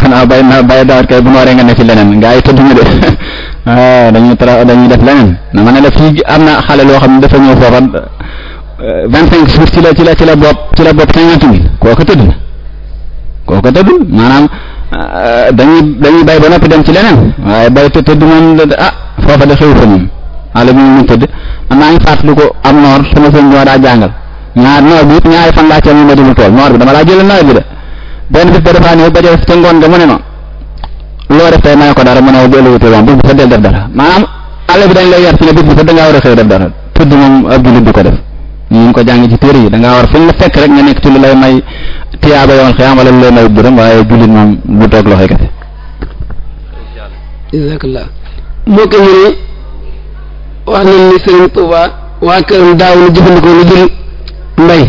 xanaa bay na bay nawet kay bu nooree nga ne ci leneen gaa yi tëdd ñu de waaw ah, dañuy tra dañuy def leneen dama ne la fii am na xale loo xam ne dafa ñëw foofa eh, vingt cinq jours ci la ci la ci ci la bopp cinquante mille kooku tëdd na kooku tëdd ah, dañuy dañuy bay ba noppi dem ci leneen waaye bay te tëdd moom ah foofa de xew fa moom wala mu ngi tëdd maa ngi fàttali ko am noor sama sëñ bi ma daa jàngal ñaar noor bi ñaari fan laa cee mu ma di mu tool noor bi dama laa jëlee noor bi de benn bés ba dafaa ñëw ba def ca ngoon nga mu ne ma loo def tey may ko dara mu ne ma ba ëllëgoo tey bés bu sa del def dara maanaam àll bi dañ lay yar ci ne bés bu sa dangaa war a xëy def dara tudd moom ab jullit du ko def ñu ngi ko jàng ci téere yi dangaa war fu ñu la fekk rek nga nekk ci lu lay may tiyaaba yoon xiyam wala lu lay may bërëm waaye jullit moom bu toog loxoy kese. jazakallah moo ñu wax nañ ni Serigne Touba waa këram daaw lu jëfandikoo lu jël mbay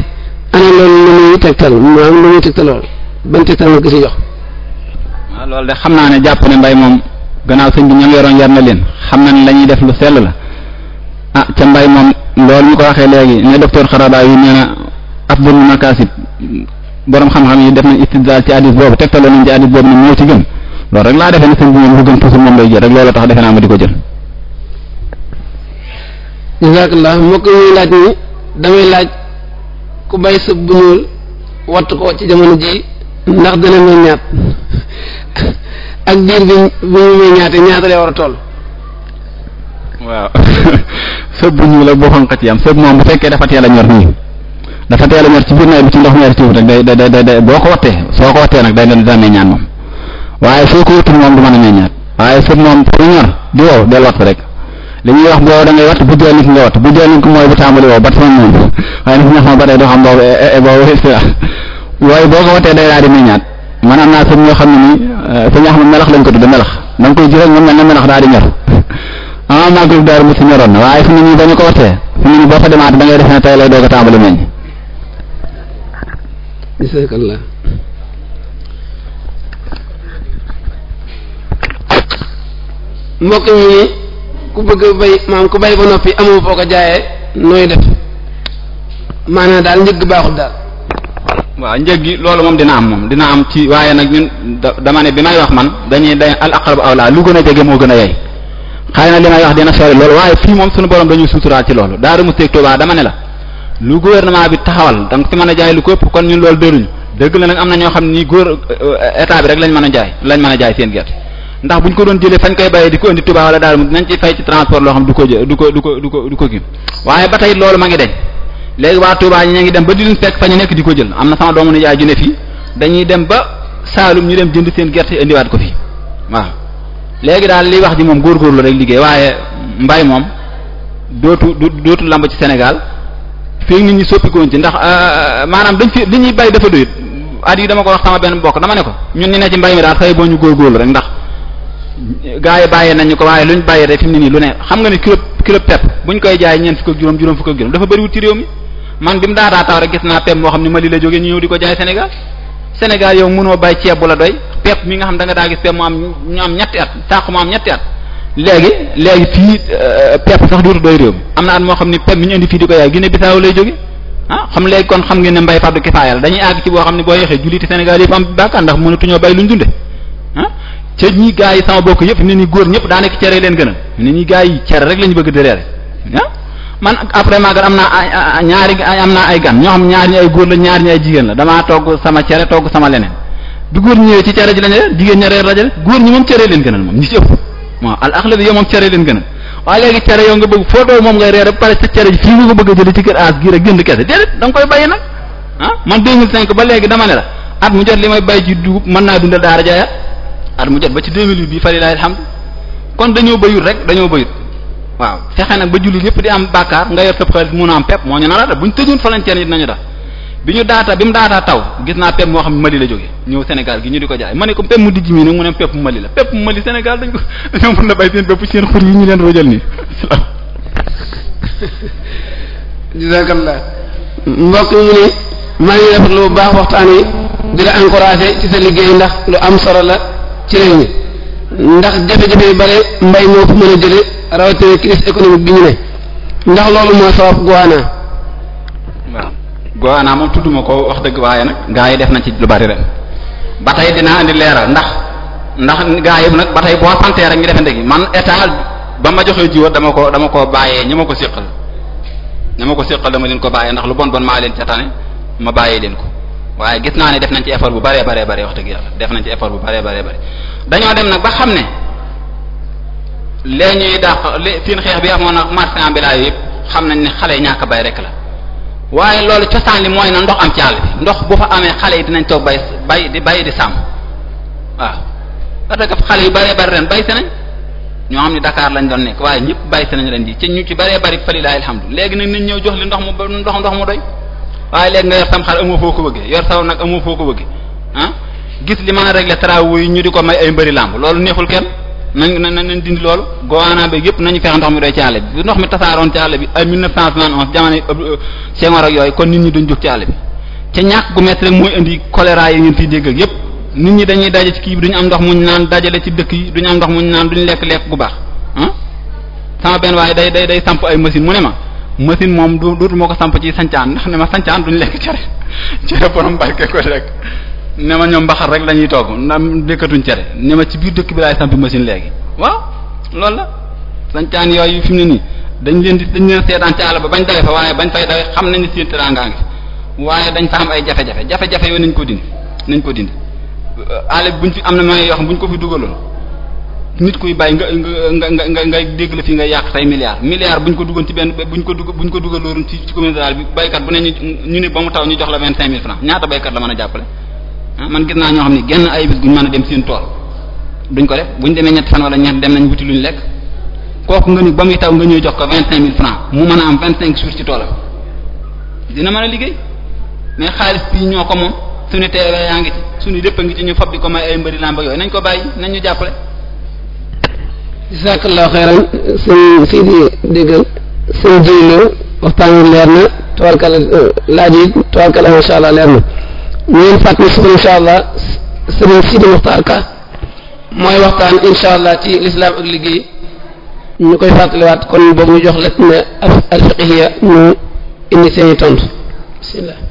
ana loolu lu muy tegtal maanaam lu muy tegtal lool ban tegtal nga jox. waaw ah, loolu de xam naa ne jàpp ne mbay moom gannaaw sëñ bi ñam yoroon yar na leen xam na ne la ñuy def lu sell la ah ca mbay moom loolu ñu ko waxee léegi ne docteur Xarada yi nee na afdal makaasib borom xam-xam yi def nañ istidlaal ci hadis boobu tegtaloo nañ ci hadis boobu ne moo ci gëm loolu rek laa defee ne sëñ bi moom lu gëm toujours moom lay jël tax defe naa ma di jël. jazakallah mbokk muy laaj ni damay laaj ku bay sëb bu ñuul watt ko ci jamono ji ndax dana may ñaat ak diir bi bu ñu may ñaate ñaata war a toll waaw sëb bu ñuul ak boo xonq ci am sëb moom bu fekkee dafa teel a ñor nii dafa teel a ñor ci biir nawet bi ci ndox mi ak tiwut rek day day day boo ko wattee soo ko wattee nag day dana may ñaat moom waaye soo ko wattul moom du mën a may ñaat waaye sëb moom pour ñor di wow del watt rek li ñuy wax boobu da ngay wat bu joonin nga wat bu joonin ko mooy bu tàmbali woo bat fa moom waaye nag ñax ma batee doo xam e, e, e, waaye boo ko watee day daal di meññaat man am naa sëñ yoo xam ne nii sëñ Axmad melax lañ ko tudde melax da nga koy ji rek mu mel ne melax daal di ñor am naa ko daar mu si ñoroon na waaye fu mu nii ba ko boo fa demaat da ngay def ne a tàmbali meññ bisakalla ku bëgg a bay maanaam ku bay ba noppi amoo foo ko jaayee nooy def maanaam daal njëgg baaxul daal. waa njëg gi loolu moom dina am moom dina am ci waaye nag ñun dama ne bi may wax man dañuy day al aqrab awla lu gën a jege moo gën a yey xëy na li may wax dina sori loolu waaye fii moom suñu borom dañuy suturaal ci loolu Daaru Muxti Tuubaa dama ne la lu gouvernement bi taxawal da fi mën a jaay lu ko ëpp kon ñun loolu dëruñu dëgg la nag am na ñoo xam ni góor état rek lañ mën a jaay lañ mën jaay seen gerte ndax bu ñu ko doon jëlee fañ koy bayee di ko indi Touba wala daal dinañ ci fay ci transport ko jë du ko du ko du ko du ko kii waaye ba tey loolu ma ngi deñ léegi waa Touba ngi dem ba di leen fekk fa ñu nekk di ko jël am na sama doomu ne dañuy dem ba Saalum ñu dem jënd seen gerte indiwaat ko fii waaw léegi daal liy wax ji moom góorgóorlu rek liggéey waaye mbay moom dootu dootu lamb ci Sénégal fii nit ñi soppikoon ci ndax euh, maanaam dañ fi li ñuy bay dafa doyut at yi dama ko wax sama benn mbokk dama ne ko ñun ñi ne ci mbay mi daal xëy boo ñu góorgóorlu rek ndax gaa yi bàyyi nañu ko waaye luñ bàyyi rek fi mu ne nii lu ne xam nga ni kilo kilo pepp buñ koy jaay ñeent fukk ak juróom juróom fukk ak juróom dafa bëriwul ci réew mi man bi mu daataa rek gis naa pepp moo xam ne Mali la jógee ñu ñëw di ko jaay Sénégal Sénégal yow mënoo bay ceeb bu la doy pepp mi nga xam da nga daa gis pepp mu am ñetti at sàq mu am ñetti at léegi léegi fii euh, pepp sax dootu doy réew mi am na at moo xam ne pepp mi ñu indi fii di ko yaay Guinée Bissau lay jóge ah xam léegi kon xam ngeen ne mbay fardu kifaaya dañuy àgg ci boo xam ne boo yéexee julliti Sénégal yëpp am bàkkaar ndax mënatuñoo bay luñ dunde ah ca ñi gaa yi sama bokk yëpp ne ni góor ñëpp daa nekk cere leen gën a ne ñi gaa yi cere rek la bëgg di reere ah man après magal am naa ñaari am naa ay gan ñoo xam ñaar ñi ay góor la ñaar ñi ay jigéen la damaa togg sama cere togg sama leneen bi góor ñëwee ci cere ji lañ reer jigéen ña reer rajale góor ñi moom cere leen gënal moom ñi ci ëpp waaw al yow moom cere leen gënal waaye léegi cere yow nga bëgg foo moom ngay reer ba pare sa cere ji ko a jëlee ci ah, ba léegi dama ne la at mu jot li may bàyyi ci dugub mën naa dundal daara jaaya at mu jot ba ci 2008 bi falilahi alhamdu kon dañoo bayut rek dañoo bayut waaw fexe nag ba jullit yëpp di am bàkkaar nga yor sëb xaalis mun a am pepp moo ñu nar bu ñu tëjoon frontière yi ñu daata bi mu taw gis naa pepp moo xam Mali la jógee ñëw Sénégal gi ñu ko jaay ma ne ko pepp mu dijj mii la pepp Mali Sénégal dañ ko dañoo mën na bay seen pepp seen xur yi ñu leen rojal nii jazakallah mbokk baax waxtaan yi di la encourager ci sa liggéey ndax lu am solo la ci réew mi ndax jafe-jafe yu bare mbay moo ko mën a jële rawatina crise économique bi ñu ne ndax loolu mooy sabab Goana. waaw Goana moom tudduma ko wax dëgg waaye nag gaa yi def nañ ci lu bari ren ba tey dinaa indi leeral ndax ndax gaa yi nag ba tey boo santee rek ñu defante yi man état ba ma joxee jiwa dama ko dama ko bàyyee ñu ma ko séqal ñi ma ko séqal dama leen ko bàyyee ndax lu bon bon maa leen ca tane ma bàyyee leen ko waaye gis naa ne def nañ ci effort bu bëree baree bëri wax dëgg yàlla def nañ ci effort bu bëree dañoo dem nag ba xam ne lee ñuy dàq li seen xeex bi amoon ak marché ambulant yëpp xam nañ ne xale yi ñàkk bay rek la waaye loolu cosaan li mooy na ndox am ci àll bi ndox bu fa amee xale yi dinañ toog bay bay di bay di sàmm waaw parce que xale yu bëree bëri ren bay si nañ ñoo xam ne Dakar lañ doon nekk waaye ñëpp bay si nañ ren ji ci ñu ci bëree bëri fali laay alhamdulilah léegi nag nañ ñëw jox li ndox mu ndox ndox mu doy waaye léegi nga yor sam xar amoo foo ko bëggee yor saw nag amoo foo ko bëggee ah gis li mën a régler travaux yi ñu di ko may ay mbëri làmb loolu neexul kenn nañ nañ nañ dindi loolu gowaanaa beeg yëpp nañu fexe ndox mi doy ci àll bi bu ndox mi tasaaroon ci àll bi ay 1971 jamono euh, Senghor ak yooyu kon nit ñi duñ jóg ci àll bi ca ñàkk gu métti rek mooy indi choléra yi ngeen fiy dégg ak yëpp nit ñi dañuy daje ci kii bi duñu am ndox muñ naan dajale ci dëkk yi duñu am ndox muñ naan duñu lekk lekk gu baax ah benn waaye day day day samp ay machine mu ne ma machine moom du duutu moo ko samp ci sancaan ndax ne ma sancaan duñ lekk cere cere borom barke koy lekk ne ma ñoom mbaxal rek lañuy togg ndam dekkatuñ cere ne ma ci biir dëkk bi laay samp machine léegi waaw loolu la sancaan yooyu fi mu ne nii dañ leen di dañ leen seetaan ci àll ba bañ dawe fa waaye bañ fay dawe xam nañ ne seen teraanga ngi waaye dañ fa am ay jafe-jafe jafe-jafe yooyu nañ ko dindi nañ ko dindi àll bi buñ fi am na moyens yoo xam buñ ko fi nit kuy bàyyi nga nga nga nga ngay dégg la fii nga yàq say milliards milliards bu ñu ko duggoon ci benn bu ñu ko dugg bu ñu ko duggaloon ci ci commune rurale bi baykat bu ne ñu ne ba mu taw ñu jox la vingt cinq mille francs ñaata baykat la mën a jàppale ah, man gis naa ñoo xam ne genn ay bis guñ mën a dem seen tool duñ ko def buñ demee ñett fan wala ñett dem nañ wuti luñ lekk kooku nga ni ba muy taw nga ñëw jox ko vingt cinq mille francs mu mën a am vingt cinq jours ci toolam dina mën a liggéey mais xaalis bi ñoo ko moom suñu teewee yaa ngi ci suñu lépp a ngi ci ñu fab di ko may ay mbëri làmb yooyu nañ ko bàyyi nañ ñu jàppale jazakallahu xeyran sëñ sii di déggal sëñ jëyloo waxtaan leer na tabarkala laaj yi tabarkala macha allah leer na Muxtaar Ka mooy waxtaan incha allah ci lislaam ak liggéey ñu koy fàttaliwaat kon boobu mu jox la ne alfiqiya mu indi seeni tontu bismillah